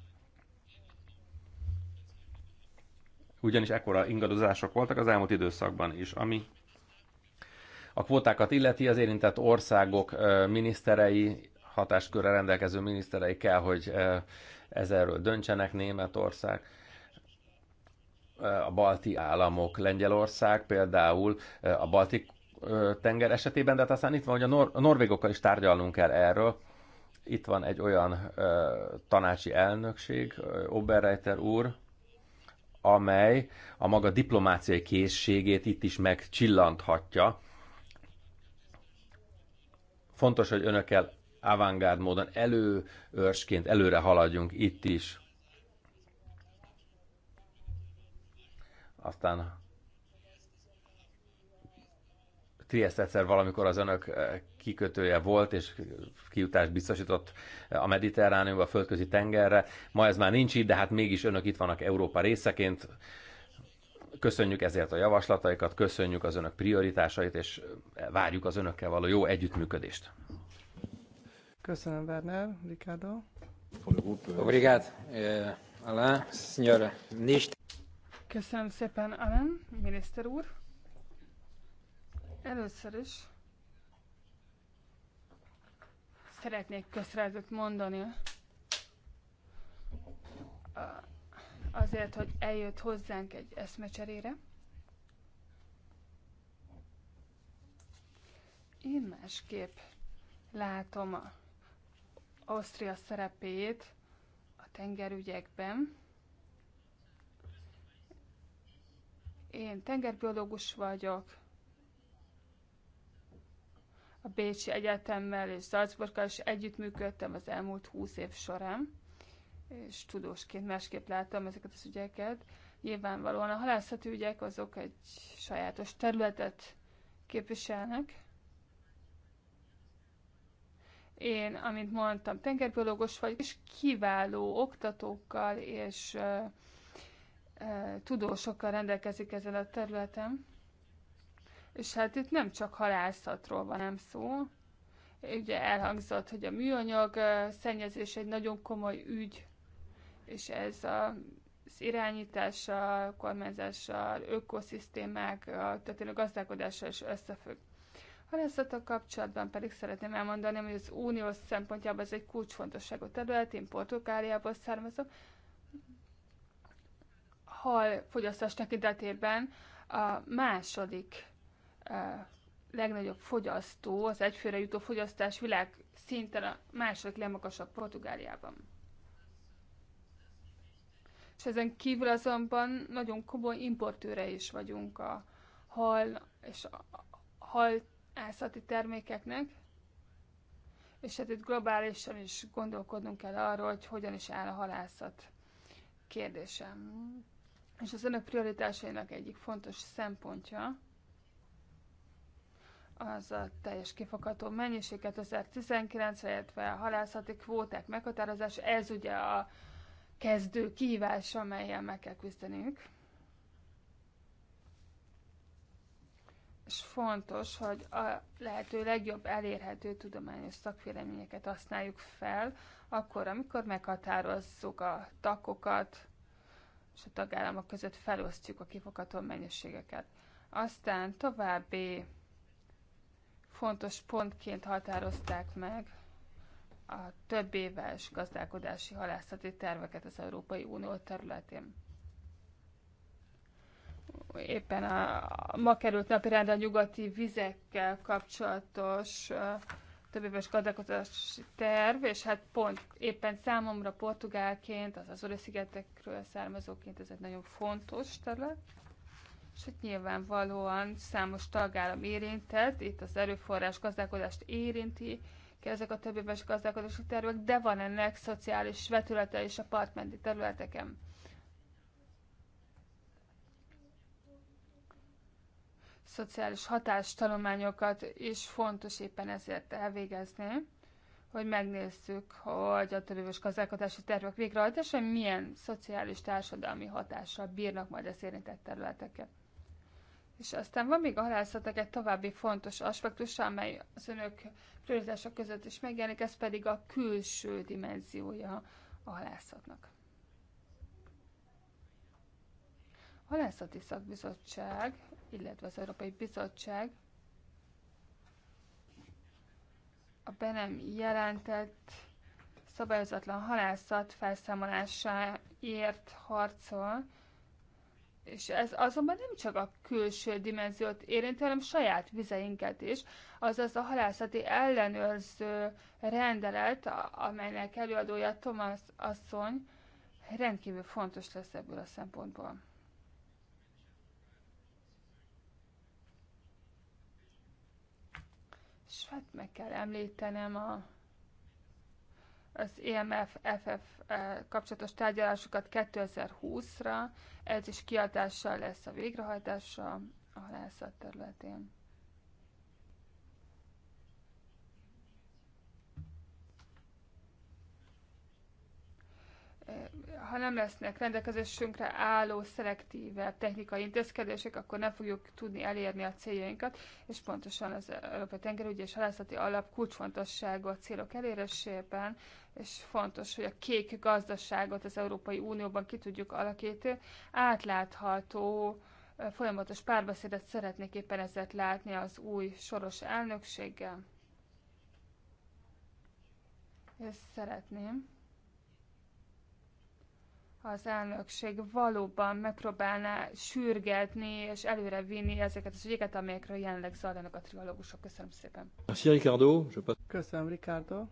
ugyanis ekkora ingadozások voltak az elmúlt időszakban is, ami a kvótákat illeti, az érintett országok miniszterei, hatáskörre rendelkező miniszterei kell, hogy ezerről döntsenek, Németország, a balti államok, Lengyelország például a balti tenger esetében, de hát aztán itt van, hogy a, nor- a norvégokkal is tárgyalnunk kell erről. Itt van egy olyan ö, tanácsi elnökség, Oberreiter úr, amely a maga diplomáciai készségét itt is megcsillanthatja. Fontos, hogy önökkel avantgárd módon előörsként előre haladjunk itt is. Aztán Trieste egyszer valamikor az önök eh, kikötője volt, és kiutást biztosított a mediterrániumba, a földközi tengerre. Ma ez már nincs így, de hát mégis önök itt vannak Európa részeként. Köszönjük ezért a javaslataikat, köszönjük az önök prioritásait, és várjuk az önökkel való jó együttműködést. Köszönöm, Werner, Ricardo. Obrigado, eh, senhora Köszönöm szépen, Alain, miniszter úr. Először is szeretnék közrejátot mondani. Azért, hogy eljött hozzánk egy eszmecserére. Én másképp látom a Ausztria szerepét a tengerügyekben. Én tengerbiológus vagyok, a Bécsi Egyetemmel és Salzburgkal is együttműködtem az elmúlt húsz év során, és tudósként másképp láttam ezeket az ügyeket. Nyilvánvalóan a halászati ügyek azok egy sajátos területet képviselnek. Én, amint mondtam, tengerbiológus vagyok, és kiváló oktatókkal és uh, uh, tudósokkal rendelkezik ezen a területen és hát itt nem csak halászatról van nem szó. Ugye elhangzott, hogy a műanyag szennyezés egy nagyon komoly ügy, és ez a az irányítással, kormányzással, ökoszisztémák, történő gazdálkodással is összefügg. Halászatok kapcsolatban pedig szeretném elmondani, hogy az unió szempontjából ez egy kulcsfontosságú terület, én Portugáliából származom. Hal fogyasztás tekintetében a második legnagyobb fogyasztó, az egyfőre jutó fogyasztás világ szinten a második legmagasabb Portugáliában. És ezen kívül azonban nagyon komoly importőre is vagyunk a hal és a hal ászati termékeknek, és hát itt globálisan is gondolkodnunk kell arról, hogy hogyan is áll a halászat kérdésem. És az önök prioritásainak egyik fontos szempontja, az a teljes kifogható mennyiség 2019 illetve a halászati kvóták Meghatározás ez ugye a kezdő kihívás, amelyen meg kell küzdenünk. És fontos, hogy a lehető legjobb elérhető tudományos szakvéleményeket használjuk fel, akkor, amikor meghatározzuk a takokat, és a tagállamok között felosztjuk a kifogható mennyiségeket. Aztán további fontos pontként határozták meg a több éves gazdálkodási halászati terveket az Európai Unió területén. Éppen a, ma került napirendre a nyugati vizekkel kapcsolatos több éves gazdálkodási terv, és hát pont éppen számomra portugálként, az Azori szigetekről származóként ez egy nagyon fontos terület. És hát nyilvánvalóan számos tagállam érintett, itt az erőforrás gazdálkodást érinti, ezek a többéves gazdálkodási tervek, de van ennek szociális vetülete is a partmenti területeken. Szociális hatástalományokat is fontos éppen ezért elvégezni, hogy megnézzük, hogy a többéves gazdálkodási tervek végrehajtása milyen szociális társadalmi hatással bírnak majd az érintett területeket. És aztán van még a halászatnak egy további fontos aspektusa, amely az önök prioritások között is megjelenik, ez pedig a külső dimenziója a halászatnak. A halászati szakbizottság, illetve az Európai Bizottság a be nem jelentett szabályozatlan halászat felszámolásáért harcol, és ez azonban nem csak a külső dimenziót érinti, hanem saját vizeinket is, azaz a halászati ellenőrző rendelet, amelynek előadója Thomas asszony, rendkívül fontos lesz ebből a szempontból. És hát meg kell említenem a az EMF-FF eh, kapcsolatos tárgyalásokat 2020-ra, ez is kiadással lesz a végrehajtása a halászat területén. Eh, ha nem lesznek rendelkezésünkre álló szelektívebb technikai intézkedések, akkor nem fogjuk tudni elérni a céljainkat, és pontosan az Európai Tengerügyi és Halászati Alap kulcsfontosságú a célok elérésében, és fontos, hogy a kék gazdaságot az Európai Unióban ki tudjuk alakítani, átlátható, folyamatos párbeszédet szeretnék éppen ezzel látni az új soros elnökséggel. Ezt szeretném az elnökség valóban megpróbálná sürgetni és előrevinni ezeket az ügyeket, amelyekről jelenleg zajlanak a trilógusok. Köszönöm szépen. Köszönöm, Ricardo.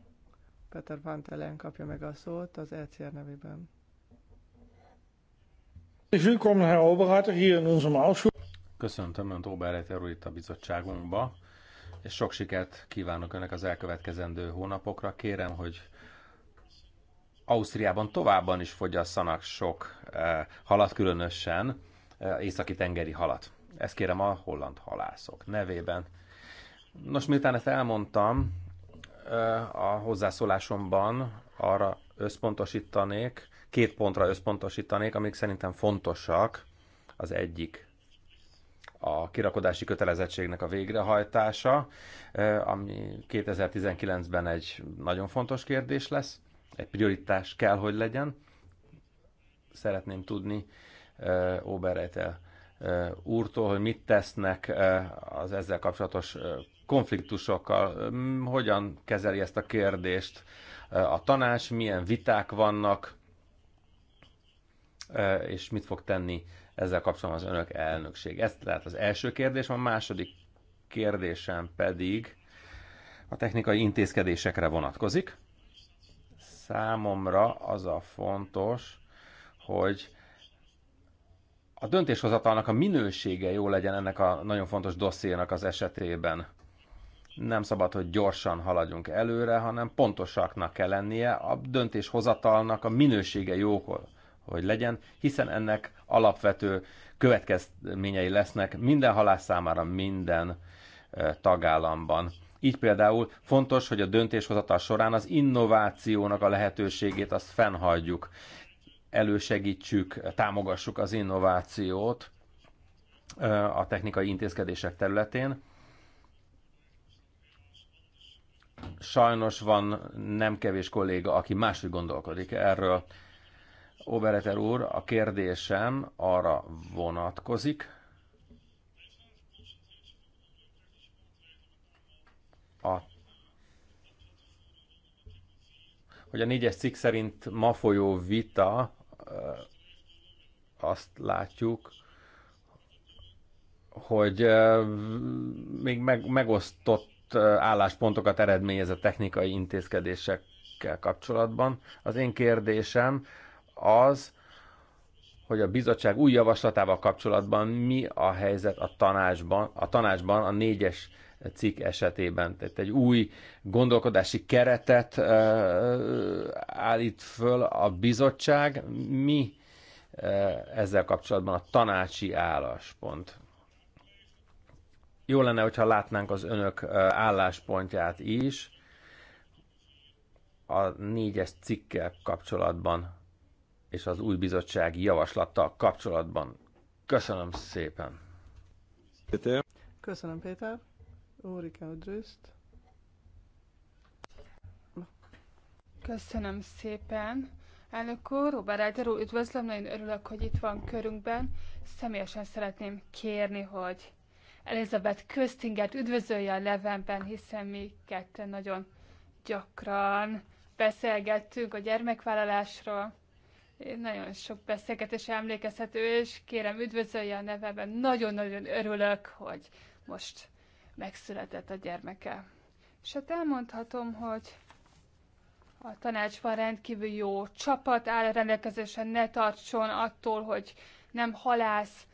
Peter Van Telen kapja meg a szót az ECR nevében. Köszöntöm Önt, Oberreiter úr itt a bizottságunkba, és sok sikert kívánok Önnek az elkövetkezendő hónapokra. Kérem, hogy Ausztriában továbban is fogyasszanak sok eh, halat, különösen eh, északi tengeri halat. Ezt kérem a holland halászok nevében. Nos, miután ezt elmondtam, eh, a hozzászólásomban arra összpontosítanék, két pontra összpontosítanék, amik szerintem fontosak. Az egyik a kirakodási kötelezettségnek a végrehajtása, ami 2019-ben egy nagyon fontos kérdés lesz egy prioritás kell, hogy legyen. Szeretném tudni uh, Oberrejtel uh, úrtól, hogy mit tesznek uh, az ezzel kapcsolatos uh, konfliktusokkal, um, hogyan kezeli ezt a kérdést uh, a tanács, milyen viták vannak, uh, és mit fog tenni ezzel kapcsolatban az önök elnökség. Ez lehet az első kérdés, a második kérdésem pedig a technikai intézkedésekre vonatkozik. Számomra az a fontos, hogy a döntéshozatalnak a minősége jó legyen ennek a nagyon fontos dossziénak az esetében. Nem szabad, hogy gyorsan haladjunk előre, hanem pontosaknak kell lennie. A döntéshozatalnak a minősége jó, hogy legyen, hiszen ennek alapvető következményei lesznek minden halász számára, minden eh, tagállamban. Így például fontos, hogy a döntéshozatal során az innovációnak a lehetőségét azt fennhagyjuk, elősegítsük, támogassuk az innovációt a technikai intézkedések területén. Sajnos van nem kevés kolléga, aki máshogy gondolkodik erről. Obereter úr, a kérdésem arra vonatkozik, a hogy a négyes cikk szerint ma folyó vita, azt látjuk, hogy még megosztott álláspontokat eredményez a technikai intézkedésekkel kapcsolatban. Az én kérdésem az, hogy a bizottság új javaslatával kapcsolatban mi a helyzet a tanácsban, a tanácsban a négyes cikk esetében. Tehát egy új gondolkodási keretet állít föl a bizottság. Mi ezzel kapcsolatban a tanácsi álláspont? Jó lenne, hogyha látnánk az önök álláspontját is a négyes cikkel kapcsolatban és az új bizottsági javaslattal kapcsolatban. Köszönöm szépen! Köszönöm, Péter! Úrika Udröszt. Köszönöm szépen. Elnök úr, Robert Áder úr, üdvözlöm, nagyon örülök, hogy itt van körünkben. Személyesen szeretném kérni, hogy Elizabeth Köztinget üdvözölje a levenben, hiszen mi ketten nagyon gyakran beszélgettünk a gyermekvállalásról. Én nagyon sok beszélgetés emlékezhető, és kérem üdvözölje a nevemben. Nagyon-nagyon örülök, hogy most megszületett a gyermeke. És hát elmondhatom, hogy a tanácsban rendkívül jó csapat áll rendelkezésen, ne tartson attól, hogy nem halász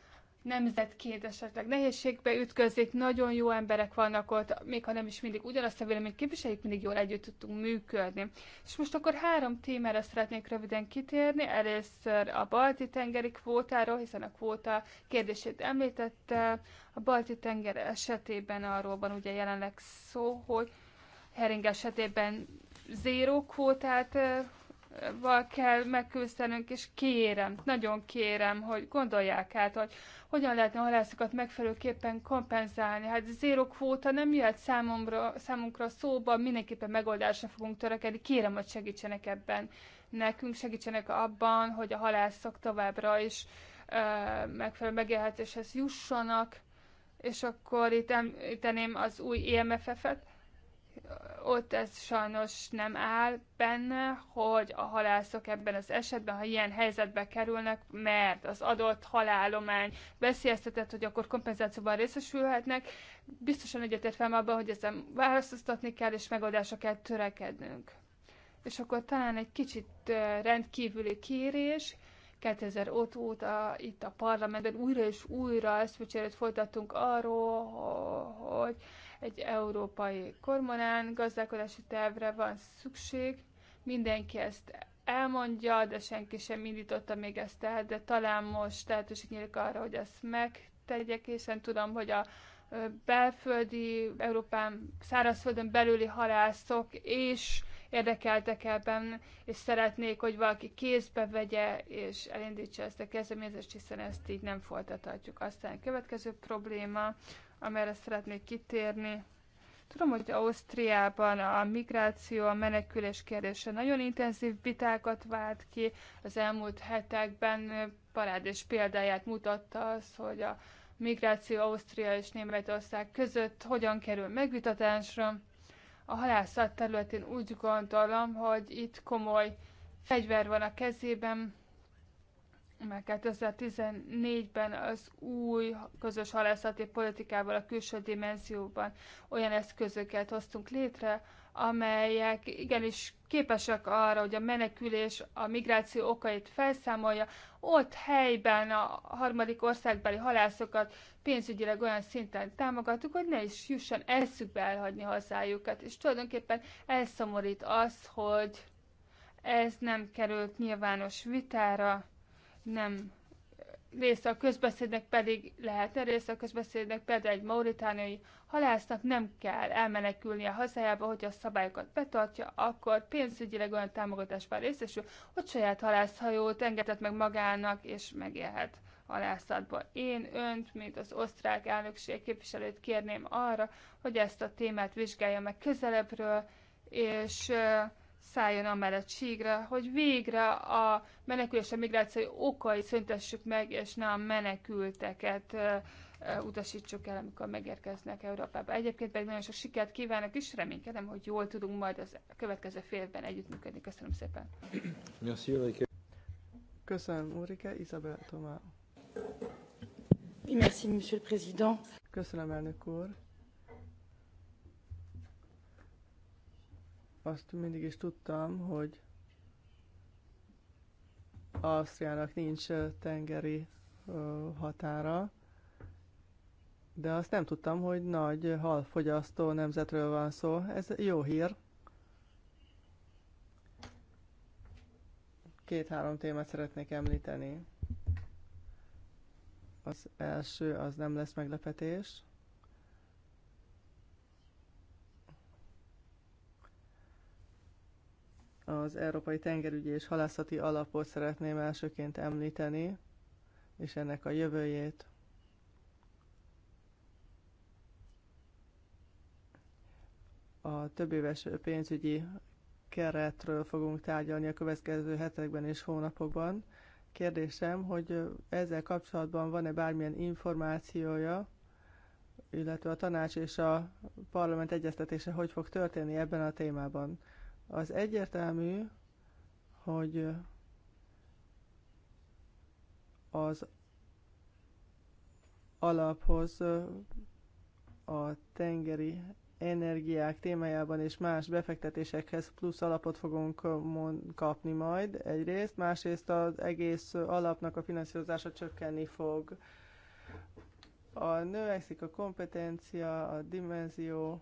nemzetként esetleg nehézségbe ütközik, nagyon jó emberek vannak ott, még ha nem is mindig ugyanazt a véleményt képviseljük, mindig jól együtt tudtunk működni. És most akkor három témára szeretnék röviden kitérni. Először a balti tengeri kvótáról, hiszen a kvóta kérdését említette. A balti tenger esetében arról van ugye jelenleg szó, hogy hering esetében zéró kvótát eh, val kell megküzdenünk, és kérem, nagyon kérem, hogy gondolják át, hogy hogyan lehetne a halászokat megfelelőképpen kompenzálni. Hát zéro kvóta nem jöhet számomra, számunkra szóba, mindenképpen megoldásra fogunk törekedni. Kérem, hogy segítsenek ebben nekünk, segítsenek abban, hogy a halászok továbbra is ö, megfelelő megélhetéshez jussanak, és akkor itt említeném az új EMFF-et, ott ez sajnos nem áll benne, hogy a halászok ebben az esetben, ha ilyen helyzetbe kerülnek, mert az adott halálomány veszélyeztetett, hogy akkor kompenzációban részesülhetnek, biztosan egyetért fel abban, hogy ezen választoztatni kell, és megoldásra kell törekednünk. És akkor talán egy kicsit rendkívüli kérés, 2000 óta itt a parlamentben újra és újra ezt folytattunk arról, hogy egy európai kormonán gazdálkodási tervre van szükség. Mindenki ezt elmondja, de senki sem indította még ezt el, de talán most lehetőség nyílik arra, hogy ezt megtegyek, én tudom, hogy a belföldi, Európán szárazföldön belüli halászok és érdekeltek ebben, és szeretnék, hogy valaki kézbe vegye, és elindítsa ezt a kezdeményezést, hiszen ezt így nem folytathatjuk. Aztán a következő probléma amelyre szeretnék kitérni. Tudom, hogy Ausztriában a migráció, a menekülés kérdése nagyon intenzív vitákat vált ki. Az elmúlt hetekben parádés példáját mutatta az, hogy a migráció Ausztria és Németország között hogyan kerül megvitatásra. A halászat területén úgy gondolom, hogy itt komoly fegyver van a kezében, mert 2014-ben az új közös halászati politikával a külső dimenzióban olyan eszközöket hoztunk létre, amelyek igenis képesek arra, hogy a menekülés a migráció okait felszámolja, ott helyben a harmadik országbeli halászokat pénzügyileg olyan szinten támogatjuk, hogy ne is jusson eszükbe elhagyni hazájukat. És tulajdonképpen elszomorít az, hogy ez nem került nyilvános vitára, nem része a közbeszédnek pedig lehetne része a közbeszédnek, például egy mauritániai halásznak nem kell elmenekülnie a hazájába, hogyha a szabályokat betartja, akkor pénzügyileg olyan támogatásban részesül, hogy saját halászhajót engedhet meg magának, és megélhet halászatból. Én önt, mint az osztrák elnökség képviselőt kérném arra, hogy ezt a témát vizsgálja meg közelebbről, és szálljon amellett sígra, hogy végre a menekülés a migráció okai szüntessük meg, és nem a menekülteket utasítsuk el, amikor megérkeznek Európába. Egyébként pedig nagyon sok sikert kívánok, és reménykedem, hogy jól tudunk majd az következő fél évben együttműködni. Köszönöm szépen. Köszönöm, Ulrike. Isabel Tomá. monsieur Köszönöm, elnök úr. Azt mindig is tudtam, hogy Ausztriának nincs tengeri határa, de azt nem tudtam, hogy nagy halfogyasztó nemzetről van szó. Ez jó hír. Két-három témát szeretnék említeni. Az első, az nem lesz meglepetés. Az Európai Tengerügyi és Halászati Alapot szeretném elsőként említeni, és ennek a jövőjét. A többéves pénzügyi keretről fogunk tárgyalni a következő hetekben és hónapokban. Kérdésem, hogy ezzel kapcsolatban van-e bármilyen információja, illetve a tanács és a parlament egyeztetése hogy fog történni ebben a témában. Az egyértelmű, hogy az alaphoz a tengeri energiák témájában és más befektetésekhez plusz alapot fogunk kapni majd egyrészt, másrészt az egész alapnak a finanszírozása csökkenni fog. A növekszik a kompetencia, a dimenzió,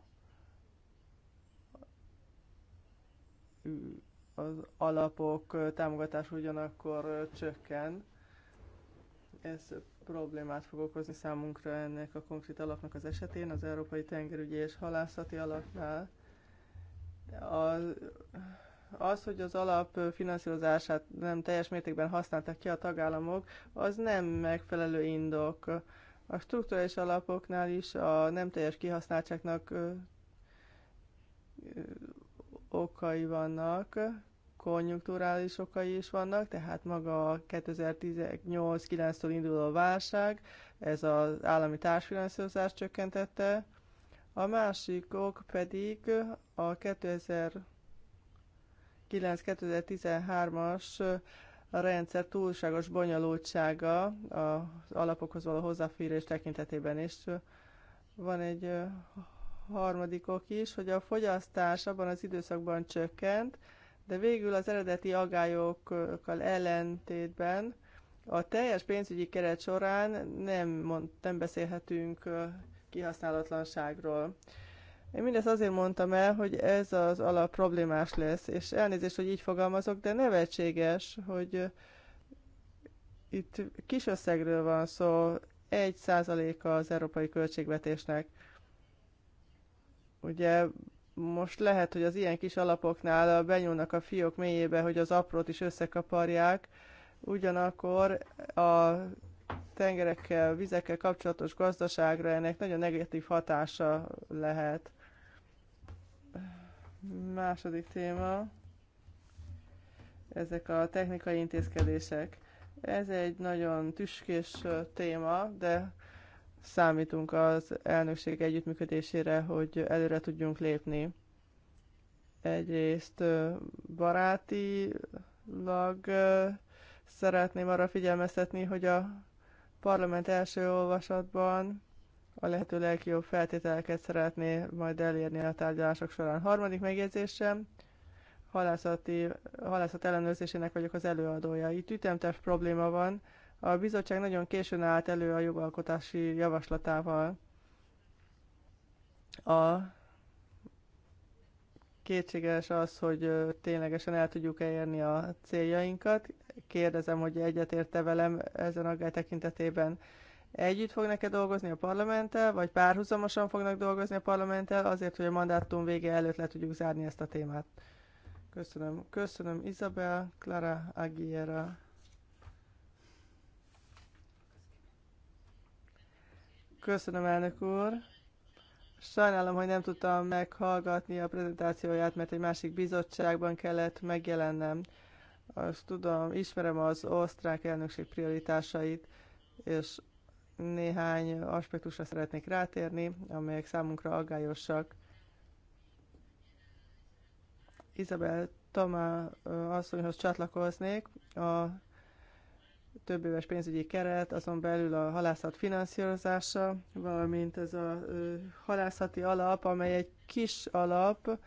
az alapok támogatás ugyanakkor csökken. Ez problémát fog okozni számunkra ennek a konkrét alapnak az esetén, az Európai Tengerügyi és Halászati Alapnál. Az, az, hogy az alap finanszírozását nem teljes mértékben használták ki a tagállamok, az nem megfelelő indok. A strukturális alapoknál is a nem teljes kihasználtságnak okai vannak, konjunkturális okai is vannak, tehát maga a 2018-9-től induló válság, ez az állami társfinanszírozást csökkentette, a másikok ok pedig a 2009-2013-as rendszer túlságos bonyolultsága az alapokhoz való hozzáférés tekintetében is. Van egy harmadikok is, hogy a fogyasztás abban az időszakban csökkent, de végül az eredeti agályokkal ellentétben a teljes pénzügyi keret során nem, mond, nem beszélhetünk kihasználatlanságról. Én mindezt azért mondtam el, hogy ez az alap problémás lesz, és elnézést, hogy így fogalmazok, de nevetséges, hogy itt kis összegről van szó, egy százaléka az európai költségvetésnek. Ugye most lehet, hogy az ilyen kis alapoknál benyúlnak a fiók mélyébe, hogy az aprót is összekaparják, ugyanakkor a tengerekkel, vizekkel kapcsolatos gazdaságra ennek nagyon negatív hatása lehet. Második téma, ezek a technikai intézkedések. Ez egy nagyon tüskés téma, de számítunk az elnökség együttműködésére, hogy előre tudjunk lépni. Egyrészt barátilag szeretném arra figyelmeztetni, hogy a parlament első olvasatban a lehető legjobb feltételeket szeretné majd elérni a tárgyalások során. Harmadik megjegyzésem, halászati, halászat ellenőrzésének vagyok az előadója. Itt ütemterv probléma van, a bizottság nagyon későn állt elő a jogalkotási javaslatával. A kétséges az, hogy ténylegesen el tudjuk elérni a céljainkat. Kérdezem, hogy egyetérte velem ezen a tekintetében. Együtt fognak-e dolgozni a parlamenttel, vagy párhuzamosan fognak dolgozni a parlamenttel, azért, hogy a mandátum vége előtt le tudjuk zárni ezt a témát? Köszönöm. Köszönöm Isabel, Clara Aguilera. Köszönöm, elnök úr. Sajnálom, hogy nem tudtam meghallgatni a prezentációját, mert egy másik bizottságban kellett megjelennem. Azt tudom, ismerem az osztrák elnökség prioritásait, és néhány aspektusra szeretnék rátérni, amelyek számunkra aggályosak. Isabel Tomá asszonyhoz csatlakoznék. A több éves pénzügyi keret, azon belül a halászat finanszírozása, valamint ez a halászati alap, amely egy kis alap,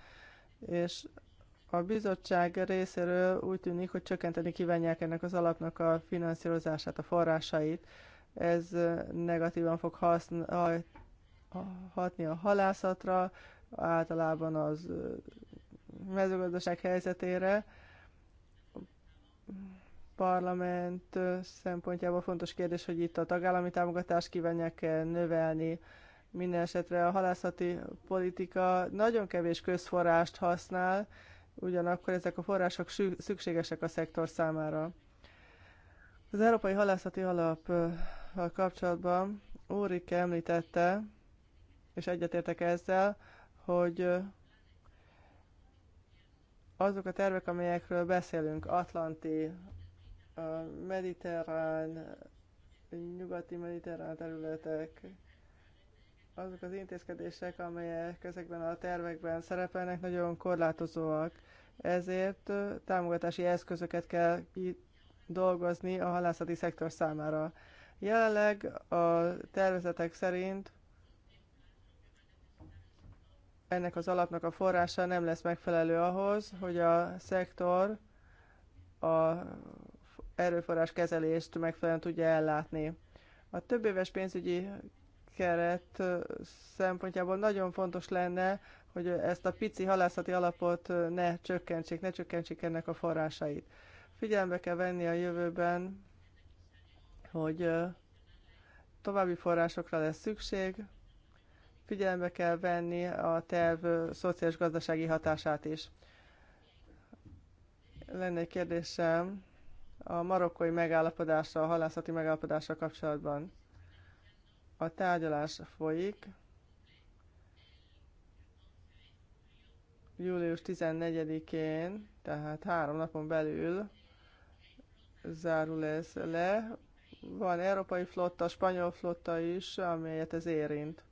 és a bizottság részéről úgy tűnik, hogy csökkenteni kívánják ennek az alapnak a finanszírozását, a forrásait. Ez negatívan fog haszn- hatni a halászatra, általában az mezőgazdaság helyzetére parlament szempontjából fontos kérdés, hogy itt a tagállami támogatást kívánják -e növelni. Minden esetre a halászati politika nagyon kevés közforrást használ, ugyanakkor ezek a források szükségesek a szektor számára. Az Európai Halászati alap kapcsolatban Úrike említette, és egyetértek ezzel, hogy azok a tervek, amelyekről beszélünk, atlanti a mediterrán, nyugati mediterrán területek, azok az intézkedések, amelyek ezekben a tervekben szerepelnek, nagyon korlátozóak. Ezért támogatási eszközöket kell dolgozni a halászati szektor számára. Jelenleg a tervezetek szerint ennek az alapnak a forrása nem lesz megfelelő ahhoz, hogy a szektor a erőforrás kezelést megfelelően tudja ellátni. A több éves pénzügyi keret szempontjából nagyon fontos lenne, hogy ezt a pici halászati alapot ne csökkentsék, ne csökkentsék ennek a forrásait. Figyelembe kell venni a jövőben, hogy további forrásokra lesz szükség, figyelembe kell venni a terv szociális-gazdasági hatását is. Lenne egy kérdésem a marokkói megállapodással, a halászati megállapodással kapcsolatban. A tárgyalás folyik. Július 14-én, tehát három napon belül zárul ez le. Van európai flotta, spanyol flotta is, amelyet ez érint.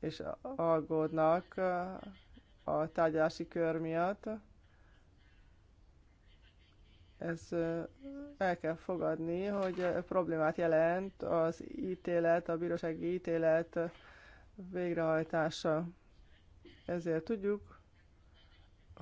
És aggódnak a tárgyalási kör miatt ez el kell fogadni, hogy problémát jelent az ítélet, a bírósági ítélet végrehajtása. Ezért tudjuk,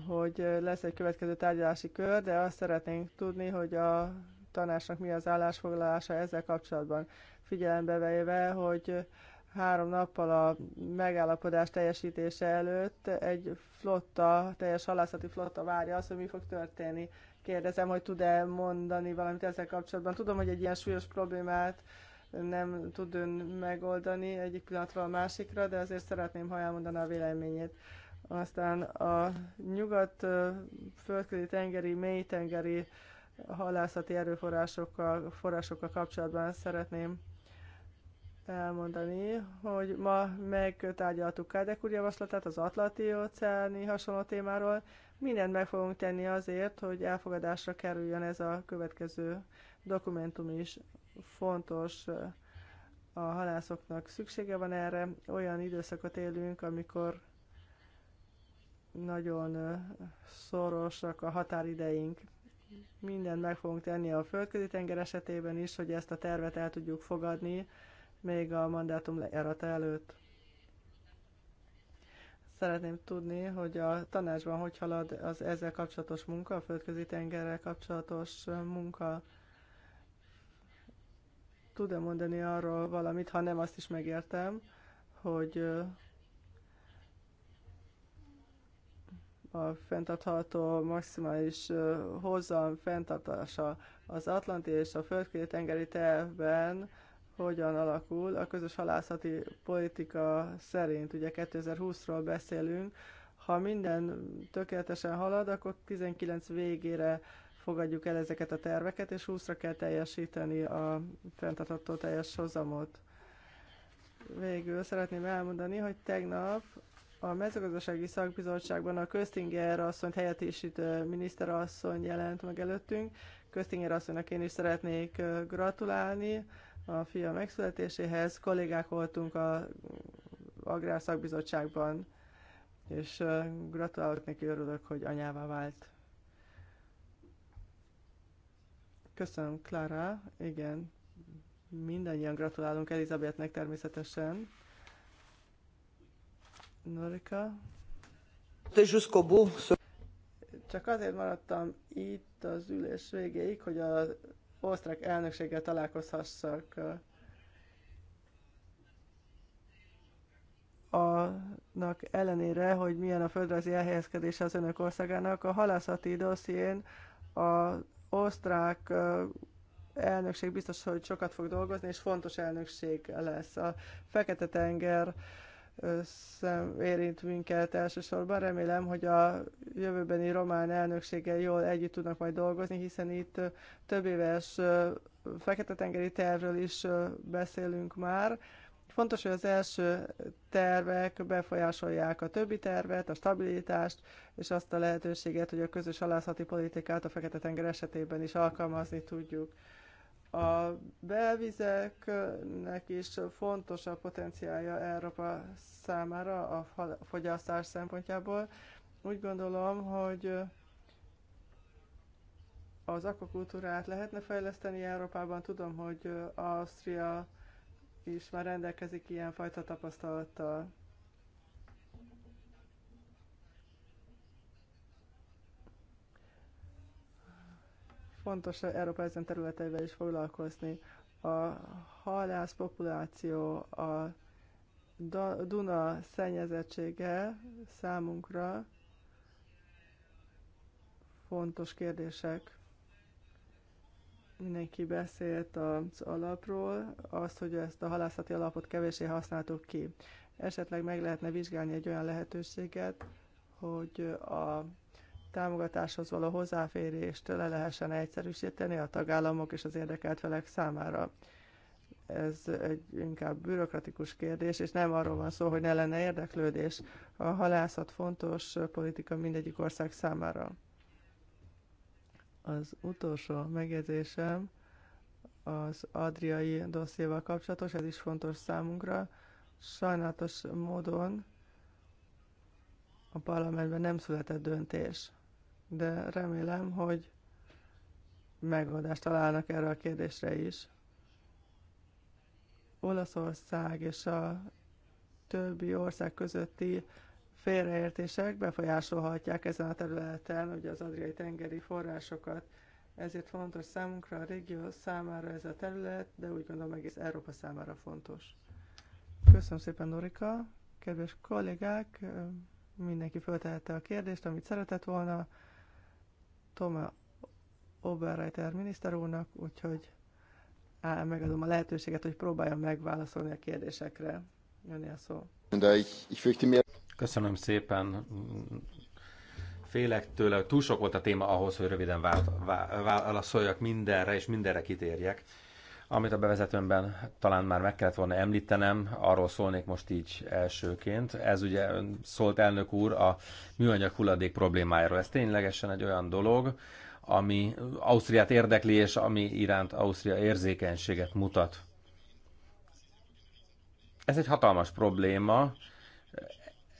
hogy lesz egy következő tárgyalási kör, de azt szeretnénk tudni, hogy a tanácsnak mi az állásfoglalása ezzel kapcsolatban. Figyelembe véve, hogy három nappal a megállapodás teljesítése előtt egy flotta, teljes halászati flotta várja azt, hogy mi fog történni kérdezem, hogy tud-e mondani valamit ezzel kapcsolatban. Tudom, hogy egy ilyen súlyos problémát nem tud ön megoldani egyik pillanatról a másikra, de azért szeretném, ha elmondaná a véleményét. Aztán a nyugat földközi tengeri, mély-tengeri halászati erőforrásokkal forrásokkal kapcsolatban szeretném elmondani, hogy ma megtárgyaltuk Kádek úr javaslatát az Atlanti óceáni hasonló témáról, Mindent meg fogunk tenni azért, hogy elfogadásra kerüljön ez a következő dokumentum is. Fontos a halászoknak szüksége van erre. Olyan időszakot élünk, amikor nagyon szorosak a határideink. Mindent meg fogunk tenni a földközi tenger esetében is, hogy ezt a tervet el tudjuk fogadni még a mandátum lejárata előtt. Szeretném tudni, hogy a tanácsban hogy halad az ezzel kapcsolatos munka, a földközi tengerrel kapcsolatos munka. Tud-e mondani arról valamit, ha nem azt is megértem, hogy a fenntartható maximális hozam fenntartása az Atlanti és a földközi tengeri tervben hogyan alakul a közös halászati politika szerint. Ugye 2020-ról beszélünk, ha minden tökéletesen halad, akkor 19 végére fogadjuk el ezeket a terveket, és 20-ra kell teljesíteni a fenntartható teljes hozamot. Végül szeretném elmondani, hogy tegnap a mezőgazdasági szakbizottságban a Köztinger asszonyt helyettesítő miniszterasszony jelent meg előttünk. Köztinger asszonynak én is szeretnék gratulálni a fia megszületéséhez. Kollégák voltunk a Agrárszakbizottságban, és gratulálok neki, örülök, hogy anyává vált. Köszönöm, Klára. Igen, mindannyian gratulálunk Elizabethnek természetesen. Norika. Csak azért maradtam itt az ülés végéig, hogy a osztrák elnökséggel találkozhassak. Annak ellenére, hogy milyen a földrajzi elhelyezkedése az önök országának, a halászati dosszién az osztrák elnökség biztos, hogy sokat fog dolgozni, és fontos elnökség lesz. A Fekete-tenger érint minket elsősorban. Remélem, hogy a jövőbeni román elnökséggel jól együtt tudnak majd dolgozni, hiszen itt több éves Fekete-tengeri tervről is beszélünk már. Fontos, hogy az első tervek befolyásolják a többi tervet, a stabilitást, és azt a lehetőséget, hogy a közös alászati politikát a Fekete-tenger esetében is alkalmazni tudjuk. A belvizeknek is fontos a potenciálja Európa számára a fogyasztás szempontjából. Úgy gondolom, hogy az akvakultúrát lehetne fejleszteni Európában. Tudom, hogy Ausztria is már rendelkezik ilyenfajta tapasztalattal. fontos Európa ezen területeivel is foglalkozni. A halász populáció, a Duna szennyezettsége számunkra fontos kérdések. Mindenki beszélt az alapról, azt, hogy ezt a halászati alapot kevésé használtuk ki. Esetleg meg lehetne vizsgálni egy olyan lehetőséget, hogy a támogatáshoz való hozzáférést le lehessen egyszerűsíteni a tagállamok és az érdekelt felek számára. Ez egy inkább bürokratikus kérdés, és nem arról van szó, hogy ne lenne érdeklődés. A halászat fontos politika mindegyik ország számára. Az utolsó megjegyzésem az adriai dossziéval kapcsolatos, ez is fontos számunkra. Sajnálatos módon a parlamentben nem született döntés de remélem, hogy megoldást találnak erre a kérdésre is. Olaszország és a többi ország közötti félreértések befolyásolhatják ezen a területen ugye az adriai tengeri forrásokat. Ezért fontos számunkra, a régió számára ez a terület, de úgy gondolom egész Európa számára fontos. Köszönöm szépen, Norika! Kedves kollégák, mindenki föltehette a kérdést, amit szeretett volna. Toma Oberreiter miniszter úrnak, úgyhogy á, megadom a lehetőséget, hogy próbáljam megválaszolni a kérdésekre. Jönni a szó. Köszönöm szépen. Félek tőle, túl sok volt a téma ahhoz, hogy röviden válaszoljak mindenre, és mindenre kitérjek. Amit a bevezetőmben talán már meg kellett volna említenem, arról szólnék most így elsőként. Ez ugye szólt elnök úr a műanyag hulladék problémájáról. Ez ténylegesen egy olyan dolog, ami Ausztriát érdekli, és ami iránt Ausztria érzékenységet mutat. Ez egy hatalmas probléma,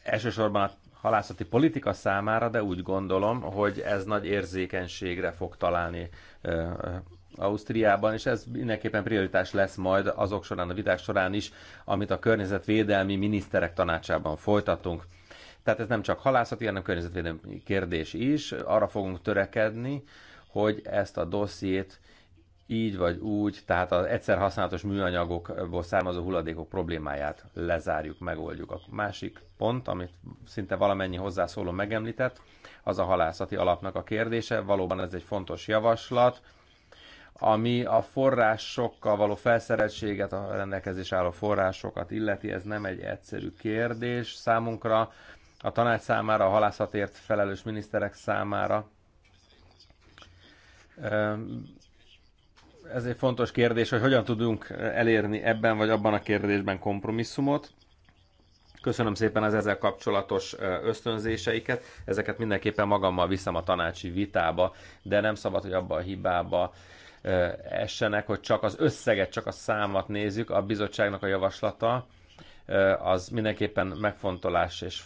elsősorban a halászati politika számára, de úgy gondolom, hogy ez nagy érzékenységre fog találni Ausztriában, és ez mindenképpen prioritás lesz majd azok során, a viták során is, amit a környezetvédelmi miniszterek tanácsában folytatunk. Tehát ez nem csak halászati, hanem környezetvédelmi kérdés is. Arra fogunk törekedni, hogy ezt a dossziét így vagy úgy, tehát az egyszer használatos műanyagokból származó hulladékok problémáját lezárjuk, megoldjuk. A másik pont, amit szinte valamennyi hozzászóló megemlített, az a halászati alapnak a kérdése. Valóban ez egy fontos javaslat ami a forrásokkal való felszereltséget, a rendelkezés álló forrásokat illeti, ez nem egy egyszerű kérdés számunkra, a tanács számára, a halászatért felelős miniszterek számára. Ez egy fontos kérdés, hogy hogyan tudunk elérni ebben vagy abban a kérdésben kompromisszumot. Köszönöm szépen az ezzel kapcsolatos ösztönzéseiket. Ezeket mindenképpen magammal viszem a tanácsi vitába, de nem szabad, hogy abba a hibába essenek, hogy csak az összeget, csak a számat nézzük, a bizottságnak a javaslata az mindenképpen megfontolás és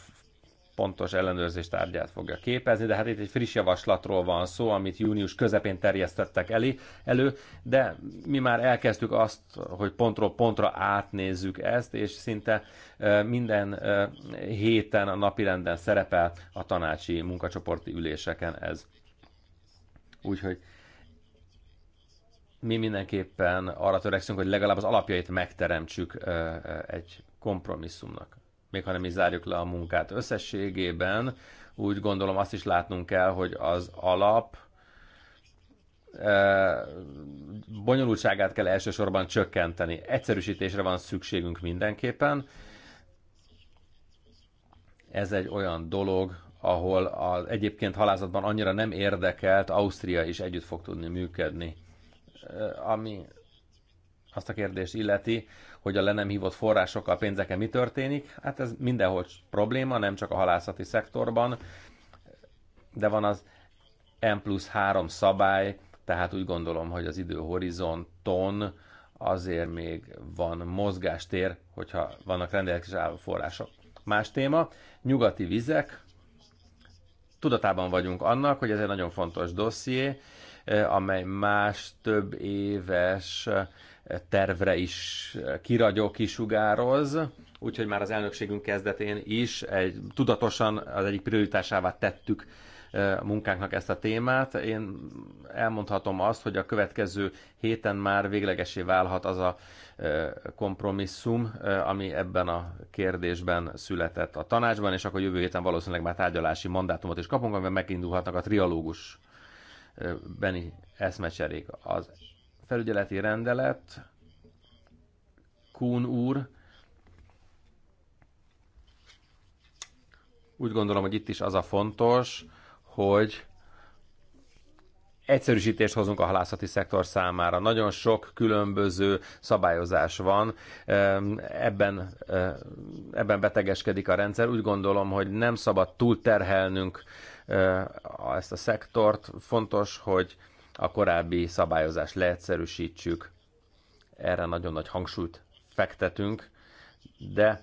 pontos ellenőrzés tárgyát fogja képezni, de hát itt egy friss javaslatról van szó, amit június közepén terjesztettek elé, elő, de mi már elkezdtük azt, hogy pontról pontra átnézzük ezt, és szinte minden héten a napirenden szerepel a tanácsi munkacsoporti üléseken ez. Úgyhogy mi mindenképpen arra törekszünk, hogy legalább az alapjait megteremtsük egy kompromisszumnak. Még ha nem is zárjuk le a munkát. Összességében úgy gondolom azt is látnunk kell, hogy az alap bonyolultságát kell elsősorban csökkenteni. Egyszerűsítésre van szükségünk mindenképpen. Ez egy olyan dolog, ahol az egyébként halázatban annyira nem érdekelt Ausztria is együtt fog tudni működni Eh, ami azt a kérdést illeti, hogy a le nem hívott forrásokkal, pénzeken mi történik. Hát ez mindenhol probléma, nem csak a halászati szektorban, de van az M plusz 3 szabály, tehát úgy gondolom, hogy az időhorizonton azért még van mozgástér, hogyha vannak rendelkezésre álló források. Más téma, nyugati vizek. Tudatában vagyunk annak, hogy ez egy nagyon fontos dosszié, amely más több éves tervre is kiragyó kisugároz, úgyhogy már az elnökségünk kezdetén is egy, tudatosan az egyik prioritásává tettük a munkánknak ezt a témát. Én elmondhatom azt, hogy a következő héten már véglegesé válhat az a kompromisszum, ami ebben a kérdésben született a tanácsban, és akkor jövő héten valószínűleg már tárgyalási mandátumot is kapunk, amivel megindulhatnak a trialógus beni eszmecserék. Az felügyeleti rendelet Kún úr úgy gondolom, hogy itt is az a fontos, hogy egyszerűsítést hozunk a halászati szektor számára. Nagyon sok különböző szabályozás van, ebben, ebben betegeskedik a rendszer. Úgy gondolom, hogy nem szabad túlterhelnünk ezt a szektort. Fontos, hogy a korábbi szabályozást leegyszerűsítsük, erre nagyon nagy hangsúlyt fektetünk, de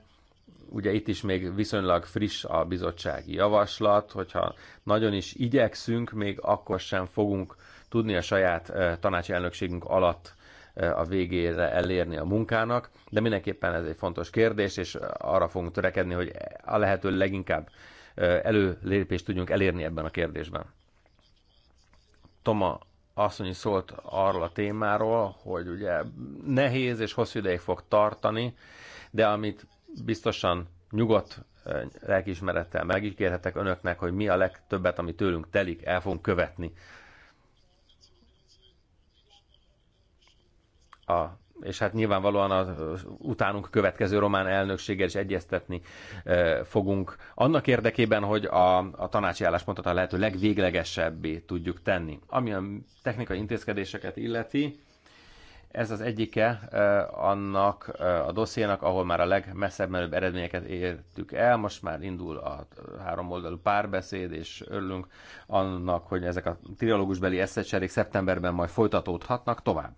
ugye itt is még viszonylag friss a bizottsági javaslat, hogyha nagyon is igyekszünk, még akkor sem fogunk tudni a saját tanácsi elnökségünk alatt a végére elérni a munkának, de mindenképpen ez egy fontos kérdés, és arra fogunk törekedni, hogy a lehető leginkább előlépést tudjunk elérni ebben a kérdésben. Toma asszony szólt arról a témáról, hogy ugye nehéz és hosszú ideig fog tartani, de amit biztosan nyugodt lelkiismerettel megígérhetek önöknek, hogy mi a legtöbbet, ami tőlünk telik, el fogunk követni. A és hát nyilvánvalóan az utánunk következő román elnökséggel is egyeztetni eh, fogunk. Annak érdekében, hogy a, a tanácsi álláspontot a lehető legvéglegesebbé tudjuk tenni. Ami a technikai intézkedéseket illeti, ez az egyike eh, annak eh, a dossziénak, ahol már a legmesszebb menőbb eredményeket értük el. Most már indul a három oldalú párbeszéd, és örülünk annak, hogy ezek a trialógusbeli eszecserék szeptemberben majd folytatódhatnak tovább.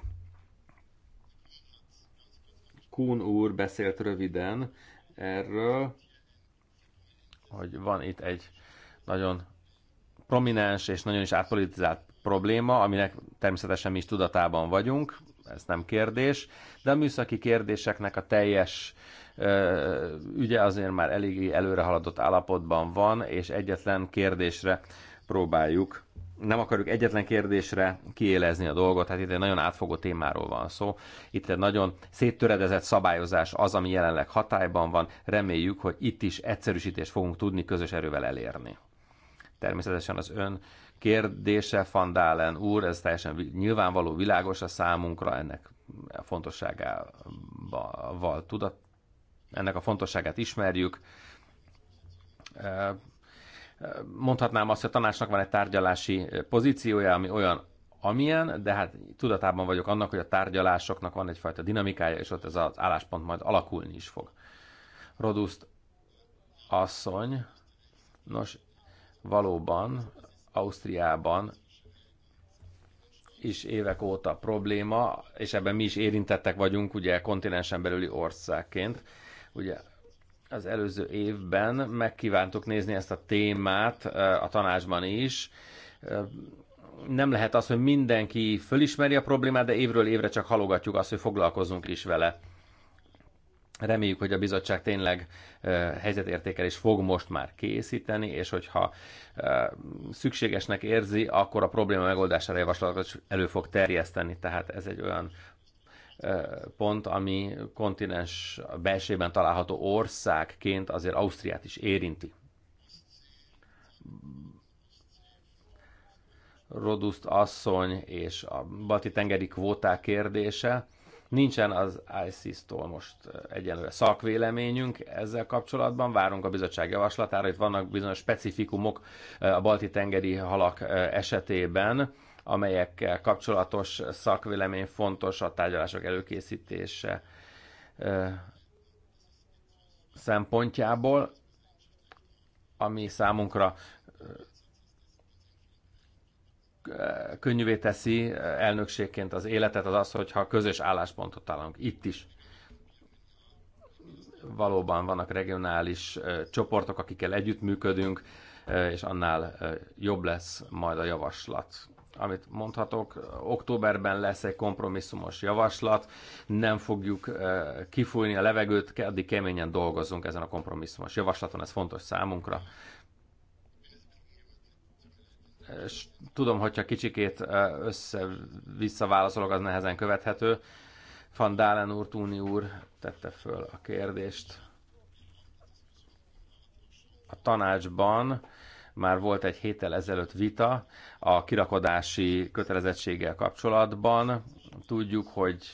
Kuhn úr beszélt röviden erről, hogy van itt egy nagyon prominens és nagyon is átpolitizált probléma, aminek természetesen mi is tudatában vagyunk, ez nem kérdés, de a műszaki kérdéseknek a teljes ügye azért már eléggé haladott állapotban van, és egyetlen kérdésre próbáljuk nem akarjuk egyetlen kérdésre kiélezni a dolgot, hát itt egy nagyon átfogó témáról van szó. Itt egy nagyon széttöredezett szabályozás az, ami jelenleg hatályban van. Reméljük, hogy itt is egyszerűsítést fogunk tudni közös erővel elérni. Természetesen az ön kérdése, Fandálen úr, ez teljesen nyilvánvaló, világos a számunkra, ennek a fontosságával tudat, ennek a fontosságát ismerjük Mondhatnám azt, hogy a tanácsnak van egy tárgyalási eh, pozíciója, ami olyan, amilyen, de hát tudatában vagyok annak, hogy a tárgyalásoknak van egyfajta dinamikája, és ott ez az álláspont majd alakulni is fog. Roduszt asszony, nos, valóban Ausztriában is évek óta probléma, és ebben mi is érintettek vagyunk, ugye kontinensen belüli országként. Ugye az előző évben megkívántuk nézni ezt a témát a tanácsban is. Nem lehet az, hogy mindenki fölismeri a problémát, de évről évre csak halogatjuk azt, hogy foglalkozunk is vele. Reméljük, hogy a bizottság tényleg helyzetértékelés fog most már készíteni, és hogyha szükségesnek érzi, akkor a probléma megoldására javaslatot elő fog terjeszteni. Tehát ez egy olyan pont, ami kontinens belsőben található országként azért Ausztriát is érinti. Roduszt asszony és a balti tengeri kvóták kérdése. Nincsen az ISIS-tól most egyenlőre szakvéleményünk ezzel kapcsolatban, várunk a bizottság javaslatára, itt vannak bizonyos specifikumok a balti tengeri halak esetében, amelyekkel kapcsolatos szakvélemény fontos a tárgyalások előkészítése szempontjából, ami számunkra könnyűvé teszi elnökségként az életet, az az, hogyha közös álláspontot találunk itt is. Valóban vannak regionális csoportok, akikkel együttműködünk, és annál jobb lesz majd a javaslat amit mondhatok, októberben lesz egy kompromisszumos javaslat, nem fogjuk eh, kifújni a levegőt, addig keményen dolgozunk ezen a kompromisszumos javaslaton, ez fontos számunkra. És tudom, hogyha kicsikét eh, össze-vissza válaszolok, az nehezen követhető. Van Dálen úr, Túni úr tette föl a kérdést. A tanácsban már volt egy héttel ezelőtt vita a kirakodási kötelezettséggel kapcsolatban. Tudjuk, hogy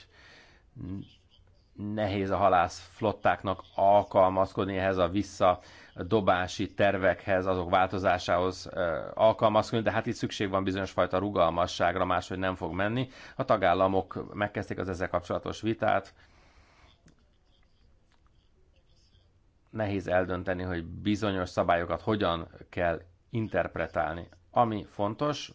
nehéz a halász flottáknak alkalmazkodni ehhez a visszadobási tervekhez, azok változásához alkalmazkodni, de hát itt szükség van bizonyos fajta rugalmasságra, máshogy nem fog menni. A tagállamok megkezdték az ezzel kapcsolatos vitát, nehéz eldönteni, hogy bizonyos szabályokat hogyan kell interpretálni. Ami fontos,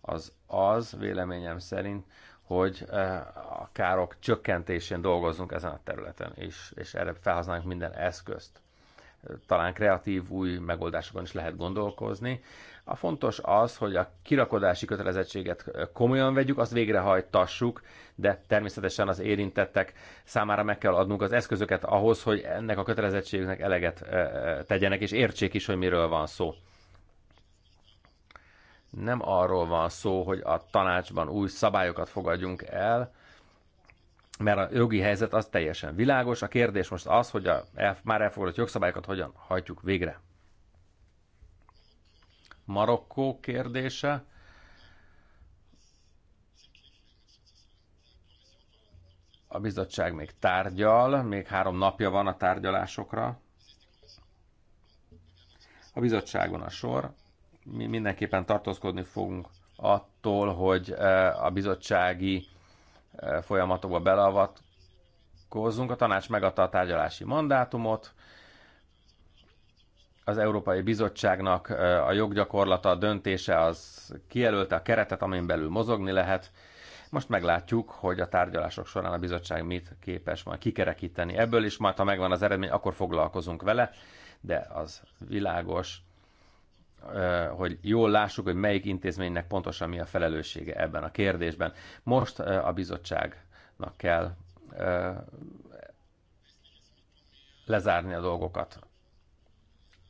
az az véleményem szerint, hogy eh, a károk csökkentésén dolgozunk ezen a területen, és, és erre felhasználjuk minden eszközt. Talán kreatív új megoldásokon is lehet gondolkozni. A fontos az, hogy a kirakodási kötelezettséget eh, komolyan vegyük, azt végrehajtassuk, de természetesen az érintettek számára meg kell adnunk az eszközöket ahhoz, hogy ennek a kötelezettségnek eleget eh, tegyenek, és értsék is, hogy miről van szó nem arról van szó, hogy a tanácsban új szabályokat fogadjunk el, mert a jogi helyzet az teljesen világos. A kérdés most az, hogy a el, már elfogadott jogszabályokat hogyan hajtjuk végre. Marokkó kérdése. A bizottság még tárgyal, még három napja van a tárgyalásokra. A bizottságon a sor mi mindenképpen tartózkodni fogunk attól, hogy e, a bizottsági e, folyamatokba beleavatkozzunk. A tanács megadta a tárgyalási mandátumot, az Európai Bizottságnak e, a joggyakorlata, a döntése az kijelölte a keretet, amin belül mozogni lehet. Most meglátjuk, hogy a tárgyalások során a bizottság mit képes majd kikerekíteni ebből, és majd ha megvan az eredmény, akkor foglalkozunk vele, de az világos, hogy jól lássuk, hogy melyik intézménynek pontosan mi a felelőssége ebben a kérdésben. Most a bizottságnak kell lezárni a dolgokat.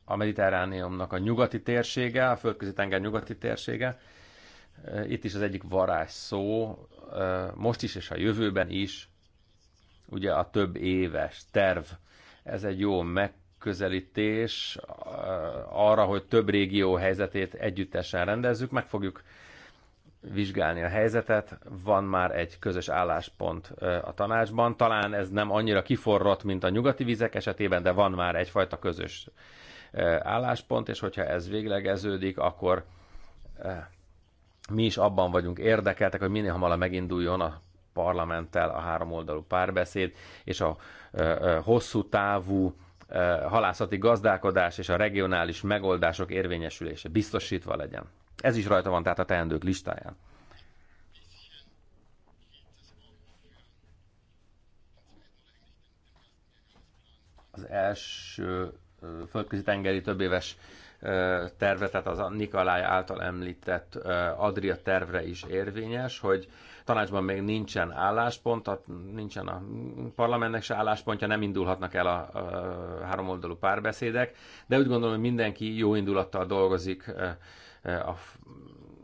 A mediterrániumnak a nyugati térsége, a földközi tenger nyugati térsége, itt is az egyik varázs szó, most is és a jövőben is, ugye a több éves terv, ez egy jó meg megközelítés eh, arra, hogy több régió helyzetét együttesen rendezzük. Meg fogjuk vizsgálni a helyzetet. Van már egy közös álláspont eh, a tanácsban. Talán ez nem annyira kiforrott, mint a nyugati vizek esetében, de van már egyfajta közös eh, álláspont, és hogyha ez véglegeződik, akkor mi is abban vagyunk érdekeltek, hogy minél hamarabb meginduljon a parlamenttel a háromoldalú párbeszéd, és a hosszú távú halászati gazdálkodás és a regionális megoldások érvényesülése biztosítva legyen. Ez is rajta van tehát a teendők listáján. Az első földközi tengeri többéves terve, tehát az Nikolaj által említett Adria tervre is érvényes, hogy tanácsban még nincsen álláspont, tehát nincsen a parlamentnek se álláspontja, nem indulhatnak el a, a háromoldalú párbeszédek, de úgy gondolom, hogy mindenki jó indulattal dolgozik a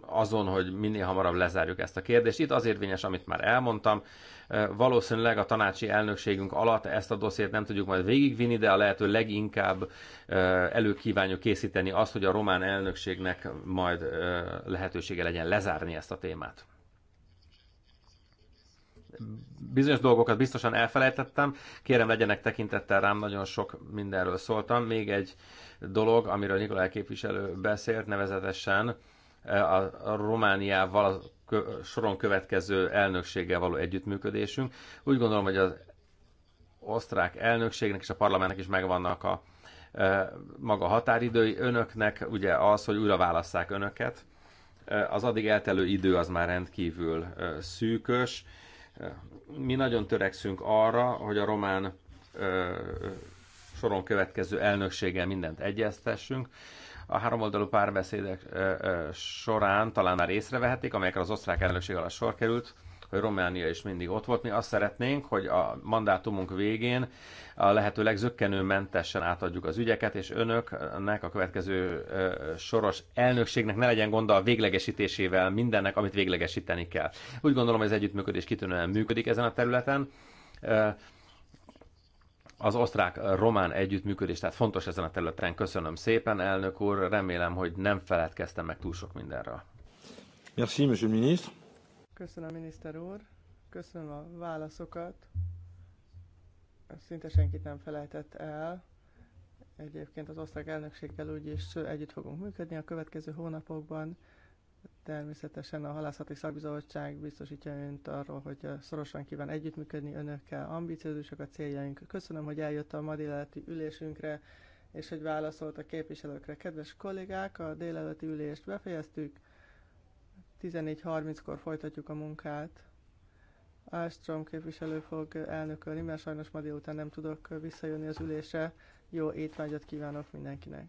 azon, hogy minél hamarabb lezárjuk ezt a kérdést. Itt az érvényes, amit már elmondtam. Valószínűleg a tanácsi elnökségünk alatt ezt a dossziét nem tudjuk majd végigvinni, de a lehető leginkább előkívánjuk készíteni azt, hogy a román elnökségnek majd lehetősége legyen lezárni ezt a témát bizonyos dolgokat biztosan elfelejtettem, kérem legyenek tekintettel rám, nagyon sok mindenről szóltam. Még egy dolog, amiről Nikolaj képviselő beszélt, nevezetesen eh, a Romániával a soron következő elnökséggel való együttműködésünk. Úgy gondolom, hogy az osztrák elnökségnek és a parlamentnek is megvannak a eh, maga határidői önöknek, ugye az, hogy újra válasszák önöket. Eh, az addig eltelő idő az már rendkívül szűkös mi nagyon törekszünk arra, hogy a román soron következő elnökséggel mindent egyeztessünk. A háromoldalú párbeszédek során talán már észrevehetik, amelyekre az osztrák elnökség alatt sor került, hogy Románia is mindig ott volt. Mi azt szeretnénk, hogy a mandátumunk végén a lehető legzökkenőmentesen átadjuk az ügyeket, és önöknek a következő soros elnökségnek ne legyen gond a véglegesítésével mindennek, amit véglegesíteni kell. Úgy gondolom, hogy az együttműködés kitűnően működik ezen a területen az osztrák-román együttműködés, tehát fontos ezen a területen. Köszönöm szépen, elnök úr, remélem, hogy nem feledkeztem meg túl sok mindenről. Merci, monsieur le ministre. Köszönöm, miniszter úr. Köszönöm a válaszokat. Szinte senkit nem felejtett el. Egyébként az osztrák elnökséggel úgyis együtt fogunk működni a következő hónapokban. Természetesen a Halászati Szakbizottság biztosítja önt arról, hogy szorosan kíván együttműködni önökkel. Ambiciózusok a céljaink. Köszönöm, hogy eljött a ma délelőtti ülésünkre, és hogy válaszolt a képviselőkre. Kedves kollégák, a délelőtti ülést befejeztük. 14.30-kor folytatjuk a munkát. Ástrom képviselő fog elnökölni, mert sajnos ma délután nem tudok visszajönni az ülésre. Jó étvágyat kívánok mindenkinek!